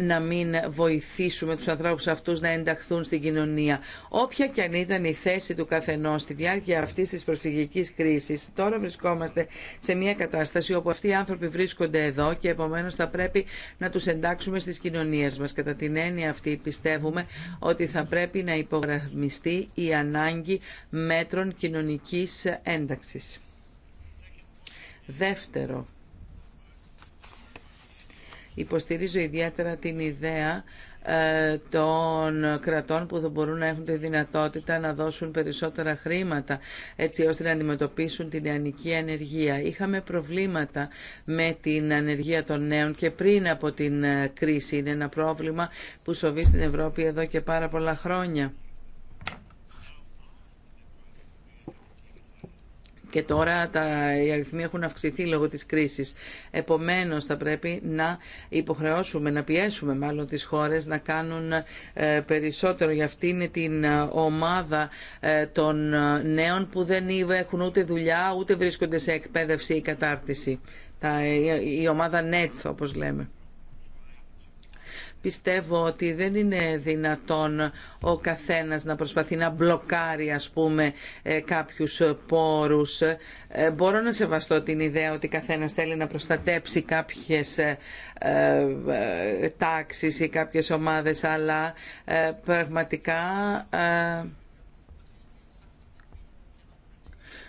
να μην βοηθήσουμε τους ανθρώπους αυτούς να ενταχθούν στην κοινωνία. Όποια και αν ήταν η θέση του καθενός στη διάρκεια αυτής της προσφυγικής κρίσης, τώρα βρισκόμαστε σε μια κατάσταση όπου αυτοί οι άνθρωποι βρίσκονται εδώ και επομένως θα πρέπει να τους εντάξουμε στις κοινωνίες μας. Κατά την έννοια αυτή πιστεύουμε ότι θα πρέπει να υπογραμμιστεί η ανάγκη μέτρων κοινωνικής ένταξης. Δεύτερο, Υποστηρίζω ιδιαίτερα την ιδέα ε, των κρατών που θα μπορούν να έχουν τη δυνατότητα να δώσουν περισσότερα χρήματα έτσι ώστε να αντιμετωπίσουν την νεανική ανεργία. Είχαμε προβλήματα με την ανεργία των νέων και πριν από την ε, κρίση. Είναι ένα πρόβλημα που σοβεί στην Ευρώπη εδώ και πάρα πολλά χρόνια. και τώρα τα, οι αριθμοί έχουν αυξηθεί λόγω της κρίσης. Επομένως θα πρέπει να υποχρεώσουμε, να πιέσουμε μάλλον τις χώρες να κάνουν ε, περισσότερο για αυτήν την ε, ομάδα ε, των νέων που δεν έχουν ούτε δουλειά ούτε βρίσκονται σε εκπαίδευση ή κατάρτιση. Τα, η, ομάδα NET όπως λέμε πιστεύω ότι δεν είναι δυνατόν ο καθένας να προσπαθεί να μπλοκάρει ας πούμε ε, κάποιους πόρους. Ε, μπορώ να σεβαστώ την ιδέα ότι καθένας θέλει να προστατέψει κάποιες ε, τάξεις ή κάποιες ομάδες αλλά πραγματικά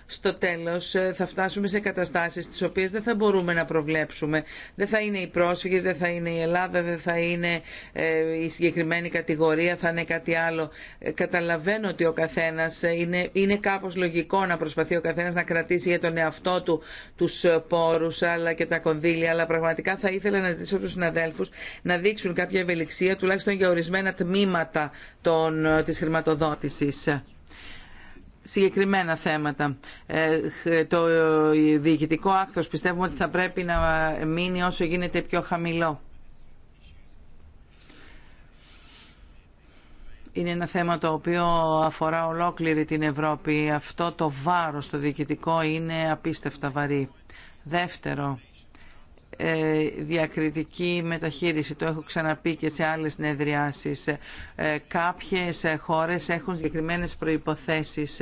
στο τέλος ε, θα φτάσουμε σε καταστάσεις τις οποίες δεν θα μπορούμε να προβλέψουμε. Δεν θα είναι οι πρόσφυγες, δεν θα είναι η Ελλάδα, δεν θα είναι ε, η συγκεκριμένη κατηγορία, θα είναι κάτι άλλο. Ε, καταλαβαίνω ότι ο καθένας είναι, είναι κάπως λογικό να προσπαθεί ο καθένας να κρατήσει για τον εαυτό του τους πόρους αλλά και τα κονδύλια, αλλά πραγματικά θα ήθελα να ζητήσω τους συναδέλφους να δείξουν κάποια ευελιξία τουλάχιστον για ορισμένα τμήματα των, της χρηματοδότησης συγκεκριμένα θέματα. Ε, το ε, διοικητικό άκθος πιστεύουμε ότι θα πρέπει να μείνει όσο γίνεται πιο χαμηλό. είναι ένα θέμα το οποίο αφορά ολόκληρη την Ευρώπη. Αυτό το βάρος το διοικητικό είναι απίστευτα βαρύ. Δεύτερο, ε, διακριτική μεταχείριση. Το έχω ξαναπεί και σε άλλες συνεδριάσεις. Ε, κάποιες χώρες έχουν συγκεκριμένες προϋποθέσεις.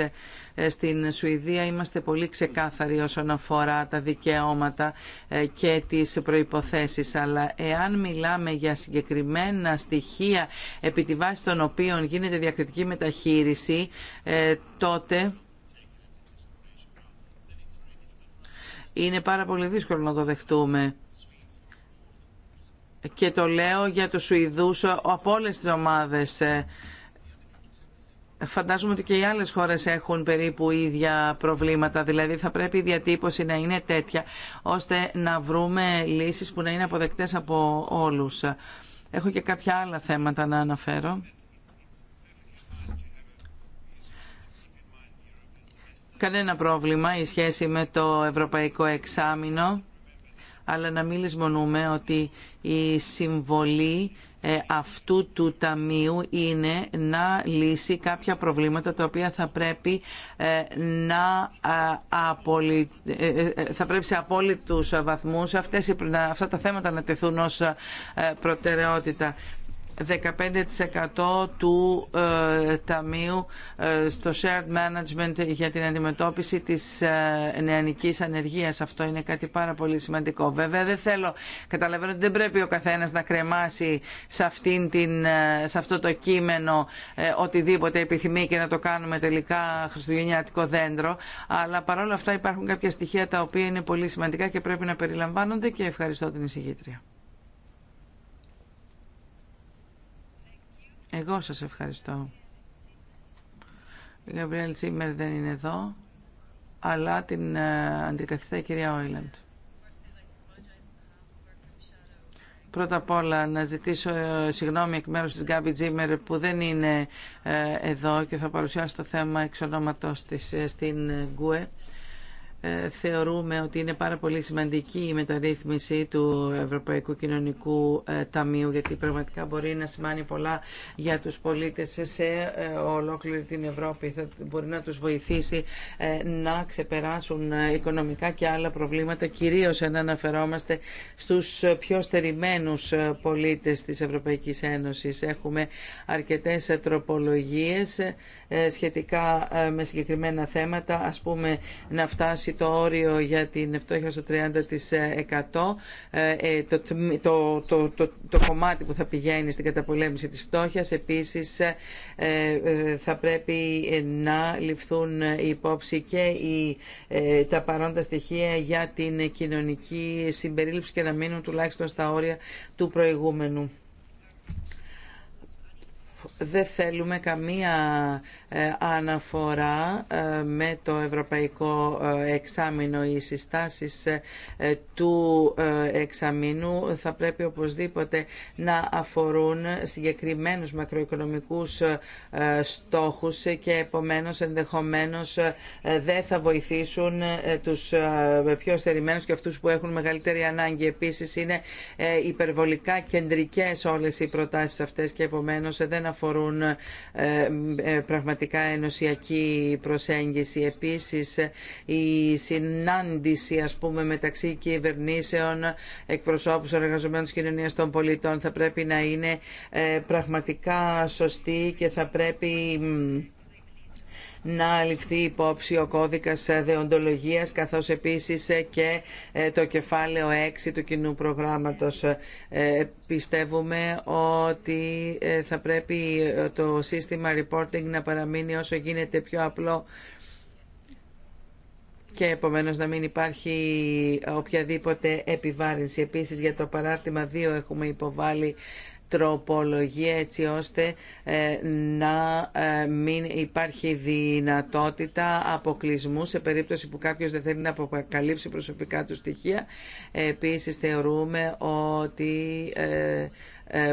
Ε, στην Σουηδία είμαστε πολύ ξεκάθαροι όσον αφορά τα δικαιώματα και τις προϋποθέσεις. Αλλά εάν μιλάμε για συγκεκριμένα στοιχεία επί τη βάση των οποίων γίνεται διακριτική μεταχείριση, τότε... Είναι πάρα πολύ δύσκολο να το δεχτούμε και το λέω για τους Σουηδούς από όλε τις ομάδες. Ε, φαντάζομαι ότι και οι άλλες χώρες έχουν περίπου ίδια προβλήματα, δηλαδή θα πρέπει η διατύπωση να είναι τέτοια, ώστε να βρούμε λύσεις που να είναι αποδεκτές από όλους. Έχω και κάποια άλλα θέματα να αναφέρω. Κανένα πρόβλημα η σχέση με το Ευρωπαϊκό Εξάμεινο αλλά να μην λησμονούμε ότι η συμβολή ε, αυτού του ταμείου είναι να λύσει κάποια προβλήματα τα οποία θα πρέπει ε, να ε, απολυ... θα πρέπει σε απόλυτους βαθμούς αυτές, αυτά τα θέματα να τεθούν ως προτεραιότητα. 15% του ε, Ταμείου ε, στο Shared Management για την αντιμετώπιση της ε, νεανικής ανεργίας. Αυτό είναι κάτι πάρα πολύ σημαντικό. Βέβαια δεν θέλω, καταλαβαίνω ότι δεν πρέπει ο καθένας να κρεμάσει σε, αυτήν την, ε, σε αυτό το κείμενο οτιδήποτε επιθυμεί και να το κάνουμε τελικά χριστουγεννιάτικο δέντρο, αλλά παρόλα αυτά υπάρχουν κάποια στοιχεία τα οποία είναι πολύ σημαντικά και πρέπει να περιλαμβάνονται και ευχαριστώ την εισηγήτρια. Εγώ σας ευχαριστώ. Η Γαμπριέλ δεν είναι εδώ, αλλά την ε, αντικαθιστά η κυρία Όιλαντ. Πρώτα απ' όλα να ζητήσω ε, συγγνώμη εκ μέρους της Γκάμπι Τζίμερ που δεν είναι ε, εδώ και θα παρουσιάσει το θέμα εξ της στην ΓΚΟΕ. Ε, θεωρούμε ότι είναι πάρα πολύ σημαντική η μεταρρύθμιση του Ευρωπαϊκού Κοινωνικού ε, Ταμείου γιατί πραγματικά μπορεί να σημάνει πολλά για τους πολίτες σε ε, ολόκληρη την Ευρώπη. Θα μπορεί να τους βοηθήσει να ξεπεράσουν οικονομικά και άλλα προβλήματα κυρίως αν αναφερόμαστε στους πιο στερημένους πολίτες της Ευρωπαϊκής Ένωσης. Έχουμε αρκετές τροπολογίες σχετικά με συγκεκριμένα θέματα ας πούμε να φτάσει το όριο για την φτώχεια στο 30% ε, ε, το, το, το, το, κομμάτι που θα πηγαίνει στην καταπολέμηση της φτώχειας. Επίσης ε, θα πρέπει να ληφθούν υπόψη και οι, τα παρόντα στοιχεία για την κοινωνική συμπερίληψη και να μείνουν τουλάχιστον στα όρια του προηγούμενου. Δεν θέλουμε καμία ε, αναφορά ε, με το Ευρωπαϊκό ε, Εξάμεινο οι συστάσεις του εξαμήνου θα πρέπει οπωσδήποτε να αφορούν συγκεκριμένους μακροοικονομικούς στόχους και επομένως ενδεχομένως δεν θα βοηθήσουν τους πιο στερημένους και αυτούς που έχουν μεγαλύτερη ανάγκη. Επίσης είναι υπερβολικά κεντρικές όλες οι προτάσεις αυτές και επομένως δεν αφορούν πραγματικά πραγματικά ενωσιακή προσέγγιση. Επίσης η συνάντηση ας πούμε μεταξύ κυβερνήσεων, εκπροσώπους εργαζομένων Κοινωνία των πολιτών θα πρέπει να είναι ε, πραγματικά σωστή και θα πρέπει να ληφθεί υπόψη ο κώδικας δεοντολογίας καθώς επίσης και ε, το κεφάλαιο 6 του κοινού προγράμματος. Ε, πιστεύουμε ότι ε, θα πρέπει το σύστημα reporting να παραμείνει όσο γίνεται πιο απλό και επομένως να μην υπάρχει οποιαδήποτε επιβάρυνση. Επίσης για το παράρτημα 2 έχουμε υποβάλει τροπολογία έτσι ώστε ε, να ε, μην υπάρχει δυνατότητα αποκλεισμού σε περίπτωση που κάποιος δεν θέλει να αποκαλύψει προσωπικά του στοιχεία. Επίσης θεωρούμε ότι ε,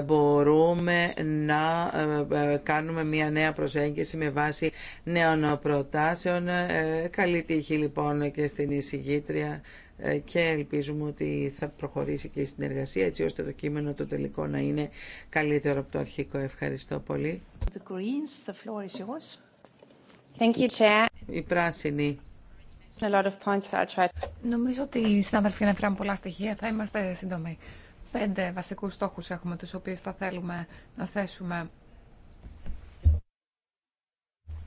μπορούμε να κάνουμε μια νέα προσέγγιση με βάση νέων προτάσεων. Καλή τύχη λοιπόν και στην εισηγήτρια ε, και ελπίζουμε ότι θα προχωρήσει και η συνεργασία έτσι ώστε το κείμενο το τελικό να είναι καλύτερο από το αρχικό. Ευχαριστώ πολύ. The Greens, Thank you, Η πράσινη. Νομίζω ότι οι συνάδελφοι αναφέραν πολλά στοιχεία. Θα είμαστε σύντομοι. Πέντε βασικούς στόχους έχουμε, τους οποίους θα θέλουμε να θέσουμε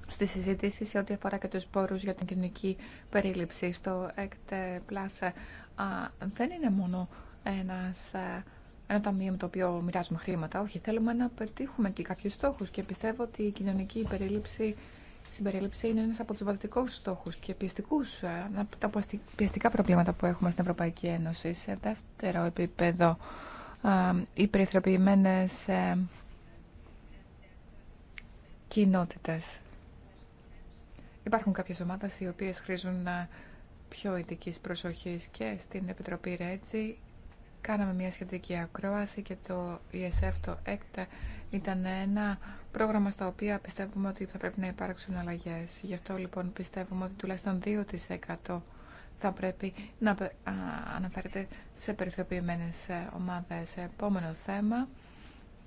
στη συζήτηση σε ό,τι αφορά και τους πόρους για την κοινωνική περίληψη στο ΕΚΤΕ δεν είναι μόνο ένα ταμείο με το οποίο μοιράζουμε χρήματα. Όχι, θέλουμε να πετύχουμε και κάποιους στόχους και πιστεύω ότι η κοινωνική περίληψη συμπερίληψη είναι ένας από τους βασικούς στόχους και πιεστικούς, τα πιεστικά προβλήματα που έχουμε στην Ευρωπαϊκή Ένωση. Σε δεύτερο επίπεδο, οι περιθροποιημένες ε, κοινότητες Υπάρχουν κάποιες ομάδες οι οποίες χρήζουν ε, πιο ειδική προσοχή και στην Επιτροπή Ρέτζη κάναμε μια σχετική ακρόαση και το ESF, το ΕΚΤ, ήταν ένα πρόγραμμα στα οποία πιστεύουμε ότι θα πρέπει να υπάρξουν αλλαγές. Γι' αυτό λοιπόν πιστεύουμε ότι τουλάχιστον 2% θα πρέπει να αναφέρεται σε περιθωριοποιημένες ε, ομάδες. Επόμενο θέμα,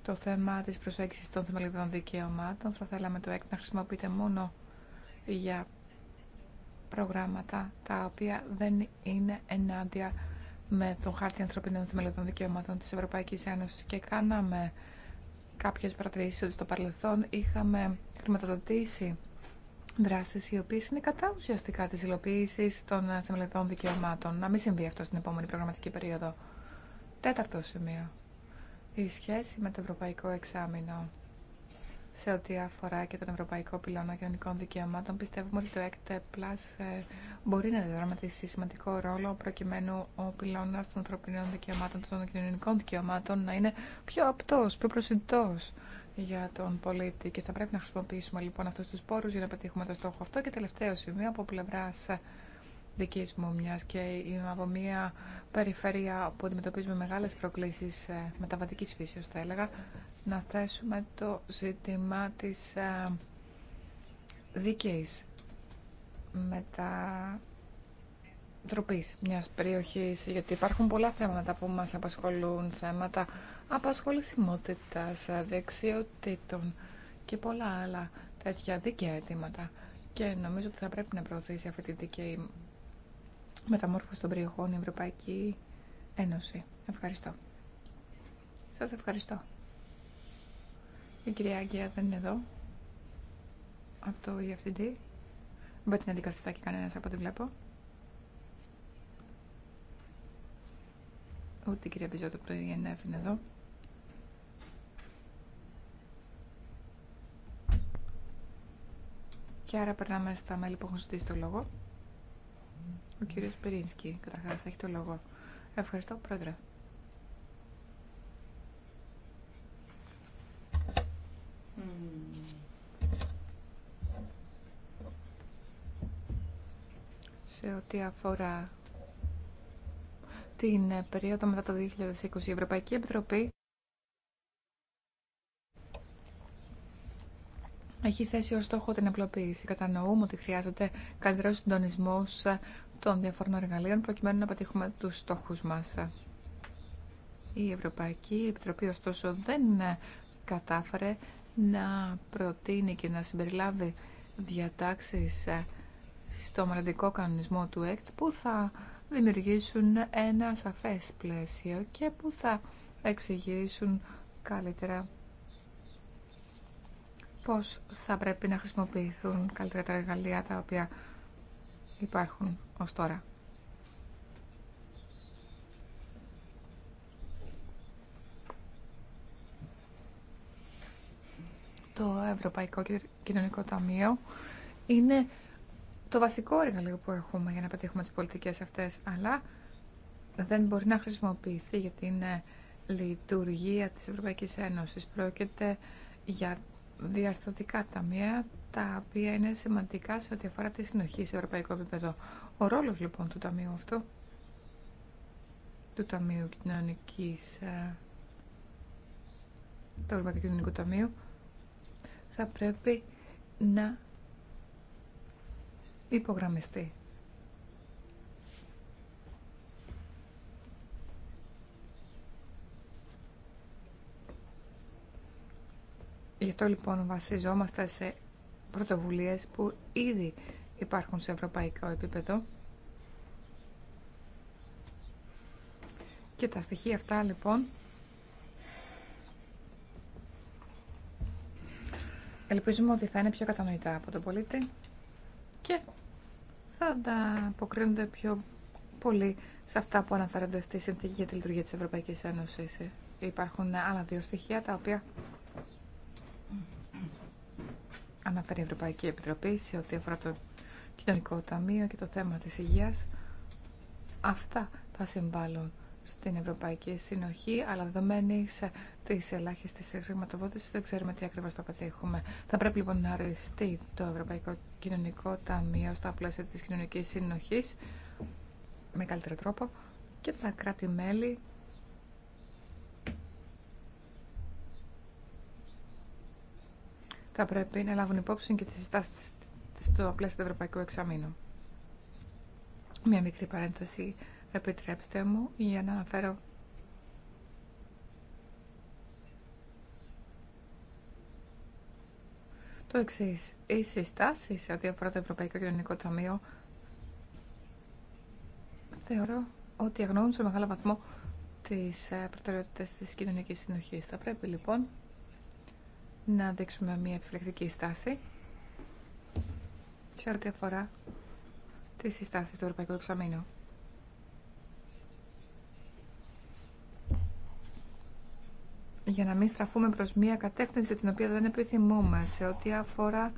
το θέμα της προσέγγισης των θεμελιδών δικαιωμάτων. Θα θέλαμε το ΕΚΤ να χρησιμοποιείται μόνο για προγράμματα τα οποία δεν είναι ενάντια με τον χάρτη ανθρωπίνων θεμελιωδών δικαιωμάτων της Ευρωπαϊκής Ένωσης και κάναμε κάποιες παρατηρήσεις ότι στο παρελθόν είχαμε χρηματοδοτήσει δράσεις οι οποίες είναι κατά ουσιαστικά της υλοποίησης των θεμελιωδών δικαιωμάτων. Να μην συμβεί αυτό στην επόμενη προγραμματική περίοδο. Τέταρτο σημείο. Η σχέση με το Ευρωπαϊκό Εξάμεινο σε ό,τι αφορά και τον Ευρωπαϊκό Πυλώνα Κοινωνικών Δικαιωμάτων. Πιστεύουμε ότι το ΕΚΤΕ Plus ε, μπορεί να δραματίσει σημαντικό ρόλο προκειμένου ο πυλώνα των ανθρωπινών δικαιωμάτων, των κοινωνικών δικαιωμάτων να είναι πιο απτό, πιο προσιτό για τον πολίτη. Και θα πρέπει να χρησιμοποιήσουμε λοιπόν αυτού του πόρου για να πετύχουμε το στόχο αυτό. Και τελευταίο σημείο από πλευρά δική μου, μια και είμαι από μια περιφέρεια που αντιμετωπίζουμε μεγάλε προκλήσει ε, μεταβατική φύση, θα έλεγα να θέσουμε το ζήτημα της α, δίκαιης μετατροπής μιας περιοχής, γιατί υπάρχουν πολλά θέματα που μας απασχολούν, θέματα απασχολησιμότητας, δεξιοτήτων και πολλά άλλα τέτοια δίκαια αιτήματα. Και νομίζω ότι θα πρέπει να προωθήσει αυτή τη δίκαιη μεταμόρφωση των περιοχών η Ευρωπαϊκή Ένωση. Ευχαριστώ. Σας ευχαριστώ. Η κυρία Αγγία δεν είναι εδώ. Από το EFTD. Δεν την αντικαθιστά και κανένας από ό,τι βλέπω. Ούτε η κυρία Μπιζότο από το ENF είναι εδώ. Και άρα περνάμε στα μέλη που έχουν ζητήσει το λόγο. Ο κύριος Περίνσκι, καταρχάς, έχει το λόγο. Ευχαριστώ, πρόεδρε. σε ό,τι αφορά την ε, περίοδο μετά το 2020. Η Ευρωπαϊκή Επιτροπή έχει θέσει ως στόχο την απλοποίηση. Κατανοούμε ότι χρειάζεται καλύτερο συντονισμό ε, των διαφόρων εργαλείων προκειμένου να πετύχουμε τους στόχους μας. Η Ευρωπαϊκή Επιτροπή ωστόσο δεν ε, κατάφερε να προτείνει και να συμπεριλάβει διατάξεις στο μελλοντικό κανονισμό του ΕΚΤ που θα δημιουργήσουν ένα σαφές πλαίσιο και που θα εξηγήσουν καλύτερα πώς θα πρέπει να χρησιμοποιηθούν καλύτερα τα εργαλεία τα οποία υπάρχουν ως τώρα. Το Ευρωπαϊκό Κοινωνικό Ταμείο είναι το βασικό εργαλείο που έχουμε για να πετύχουμε τις πολιτικές αυτές, αλλά δεν μπορεί να χρησιμοποιηθεί για την ε, λειτουργία της Ευρωπαϊκής Ένωσης. Πρόκειται για διαρθρωτικά ταμεία, τα οποία είναι σημαντικά σε ό,τι αφορά τη συνοχή σε ευρωπαϊκό επίπεδο. Ο ρόλος λοιπόν του ταμείου αυτού, του Ταμείου Κοινωνικής, ε, του Ευρωπαϊκού Κοινωνικού Ταμείου, θα πρέπει να υπογραμμιστεί. Γι' αυτό λοιπόν βασιζόμαστε σε πρωτοβουλίες που ήδη υπάρχουν σε ευρωπαϊκό επίπεδο. Και τα στοιχεία αυτά λοιπόν ελπίζουμε ότι θα είναι πιο κατανοητά από τον πολίτη και θα ανταποκρίνονται πιο πολύ σε αυτά που αναφέρονται στη συνθήκη για τη λειτουργία της Ευρωπαϊκής Ένωσης. Υπάρχουν άλλα δύο στοιχεία τα οποία αναφέρει η Ευρωπαϊκή Επιτροπή σε ό,τι αφορά το Κοινωνικό Ταμείο και το θέμα της υγείας. Αυτά θα συμβάλλουν στην Ευρωπαϊκή Συνοχή, αλλά δεδομένη τη ελάχιστη χρηματοδότηση δεν ξέρουμε τι ακριβώ θα πετύχουμε. Θα πρέπει λοιπόν να οριστεί το Ευρωπαϊκό Κοινωνικό Ταμείο στα πλαίσια τη κοινωνική συνοχή με καλύτερο τρόπο και τα κράτη-μέλη θα πρέπει να λάβουν υπόψη και τις συστάσεις στο πλαίσιο του Ευρωπαϊκού Εξαμήνου. Μια μικρή παρένθεση Επιτρέψτε μου για να αναφέρω το εξή. Οι συστάσει σε ό,τι αφορά το Ευρωπαϊκό Κοινωνικό Ταμείο θεωρώ ότι αγνοούν σε μεγάλο βαθμό τι ε, προτεραιότητε τη κοινωνική συνοχή. Θα πρέπει λοιπόν να δείξουμε μια επιφυλακτική στάση σε ό,τι αφορά τι συστάσει του Ευρωπαϊκού Εξαμήνου. για να μην στραφούμε προς μία κατεύθυνση την οποία δεν επιθυμούμε σε ό,τι αφορά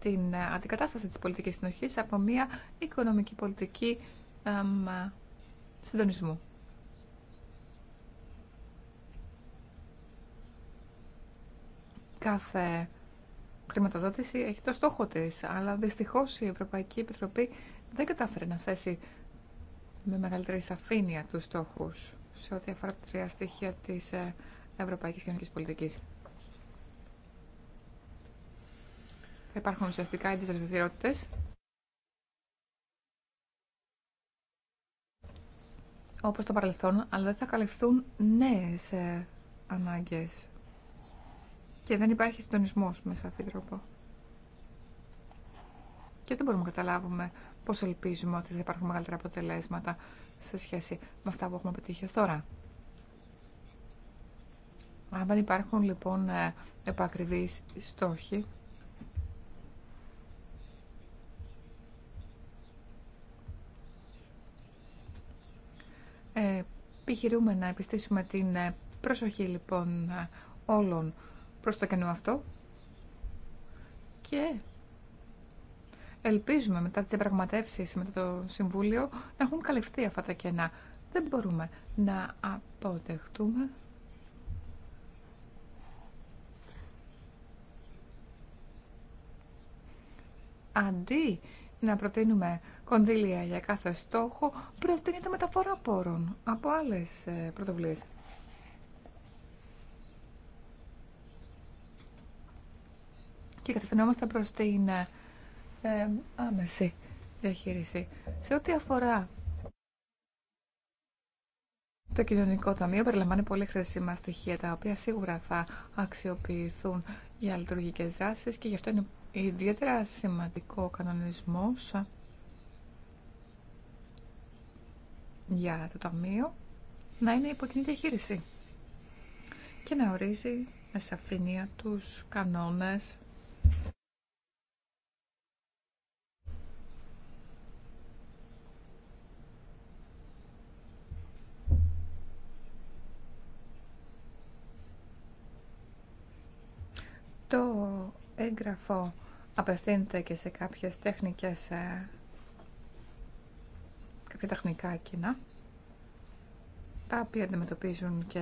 την ε, αντικατάσταση της πολιτικής συνοχής από μία οικονομική πολιτική εμ, ε, συντονισμού. Κάθε χρηματοδότηση έχει το στόχο της, αλλά δυστυχώς η Ευρωπαϊκή Επιτροπή δεν κατάφερε να θέσει με μεγαλύτερη σαφήνεια τους στόχους σε ό,τι αφορά τα τρία στοιχεία της ε, Ευρωπαϊκής Κοινωνικής Πολιτικής. Υπάρχουν ουσιαστικά οι δραστηριότητες. όπως το παρελθόν, αλλά δεν θα καλυφθούν νέες ε, ανάγκες. Και δεν υπάρχει συντονισμός με την τρόπο. Και δεν μπορούμε να καταλάβουμε πώς ελπίζουμε ότι θα υπάρχουν μεγαλύτερα αποτελέσματα σε σχέση με αυτά που έχουμε πετύχει τώρα. Αν δεν υπάρχουν λοιπόν ε, επακριβείς στόχοι, ε, επιχειρούμε να επιστήσουμε την ε, προσοχή λοιπόν όλων προς το κενό αυτό και ελπίζουμε μετά τις διαπραγματεύσεις με το Συμβούλιο να έχουν καλυφθεί αυτά τα κενά. Δεν μπορούμε να αποδεχτούμε αντί να προτείνουμε κονδύλια για κάθε στόχο, προτείνεται μεταφορά πόρων από άλλες ε, πρωτοβουλίες. Και κατευθυνόμαστε προς την ε, ε, άμεση διαχείριση. Σε ό,τι αφορά το κοινωνικό ταμείο περιλαμβάνει πολύ χρήσιμα στοιχεία τα οποία σίγουρα θα αξιοποιηθούν για λειτουργικέ δράσεις και γι' αυτό είναι ιδιαίτερα σημαντικό κανονισμό για το Ταμείο να είναι υποκίνητη διαχείριση και να ορίζει με σαφήνεια τους κανόνες Το έγγραφο απευθύνεται και σε κάποιες τεχνικές, ε, κάποια τεχνικά κοινά, τα οποία αντιμετωπίζουν και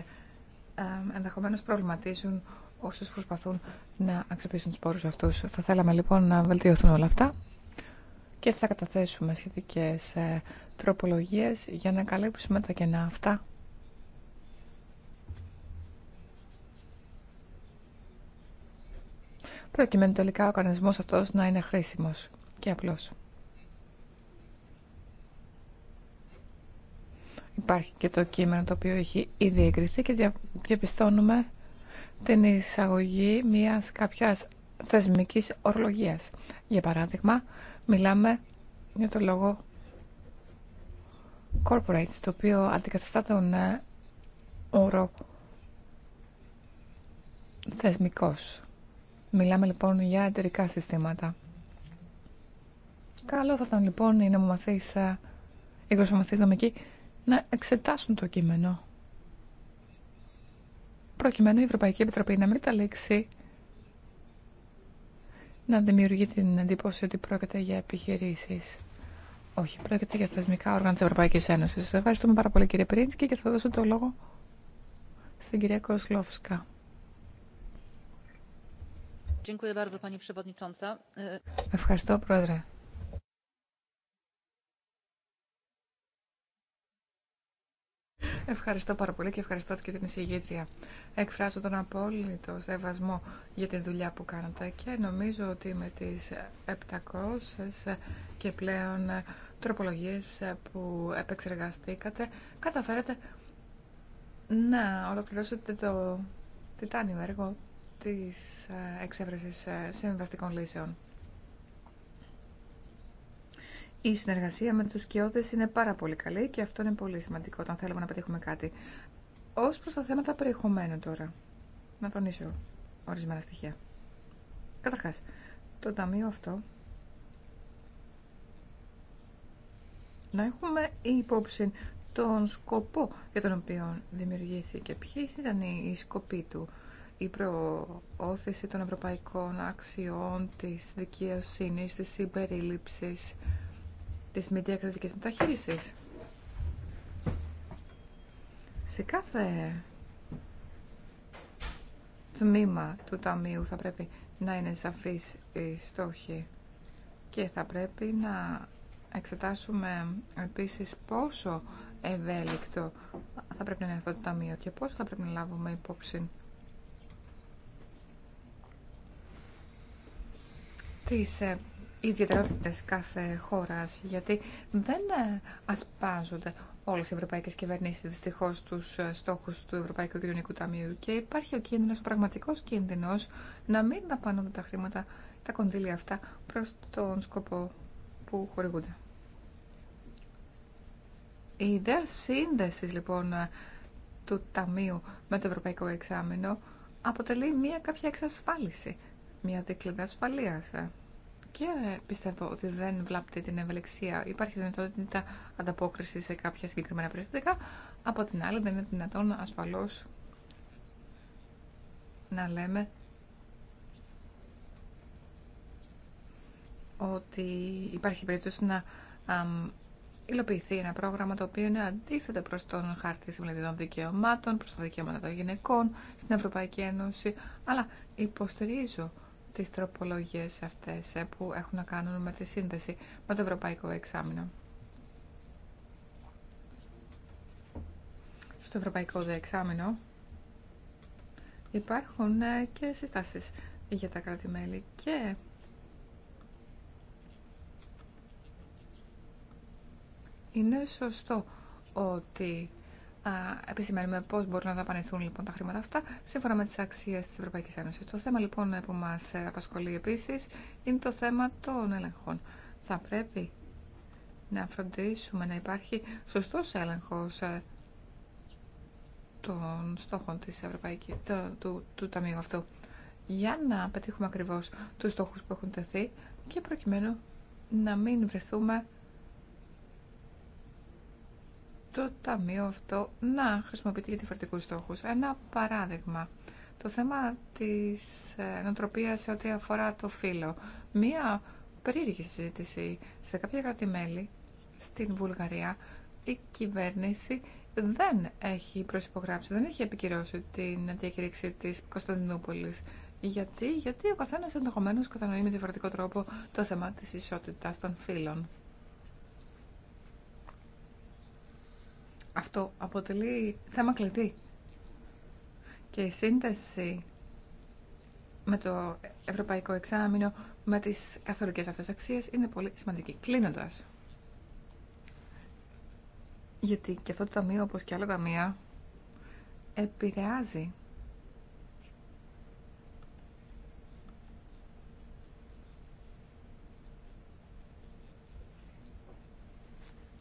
ε, ενδεχομένως προβληματίζουν όσους προσπαθούν να αξιοποιήσουν τους πόρους αυτούς. Θα θέλαμε λοιπόν να βελτιωθούν όλα αυτά και θα καταθέσουμε σχετικές ε, τροπολογίες για να καλύψουμε τα κενά αυτά προκειμένου τελικά ο κανονισμός αυτός να είναι χρήσιμος και απλός. Υπάρχει και το κείμενο το οποίο έχει ήδη εγκριθεί και διαπιστώνουμε την εισαγωγή μιας κάποιας θεσμικής ορολογίας. Για παράδειγμα, μιλάμε για το λόγο corporate, το οποίο αντικαταστά τον ε, όρο θεσμικός. Μιλάμε λοιπόν για εταιρικά συστήματα. Καλό θα ήταν λοιπόν οι νομομαθείς, ε, οι νομικοί να εξετάσουν το κείμενο. Προκειμένου η Ευρωπαϊκή Επιτροπή να μην τα λέξει να δημιουργεί την εντύπωση ότι πρόκειται για επιχειρήσεις. Όχι, πρόκειται για θεσμικά όργανα της Ευρωπαϊκής Ένωσης. Σας ευχαριστούμε πάρα πολύ κύριε Πρίντσκι και θα δώσω το λόγο στην κυρία Κοσλόφσκα. Ευχαριστώ, Πρόεδρε. Ευχαριστώ πάρα πολύ και ευχαριστώ και την εισηγήτρια. Εκφράζω τον απόλυτο σεβασμό για τη δουλειά που κάνατε και νομίζω ότι με τις 700 και πλέον τροπολογίες που επεξεργαστήκατε καταφέρατε να ολοκληρώσετε το τιτάνιο έργο της ε, εξέβρεσης ε, συμβαστικών λύσεων. Η συνεργασία με τους κοιόδες είναι πάρα πολύ καλή και αυτό είναι πολύ σημαντικό όταν θέλουμε να πετύχουμε κάτι. Ως προς τα θέματα περιεχομένου τώρα, να τονίσω ορισμένα στοιχεία. Καταρχάς, το ταμείο αυτό να έχουμε υπόψη τον σκοπό για τον οποίο δημιουργήθηκε. Ποιοι ήταν οι σκοποί του η προώθηση των ευρωπαϊκών αξιών, της δικαιοσύνης, της συμπερίληψης, της μη διακριτικής μεταχείρισης. Σε κάθε τμήμα του Ταμείου θα πρέπει να είναι σαφείς οι και θα πρέπει να εξετάσουμε επίσης πόσο ευέλικτο θα πρέπει να είναι αυτό το Ταμείο και πόσο θα πρέπει να λάβουμε υπόψη τις ε, ιδιαιτερότητες κάθε χώρας, γιατί δεν ε, ασπάζονται όλες οι ευρωπαϊκές κυβερνήσεις δυστυχώς τους ε, στόχους του Ευρωπαϊκού Κοινωνικού Ταμείου και υπάρχει ο κίνδυνος, ο πραγματικός κίνδυνος να μην δαπανούνται τα χρήματα, τα κονδύλια αυτά προς τον σκοπό που χορηγούνται. Η ιδέα σύνδεση λοιπόν του Ταμείου με το Ευρωπαϊκό Εξάμεινο αποτελεί μία κάποια εξασφάλιση μια δίκλυδα ασφαλεία. Ε. Και πιστεύω ότι δεν βλάπτει την ευελιξία. Υπάρχει δυνατότητα ανταπόκριση σε κάποια συγκεκριμένα περιστατικά. Από την άλλη, δεν είναι δυνατόν ασφαλώ να λέμε ότι υπάρχει περίπτωση να υλοποιηθεί ένα πρόγραμμα το οποίο είναι αντίθετο προς τον χάρτη των δικαιωμάτων, προς τα δικαιώματα των γυναικών στην Ευρωπαϊκή Ένωση. Αλλά υποστηρίζω τις τροπολογίες αυτές ε, που έχουν να κάνουν με τη σύνδεση με το Ευρωπαϊκό Εξάμεινο. Στο Ευρωπαϊκό Εξάμεινο υπάρχουν ε, και συστάσεις για τα κράτη-μέλη και είναι σωστό ότι επισημαίνουμε πώ μπορούν να δαπανηθούν λοιπόν τα χρήματα αυτά σύμφωνα με τις αξίε τη Ευρωπαϊκή Ένωση. Το θέμα λοιπόν που μας ε, απασχολεί επίσης είναι το θέμα των ελεγχών. Θα πρέπει να φροντίσουμε να υπάρχει σωστό έλεγχο ε, των στόχων της Ευρωπαϊκής, του, του, του Ταμείου αυτού για να πετύχουμε ακριβώς τους στόχους που έχουν τεθεί και προκειμένου να μην βρεθούμε το ταμείο αυτό να χρησιμοποιείται για διαφορετικούς στόχους. Ένα παράδειγμα, το θέμα της ε, νοοτροπίας σε ό,τι αφορά το φύλλο. Μία περίεργη συζήτηση σε κάποια στην Βουλγαρία η κυβέρνηση δεν έχει προσυπογράψει, δεν έχει επικυρώσει την διακήρυξη της Κωνσταντινούπολης. Γιατί, γιατί ο καθένας ενδεχομένω κατανοεί με διαφορετικό τρόπο το θέμα της ισότητας των φύλων. Αυτό αποτελεί θέμα κλειδί. Και η σύνδεση με το Ευρωπαϊκό Εξάμεινο, με τις καθολικές αυτές αξίες, είναι πολύ σημαντική. Κλείνοντας, γιατί και αυτό το ταμείο, όπως και άλλα ταμεία, επηρεάζει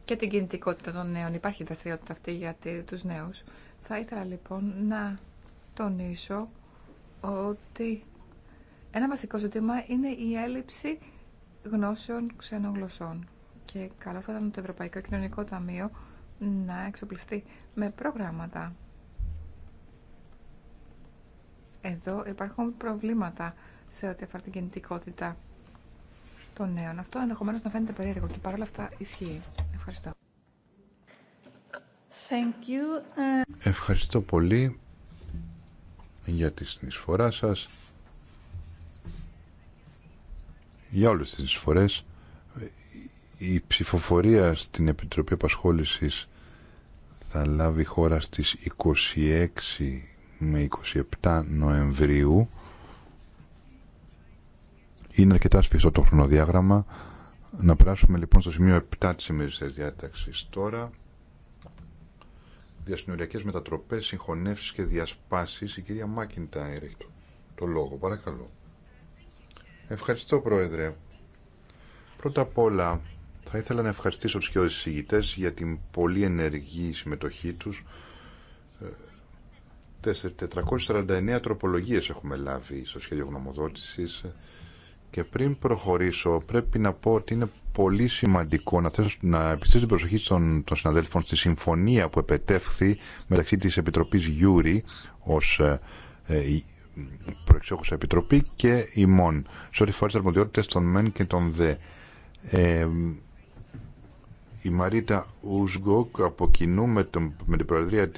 και την κινητικότητα των νέων. Υπάρχει δραστηριότητα αυτή για τους νέους. Θα ήθελα λοιπόν να τονίσω ότι ένα βασικό ζήτημα είναι η έλλειψη γνώσεων ξένων γλωσσών. Και καλό θα ήταν το Ευρωπαϊκό Κοινωνικό Ταμείο να εξοπλιστεί με προγράμματα. Εδώ υπάρχουν προβλήματα σε ό,τι αφορά την κινητικότητα των νέων. Αυτό ενδεχομένω να φαίνεται περίεργο και παρόλα αυτά ισχύει. Ευχαριστώ. Thank ε, Ευχαριστώ πολύ για τη συνεισφορά σας. Για όλες τις συνεισφορές η ψηφοφορία στην Επιτροπή Απασχόλησης θα λάβει χώρα στις 26 με 27 Νοεμβρίου. Είναι αρκετά σφιχτό το χρονοδιάγραμμα. Να περάσουμε λοιπόν στο σημείο 7 της ημερησίας διάταξης τώρα. Διασυνοριακές μετατροπές, συγχωνεύσεις και διασπάσεις. Η κυρία Μάκιντα έχει το, λόγο. Παρακαλώ. Ευχαριστώ Πρόεδρε. Πρώτα απ' όλα θα ήθελα να ευχαριστήσω τους κοιόδες συζητητές για την πολύ ενεργή συμμετοχή τους. 449 ε, τροπολογίες έχουμε λάβει στο σχέδιο γνωμοδότησης. Και πριν προχωρήσω πρέπει να πω ότι είναι πολύ σημαντικό να, θέσω, να επιστρέψω την προσοχή των, των συναδέλφων στη συμφωνία που επετεύχθη μεταξύ της Επιτροπής Γιούρη ως ε, ε επιτροπή και ΜΟΝ. σε ό,τι φορά τι αρμοδιότητες των μεν και των δε. Ε, η Μαρίτα Ουσγκοκ από κοινού με, τον, με προεδρία,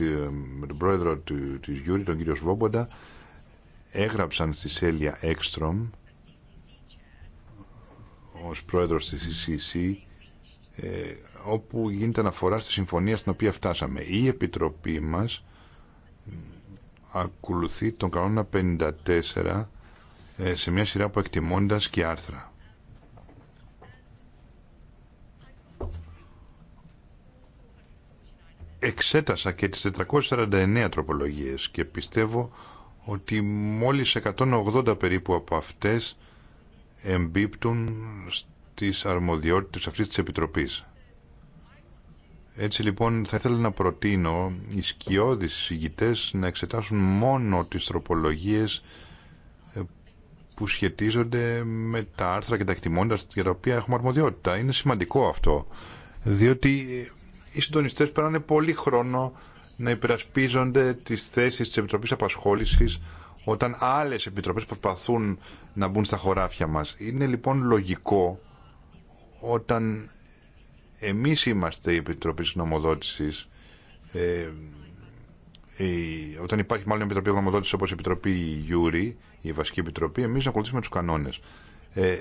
τον πρόεδρο του, της Γιούρη, τον κύριο Σβόμποντα, έγραψαν στη Σέλια Έκστρομ ως πρόεδρος της ECC ε, όπου γίνεται αναφορά στη συμφωνία στην οποία φτάσαμε. Η Επιτροπή μας ακολουθεί τον κανόνα 54 ε, σε μια σειρά από εκτιμώντας και άρθρα. Εξέτασα και τις 449 τροπολογίες και πιστεύω ότι μόλις 180 περίπου από αυτές εμπίπτουν στις αρμοδιότητες αυτής της Επιτροπής. Έτσι λοιπόν θα ήθελα να προτείνω οι σκιώδεις συγητές να εξετάσουν μόνο τις τροπολογίες ε, που σχετίζονται με τα άρθρα και τα εκτιμώντα για τα οποία έχουμε αρμοδιότητα. Είναι σημαντικό αυτό, διότι ε, οι συντονιστές περνάνε πολύ χρόνο να υπερασπίζονται τις θέσει της Επιτροπής Απασχόλησης όταν άλλε επιτροπέ προσπαθούν να μπουν στα χωράφια μα Είναι λοιπόν λογικό όταν εμεί είμαστε η Επιτροπή συνομοδότηση, ε, ε, όταν υπάρχει μάλλον η Επιτροπή Γνωμοδότησης όπως η Επιτροπή Γιούρι, η Βασική Επιτροπή, εμεί να ακολουθήσουμε του κανόνε. Ε,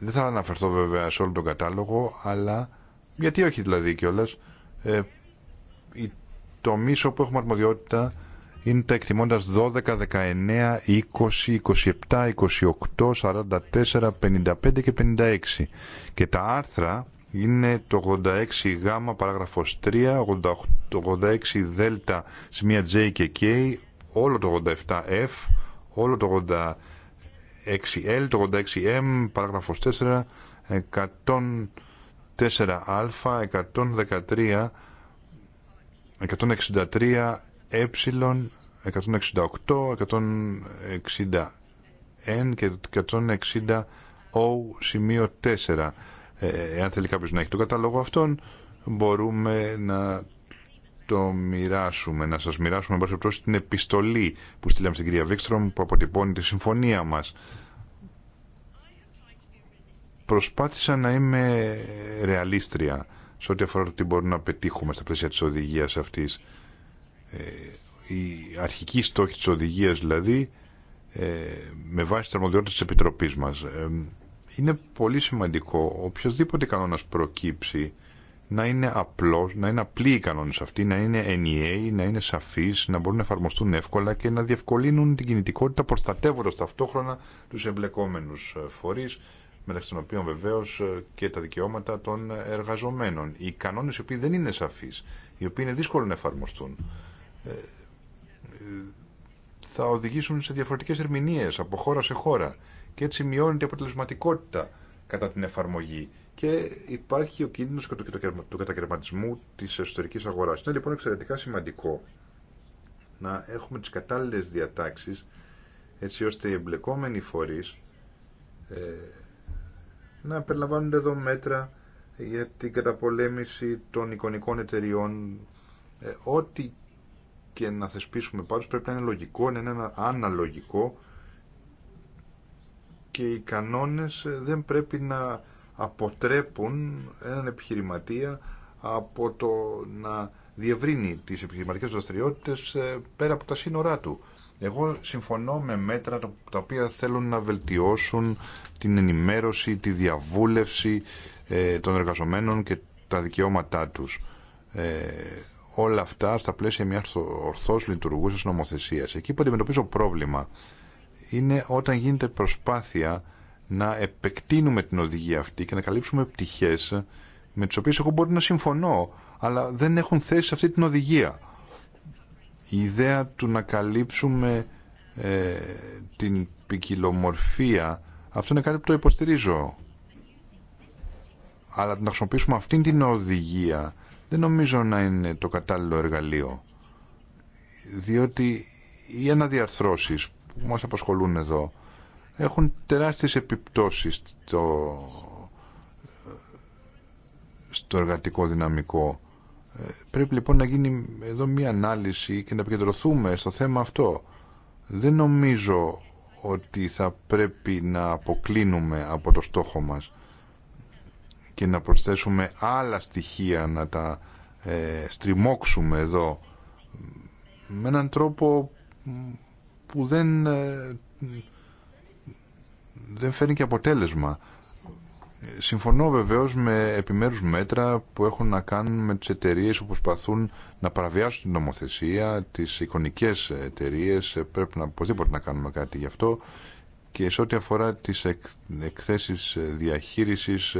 δεν θα αναφερθώ βέβαια σε όλο τον κατάλογο, αλλά γιατί όχι δηλαδή κιόλα. Ε, οι τομεί όπου έχουμε αρμοδιότητα είναι τα εκτιμώντας 12, 19, 20, 27, 28, 44, 55 και 56. Και τα άρθρα είναι το 86 γ παράγραφος 3, 86 δ, σημεία J και K, όλο το 87 F, όλο το 86 L, το 86 M, παράγραφος 4, 104 α, 113, 163 ε, 168, 160 N και 160 O σημείο 4. Ε, ε, εάν θέλει κάποιος να έχει τον κατάλογο αυτόν, μπορούμε να το μοιράσουμε, να σας μοιράσουμε εν πάση την επιστολή που στείλαμε στην κυρία Βίξτρομ που αποτυπώνει τη συμφωνία μας. Προσπάθησα να είμαι ρεαλίστρια σε ό,τι αφορά το τι μπορούμε να πετύχουμε στα πλαίσια της οδηγίας αυτής. Ε, η αρχική στόχη της οδηγίας δηλαδή ε, με βάση τη αρμοδιότητες της Επιτροπής μας. Ε, είναι πολύ σημαντικό οποιοδήποτε κανόνας προκύψει να είναι απλός, να είναι απλή οι κανόνες αυτοί, να είναι ενιαίοι, να είναι σαφείς, να μπορούν να εφαρμοστούν εύκολα και να διευκολύνουν την κινητικότητα προστατεύοντας ταυτόχρονα τους εμπλεκόμενους φορείς μεταξύ των οποίων βεβαίως και τα δικαιώματα των εργαζομένων. Οι κανόνες οι οποίοι δεν είναι σαφείς, οι οποίοι είναι δύσκολο να εφαρμοστούν θα οδηγήσουν σε διαφορετικές ερμηνείες από χώρα σε χώρα και έτσι μειώνεται η αποτελεσματικότητα κατά την εφαρμογή και υπάρχει ο κίνδυνος του κατακαιρματισμού της εσωτερικής αγοράς. Είναι λοιπόν εξαιρετικά σημαντικό να έχουμε τις κατάλληλες διατάξεις έτσι ώστε οι εμπλεκόμενοι φορείς ε, να περιλαμβάνονται εδώ μέτρα για την καταπολέμηση των εικονικών εταιριών ε, ό,τι και να θεσπίσουμε πάντως πρέπει να είναι λογικό, να είναι αναλογικό και οι κανόνες ε, δεν πρέπει να αποτρέπουν έναν επιχειρηματία από το να διευρύνει τις επιχειρηματικές δραστηριότητε ε, πέρα από τα σύνορά του. Εγώ συμφωνώ με μέτρα τα οποία θέλουν να βελτιώσουν την ενημέρωση, τη διαβούλευση ε, των εργαζομένων και τα δικαιώματά τους όλα αυτά στα πλαίσια μια ορθώ λειτουργούσα νομοθεσία. Εκεί που αντιμετωπίζω πρόβλημα είναι όταν γίνεται προσπάθεια να επεκτείνουμε την οδηγία αυτή και να καλύψουμε πτυχέ με τι οποίε εγώ μπορεί να συμφωνώ, αλλά δεν έχουν θέση σε αυτή την οδηγία. Η ιδέα του να καλύψουμε ε, την ποικιλομορφία, αυτό είναι κάτι που το υποστηρίζω. Αλλά να χρησιμοποιήσουμε αυτήν την οδηγία δεν νομίζω να είναι το κατάλληλο εργαλείο. Διότι οι αναδιαρθρώσεις που μας απασχολούν εδώ έχουν τεράστιες επιπτώσεις στο, στο εργατικό δυναμικό. Ε, πρέπει λοιπόν να γίνει εδώ μία ανάλυση και να επικεντρωθούμε στο θέμα αυτό. Δεν νομίζω ότι θα πρέπει να αποκλίνουμε από το στόχο μας και να προσθέσουμε άλλα στοιχεία, να τα ε, στριμώξουμε εδώ με έναν τρόπο που δεν, ε, δεν φέρνει και αποτέλεσμα. Συμφωνώ βεβαίως με επιμέρους μέτρα που έχουν να κάνουν με τις εταιρείε που προσπαθούν να παραβιάσουν την νομοθεσία, τις εικονικές εταιρείε, ε, πρέπει να οπωσδήποτε να κάνουμε κάτι γι' αυτό και σε ό,τι αφορά τις εκθέσεις ε, διαχείρισης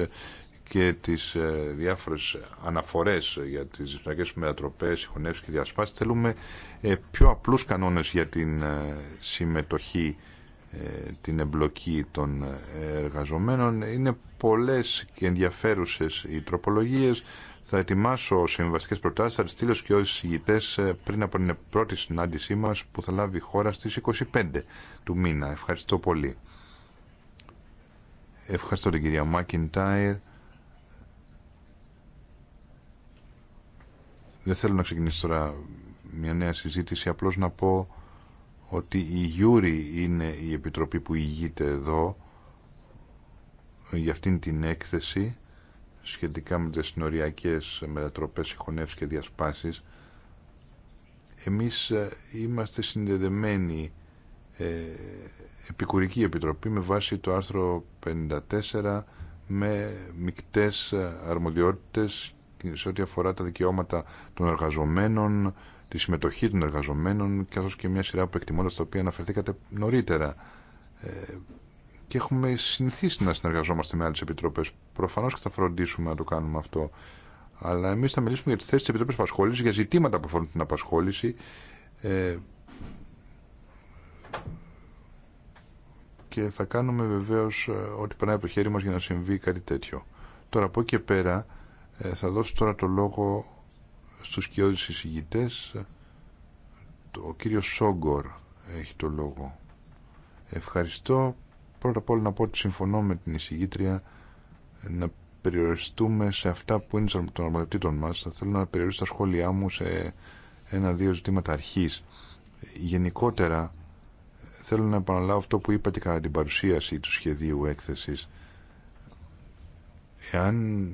και τις ε, διάφορες αναφορές για τις ζητηνακές μετατροπές, συγχωνεύσεις και διασπάσεις. Θέλουμε ε, πιο απλούς κανόνες για την ε, συμμετοχή, την εμπλοκή των εργαζομένων. Είναι πολλές και ενδιαφέρουσες οι τροπολογίες. Θα ετοιμάσω συμβαστικές προτάσεις, θα τις στείλω και όλους πριν από την πρώτη συνάντησή μας που θα λάβει η χώρα στις 25 του μήνα. Ευχαριστώ πολύ. Ευχαριστώ την κυρία Μάκιντάιρ. Δεν θέλω να ξεκινήσω τώρα μια νέα συζήτηση, απλώς να πω ότι η Γιούρη είναι η επιτροπή που ηγείται εδώ για αυτήν την έκθεση σχετικά με τις συνοριακές μετατροπές, συγχωνεύσεις και διασπάσεις. Εμείς ε, είμαστε συνδεδεμένοι ε, επικουρική επιτροπή με βάση το άρθρο 54 με μικτές ε, αρμοδιότητες σε ό,τι αφορά τα δικαιώματα των εργαζομένων, τη συμμετοχή των εργαζομένων, καθώ και μια σειρά από εκτιμώντα τα οποία αναφερθήκατε νωρίτερα. Ε, και έχουμε συνηθίσει να συνεργαζόμαστε με άλλε επιτροπέ. Προφανώ και θα φροντίσουμε να το κάνουμε αυτό. Αλλά εμεί θα μιλήσουμε για τι θέσει τη Επιτροπή Απασχόληση, για ζητήματα που αφορούν την απασχόληση. Ε, και θα κάνουμε βεβαίω ε, ό,τι περνάει από το χέρι μα για να συμβεί κάτι τέτοιο. Τώρα από εκεί και πέρα ε, θα δώσω τώρα το λόγο στους κοιόδους εισηγητές. Ο κύριος Σόγκορ έχει το λόγο. Ευχαριστώ. Πρώτα απ' όλα να πω ότι συμφωνώ με την εισηγήτρια να περιοριστούμε σε αυτά που είναι των αρμοδιοτήτων μας. Θα θέλω να περιορίσω τα σχόλιά μου σε ένα-δύο ζητήματα αρχής. Γενικότερα θέλω να επαναλάβω αυτό που είπατε κατά την παρουσίαση του σχεδίου έκθεσης Εάν,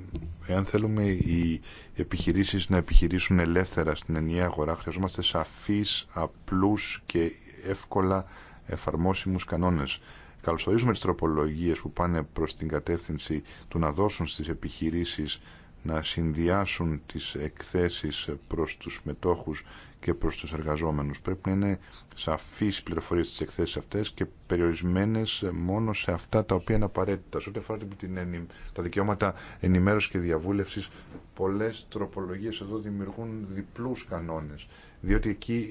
εάν θέλουμε οι επιχειρήσεις να επιχειρήσουν ελεύθερα στην ενιαία αγορά, χρειαζόμαστε σαφείς, απλούς και εύκολα εφαρμόσιμους κανόνες. Καλωσορίζουμε τις τροπολογίες που πάνε προς την κατεύθυνση του να δώσουν στις επιχειρήσεις να συνδυάσουν τις εκθέσεις προς τους μετόχους και προς τους εργαζόμενους. Πρέπει να είναι σαφείς πληροφορίες στις εκθέσεις αυτές και περιορισμένες μόνο σε αυτά τα οποία είναι απαραίτητα. Σε ό,τι αφορά την, τα δικαιώματα ενημέρωσης και διαβούλευσης, πολλές τροπολογίες εδώ δημιουργούν διπλούς κανόνες, διότι εκεί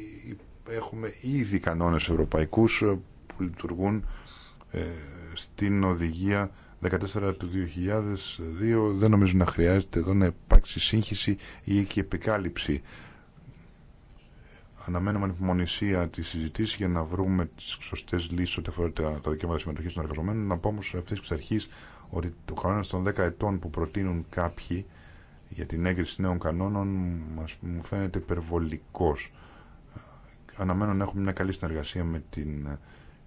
έχουμε ήδη κανόνες ευρωπαϊκούς ε, που λειτουργούν ε, στην οδηγία 14 του 2002 δεν νομίζω να χρειάζεται εδώ να υπάρξει σύγχυση ή και επικάλυψη Αναμένουμε ανυπομονησία τη συζητήση για να βρούμε τι σωστέ λύσει ό,τι αφορά τα δικαιώματα συμμετοχή των εργαζομένων. Να πω όμω αυτή τη αρχή ότι το κανόνα των 10 ετών που προτείνουν κάποιοι για την έγκριση νέων κανόνων μας, μου φαίνεται υπερβολικό. Αναμένω να έχουμε μια καλή συνεργασία με την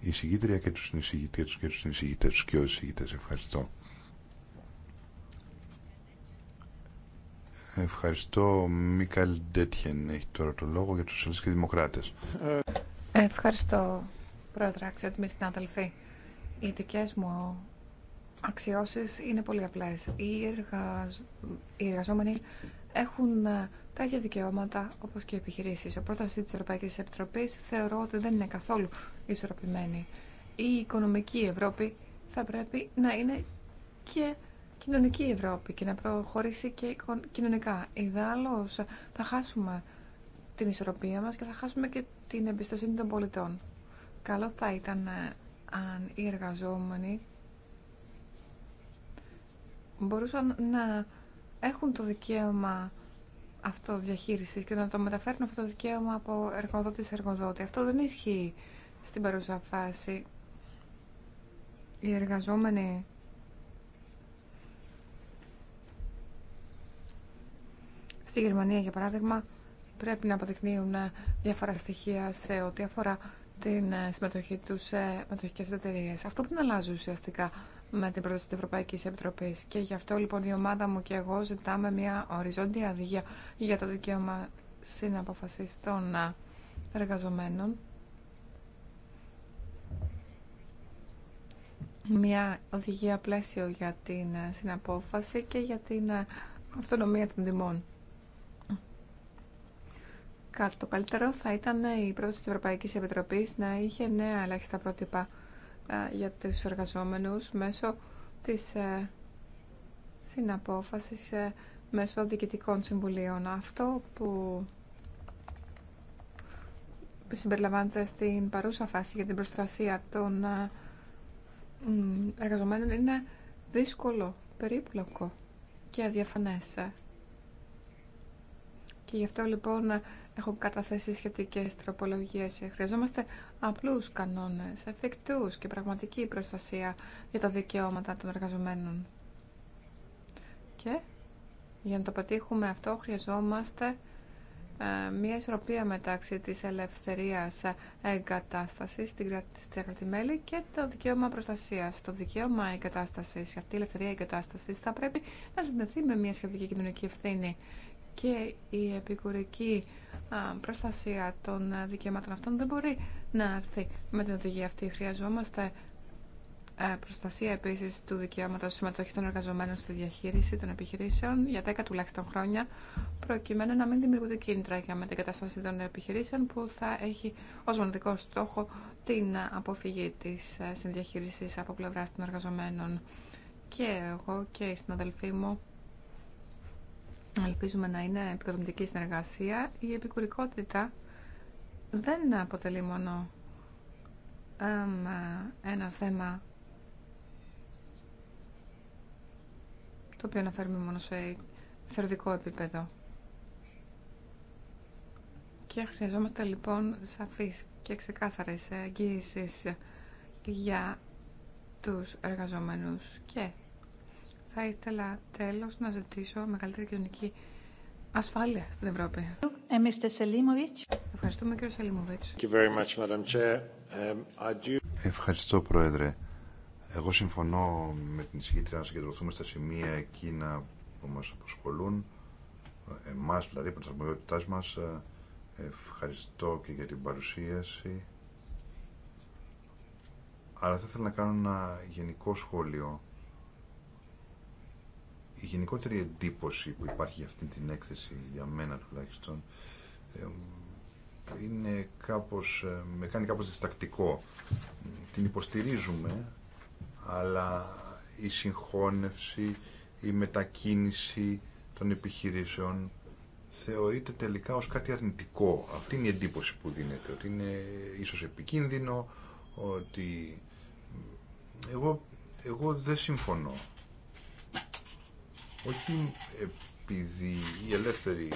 εισηγήτρια και του συνεισηγητέ και του συνεισηγητέ του και Ευχαριστώ. Ευχαριστώ. Μίκαλ Ντέτχεν έχει τώρα το λόγο για τους Σοσιαλιστές Δημοκράτες. Ε, ευχαριστώ, Πρόεδρε, αξιότιμη συνάδελφοι. Οι δικέ μου αξιώσεις είναι πολύ απλές. Οι, οι εργαζόμενοι έχουν ε, τα ίδια δικαιώματα όπως και οι επιχειρήσεις. Ο πρόταση της Ευρωπαϊκής Επιτροπής θεωρώ ότι δεν είναι καθόλου ισορροπημένη. Η οικονομική Ευρώπη θα πρέπει να είναι και κοινωνική Ευρώπη και να προχωρήσει και κοινωνικά. Ιδάλλως θα χάσουμε την ισορροπία μας και θα χάσουμε και την εμπιστοσύνη των πολιτών. Καλό θα ήταν ε, αν οι εργαζόμενοι μπορούσαν να έχουν το δικαίωμα αυτό και να το μεταφέρουν αυτό το δικαίωμα από εργοδότη σε εργοδότη. Αυτό δεν ισχύει στην παρούσα φάση. Οι εργαζόμενοι Στη Γερμανία, για παράδειγμα, πρέπει να αποδεικνύουν διάφορα στοιχεία σε ό,τι αφορά την ε, συμμετοχή του σε μετοχικέ εταιρείε. Αυτό δεν αλλάζει ουσιαστικά με την πρόταση τη Ευρωπαϊκή Επιτροπή. Και γι' αυτό λοιπόν η ομάδα μου και εγώ ζητάμε μια οριζόντια δίγεια για το δικαίωμα των ε, εργαζομένων. Μια οδηγία πλαίσιο για την ε, συναπόφαση και για την αυτονομία των τιμών το καλύτερο θα ήταν η πρόταση της Ευρωπαϊκής Επιτροπής να είχε νέα ελάχιστα πρότυπα ε, για τους εργαζόμενους μέσω της ε, συναπόφασης ε, μέσω διοικητικών συμβουλίων. Αυτό που συμπεριλαμβάνεται στην παρούσα φάση για την προστασία των εργαζομένων είναι δύσκολο, περίπλοκο και αδιαφανές. Και γι' αυτό λοιπόν έχω καταθέσει σχετικέ τροπολογίε. Χρειαζόμαστε απλούς κανόνε, εφικτού και πραγματική προστασία για τα δικαιώματα των εργαζομένων. Και για να το πετύχουμε αυτό, χρειαζόμαστε ε, μια ισορροπία μεταξύ της ελευθερίας εγκατάστασης στην κρατημέλη και το δικαίωμα προστασίας. Το δικαίωμα εγκατάστασης, αυτή η ελευθερία εγκατάστασης θα πρέπει να συνδεθεί με μια σχετική κοινωνική ευθύνη και η επικουρική προστασία των δικαιωμάτων αυτών δεν μπορεί να έρθει με την οδηγία αυτή. Χρειαζόμαστε προστασία επίσης του δικαιώματος συμμετοχή των εργαζομένων στη διαχείριση των επιχειρήσεων για 10 τουλάχιστον χρόνια προκειμένου να μην δημιουργούνται κίνητρα για μετεγκατάσταση των επιχειρήσεων που θα έχει ως μοναδικό στόχο την αποφυγή της συνδιαχείρισης από πλευρά των εργαζομένων. Και εγώ και οι συναδελφοί μου ελπίζουμε να είναι επικοδομητική συνεργασία, η επικουρικότητα δεν αποτελεί μόνο ένα θέμα το οποίο αναφέρουμε μόνο σε θεωρητικό επίπεδο. Και χρειαζόμαστε λοιπόν σαφείς και ξεκάθαρες εγγύησεις για τους εργαζομένους και θα ήθελα τέλος να ζητήσω μεγαλύτερη κοινωνική ασφάλεια στην Ευρώπη. Ε, Ευχαριστούμε κύριο Σελίμοβιτς. Um, ευχαριστώ Πρόεδρε. Εγώ συμφωνώ με την εισηγήτρια να συγκεντρωθούμε στα σημεία εκείνα που μας απασχολούν, εμάς δηλαδή, προς αρμοδιότητάς μας. Ε, ευχαριστώ και για την παρουσίαση. Αλλά θα ήθελα να κάνω ένα γενικό σχόλιο η γενικότερη εντύπωση που υπάρχει για αυτή την έκθεση, για μένα τουλάχιστον, είναι κάπως, ε, με κάνει κάπως διστακτικό. Την υποστηρίζουμε, αλλά η συγχώνευση, η μετακίνηση των επιχειρήσεων θεωρείται τελικά ως κάτι αρνητικό. Αυτή είναι η εντύπωση που δίνεται, ότι είναι ίσως επικίνδυνο, ότι εγώ, εγώ δεν συμφωνώ όχι επειδή η ελεύθερη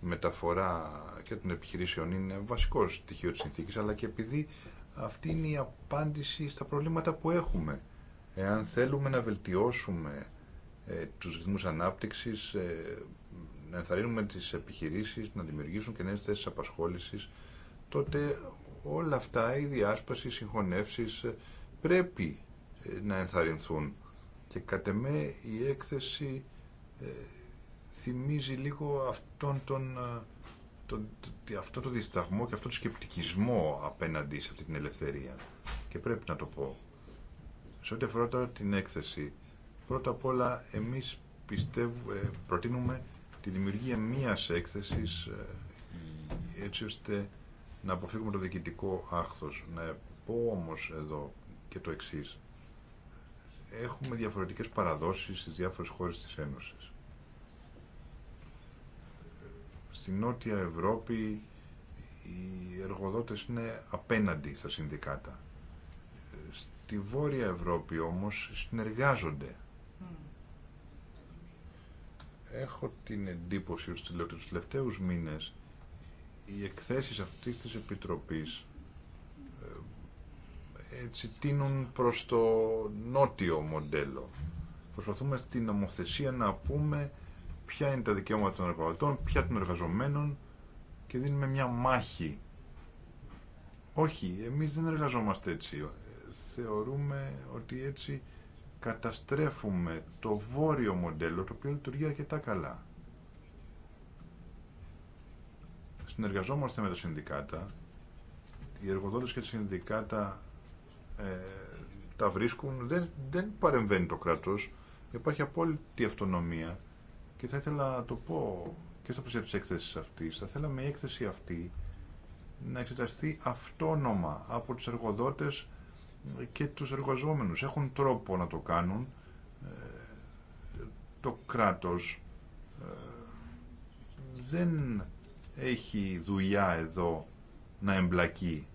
μεταφορά και των επιχειρήσεων είναι βασικό στοιχείο της συνθήκης, αλλά και επειδή αυτή είναι η απάντηση στα προβλήματα που έχουμε. Εάν θέλουμε να βελτιώσουμε ε, τους ρυθμούς ανάπτυξης, ε, να ενθαρρύνουμε τις επιχειρήσεις, να δημιουργήσουν και νέες θέσεις απασχόλησης, τότε όλα αυτά, η διάσπαση, οι συγχωνεύσεις, ε, πρέπει να ενθαρρυνθούν και κατ' εμέ η έκθεση ε, θυμίζει λίγο αυτόν τον, ε, τον, τον, αυτό το δισταγμό και αυτόν τον σκεπτικισμό απέναντι σε αυτή την ελευθερία. Και πρέπει να το πω. Σε ό,τι αφορά τώρα την έκθεση, πρώτα απ' όλα εμείς πιστεύουμε, προτείνουμε τη δημιουργία μίας έκθεσης ε, έτσι ώστε να αποφύγουμε το διοικητικό άχθος. Να πω όμως εδώ και το εξής έχουμε διαφορετικές παραδόσεις στις διάφορες χώρες της Ένωσης. Στη Νότια Ευρώπη οι εργοδότες είναι απέναντι στα συνδικάτα. Στη Βόρεια Ευρώπη όμως συνεργάζονται. Mm. Έχω την εντύπωση ότι τους τελευταίους μήνες οι εκθέσεις αυτής της Επιτροπής έτσι τίνουν προς το νότιο μοντέλο. Προσπαθούμε στην νομοθεσία να πούμε ποια είναι τα δικαιώματα των εργοδοτών, ποια των εργαζομένων και δίνουμε μια μάχη. Όχι, εμείς δεν εργαζόμαστε έτσι. Θεωρούμε ότι έτσι καταστρέφουμε το βόρειο μοντέλο, το οποίο λειτουργεί αρκετά καλά. Συνεργαζόμαστε με τα συνδικάτα, οι εργοδότες και τα συνδικάτα ε, τα βρίσκουν. Δεν, δεν παρεμβαίνει το κράτος. Υπάρχει απόλυτη αυτονομία. Και θα ήθελα να το πω και στα πλαίσιο της έκθεσης αυτή. Θα θέλαμε η έκθεση αυτή να εξεταστεί αυτόνομα από τους εργοδότες και τους εργοζόμενους Έχουν τρόπο να το κάνουν. Ε, το κράτος ε, δεν έχει δουλειά εδώ να εμπλακεί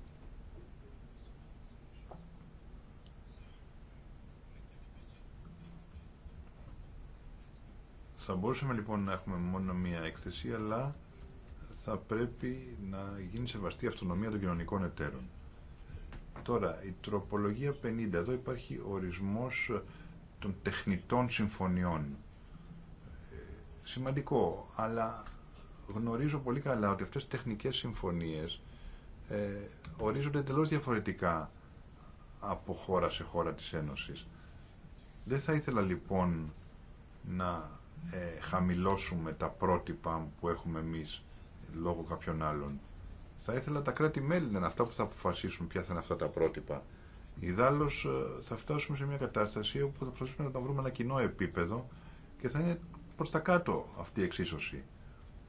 Θα μπορούσαμε λοιπόν να έχουμε μόνο μία έκθεση, αλλά θα πρέπει να γίνει σεβαστή αυτονομία των κοινωνικών εταίρων. Τώρα, η τροπολογία 50, εδώ υπάρχει ορισμός των τεχνητών συμφωνιών. Ε, σημαντικό, αλλά γνωρίζω πολύ καλά ότι αυτές οι τεχνικές συμφωνίες ε, ορίζονται τελώς διαφορετικά από χώρα σε χώρα της Ένωσης. Δεν θα ήθελα λοιπόν να ε, χαμηλώσουμε τα πρότυπα που έχουμε εμείς λόγω κάποιων άλλων. Θα ήθελα τα κράτη-μέλη να είναι αυτά που θα αποφασίσουν ποια θα είναι αυτά τα πρότυπα. Ιδάλω ε, θα φτάσουμε σε μια κατάσταση όπου θα προσπαθήσουμε να τα βρούμε ένα κοινό επίπεδο και θα είναι προ τα κάτω αυτή η εξίσωση.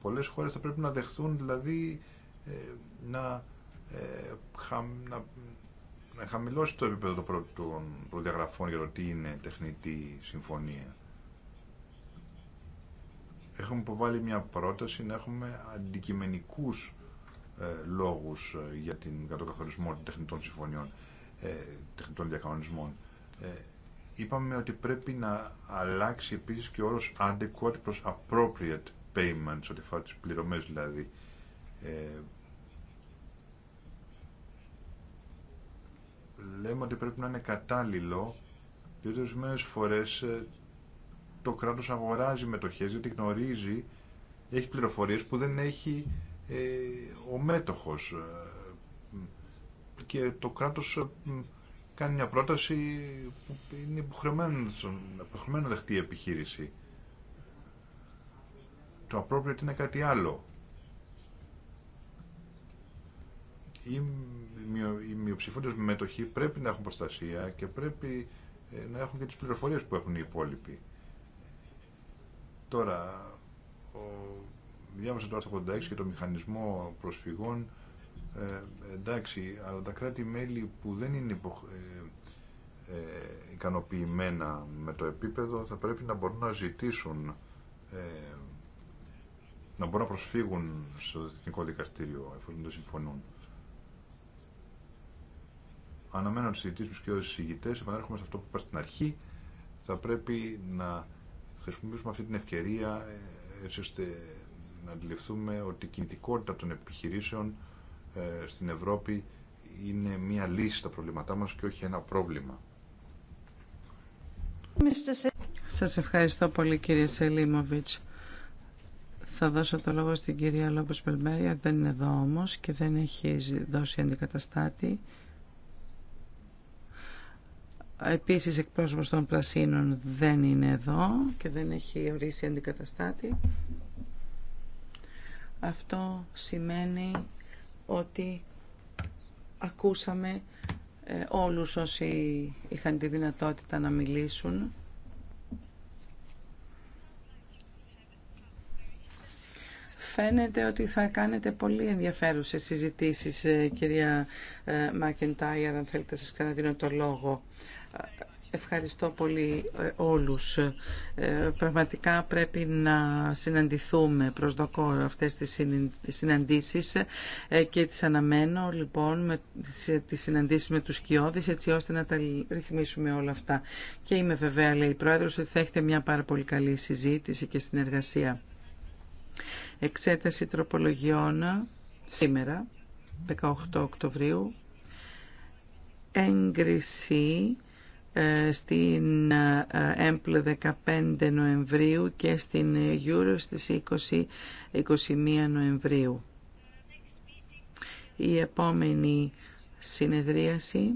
Πολλέ χώρε θα πρέπει να δεχθούν δηλαδή ε, να, ε, να, να χαμηλώσει το επίπεδο των προδιαγραφών για το τι είναι τεχνητή συμφωνία έχουμε υποβάλει μια πρόταση να έχουμε αντικειμενικούς ε, λόγους ε, για, την, τον των τεχνητών συμφωνιών, ε, τεχνητών διακανονισμών. Ε, είπαμε ότι πρέπει να αλλάξει επίσης και ο όρος adequate προς appropriate payments, ότι αφορά τις πληρωμές δηλαδή. Ε, λέμε ότι πρέπει να είναι κατάλληλο, διότι ορισμένε φορές το κράτος αγοράζει μετοχές, γιατί γνωρίζει, έχει πληροφορίες που δεν έχει ε, ο μέτοχος. Ε, και το κράτος ε, κάνει μια πρόταση που είναι υποχρεωμένο να δεχτεί η επιχείρηση. Το appropriate είναι κάτι άλλο. Οι μειοψηφόντες με μετοχή πρέπει να έχουν προστασία και πρέπει να έχουν και τις πληροφορίες που έχουν οι υπόλοιποι. Τώρα, ο, διάβασα το άρθρο 86 και το μηχανισμό προσφυγών. Ε, εντάξει, αλλά τα κράτη-μέλη που δεν είναι υποχ... ε, ε ικανοποιημένα με το επίπεδο θα πρέπει να μπορούν να ζητήσουν ε, να μπορούν να προσφύγουν στο Εθνικό Δικαστήριο εφόσον δεν συμφωνούν. Αναμένω τις συζητήσεις του και του συζητητέ. Επανέρχομαι σε αυτό που είπα στην αρχή. Θα πρέπει να χρησιμοποιήσουμε αυτή την ευκαιρία ε, έτσι ώστε να αντιληφθούμε ότι η κινητικότητα των επιχειρήσεων ε, στην Ευρώπη είναι μία λύση στα προβλήματά μας και όχι ένα πρόβλημα. Σας ευχαριστώ πολύ κύριε Σελίμοβιτς. Θα δώσω το λόγο στην κυρία Λόμπος Πελμέρια, δεν είναι εδώ όμως και δεν έχει δώσει αντικαταστάτη. Επίσης εκπρόσωπος των Πρασίνων δεν είναι εδώ και δεν έχει ορίσει αντικαταστάτη. Αυτό σημαίνει ότι ακούσαμε ε, όλους όσοι είχαν τη δυνατότητα να μιλήσουν. Φαίνεται ότι θα κάνετε πολύ ενδιαφέρουσες συζητήσεις, ε, κυρία ε, Μακεντάιρ, αν θέλετε σας ξαναδίνω το λόγο. Ευχαριστώ πολύ ε, όλους. Ε, πραγματικά πρέπει να συναντηθούμε. Προσδοκώ αυτές τις συναντήσεις ε, και τις αναμένω λοιπόν με τις συναντήσεις με τους Κιώδης έτσι ώστε να τα ρυθμίσουμε όλα αυτά. Και είμαι βεβαία λέει η Πρόεδρος ότι θα έχετε μια πάρα πολύ καλή συζήτηση και συνεργασία. Εξέταση τροπολογιών σήμερα 18 Οκτωβρίου. Έγκριση ε, στην ΕΜΠΛ 15 Νοεμβρίου και στην Euro στις 20-21 Νοεμβρίου. Η επόμενη συνεδρίαση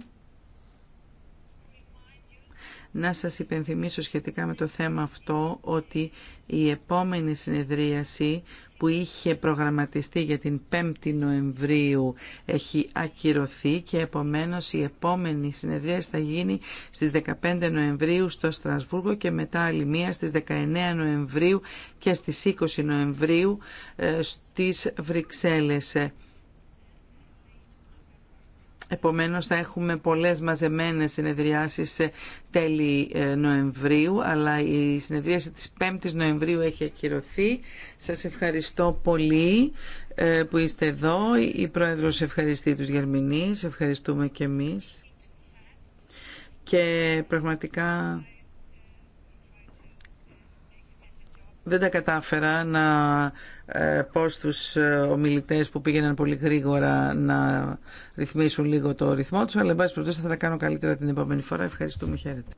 να σας υπενθυμίσω σχετικά με το θέμα αυτό ότι η επόμενη συνεδρίαση που είχε προγραμματιστεί για την 5η Νοεμβρίου έχει ακυρωθεί και επομένως η επόμενη συνεδρία θα γίνει στις 15 Νοεμβρίου στο Στρασβούργο και μετά άλλη μία στις 19 Νοεμβρίου και στις 20 Νοεμβρίου ε, στις Βρυξέλλες. Επομένως θα έχουμε πολλές μαζεμένες συνεδριάσεις σε τέλη ε, Νοεμβρίου, αλλά η συνεδρίαση της 5ης Νοεμβρίου έχει ακυρωθεί. Σας ευχαριστώ πολύ ε, που είστε εδώ. Η Πρόεδρος ευχαριστεί τους Γερμινείς, ευχαριστούμε και εμείς. Και πραγματικά δεν τα κατάφερα να ε, πω στους ε, ομιλητές που πήγαιναν πολύ γρήγορα να ρυθμίσουν λίγο το ρυθμό τους, αλλά εν πάση περιπτώσει θα τα κάνω καλύτερα την επόμενη φορά. Ευχαριστούμε, χαίρετε.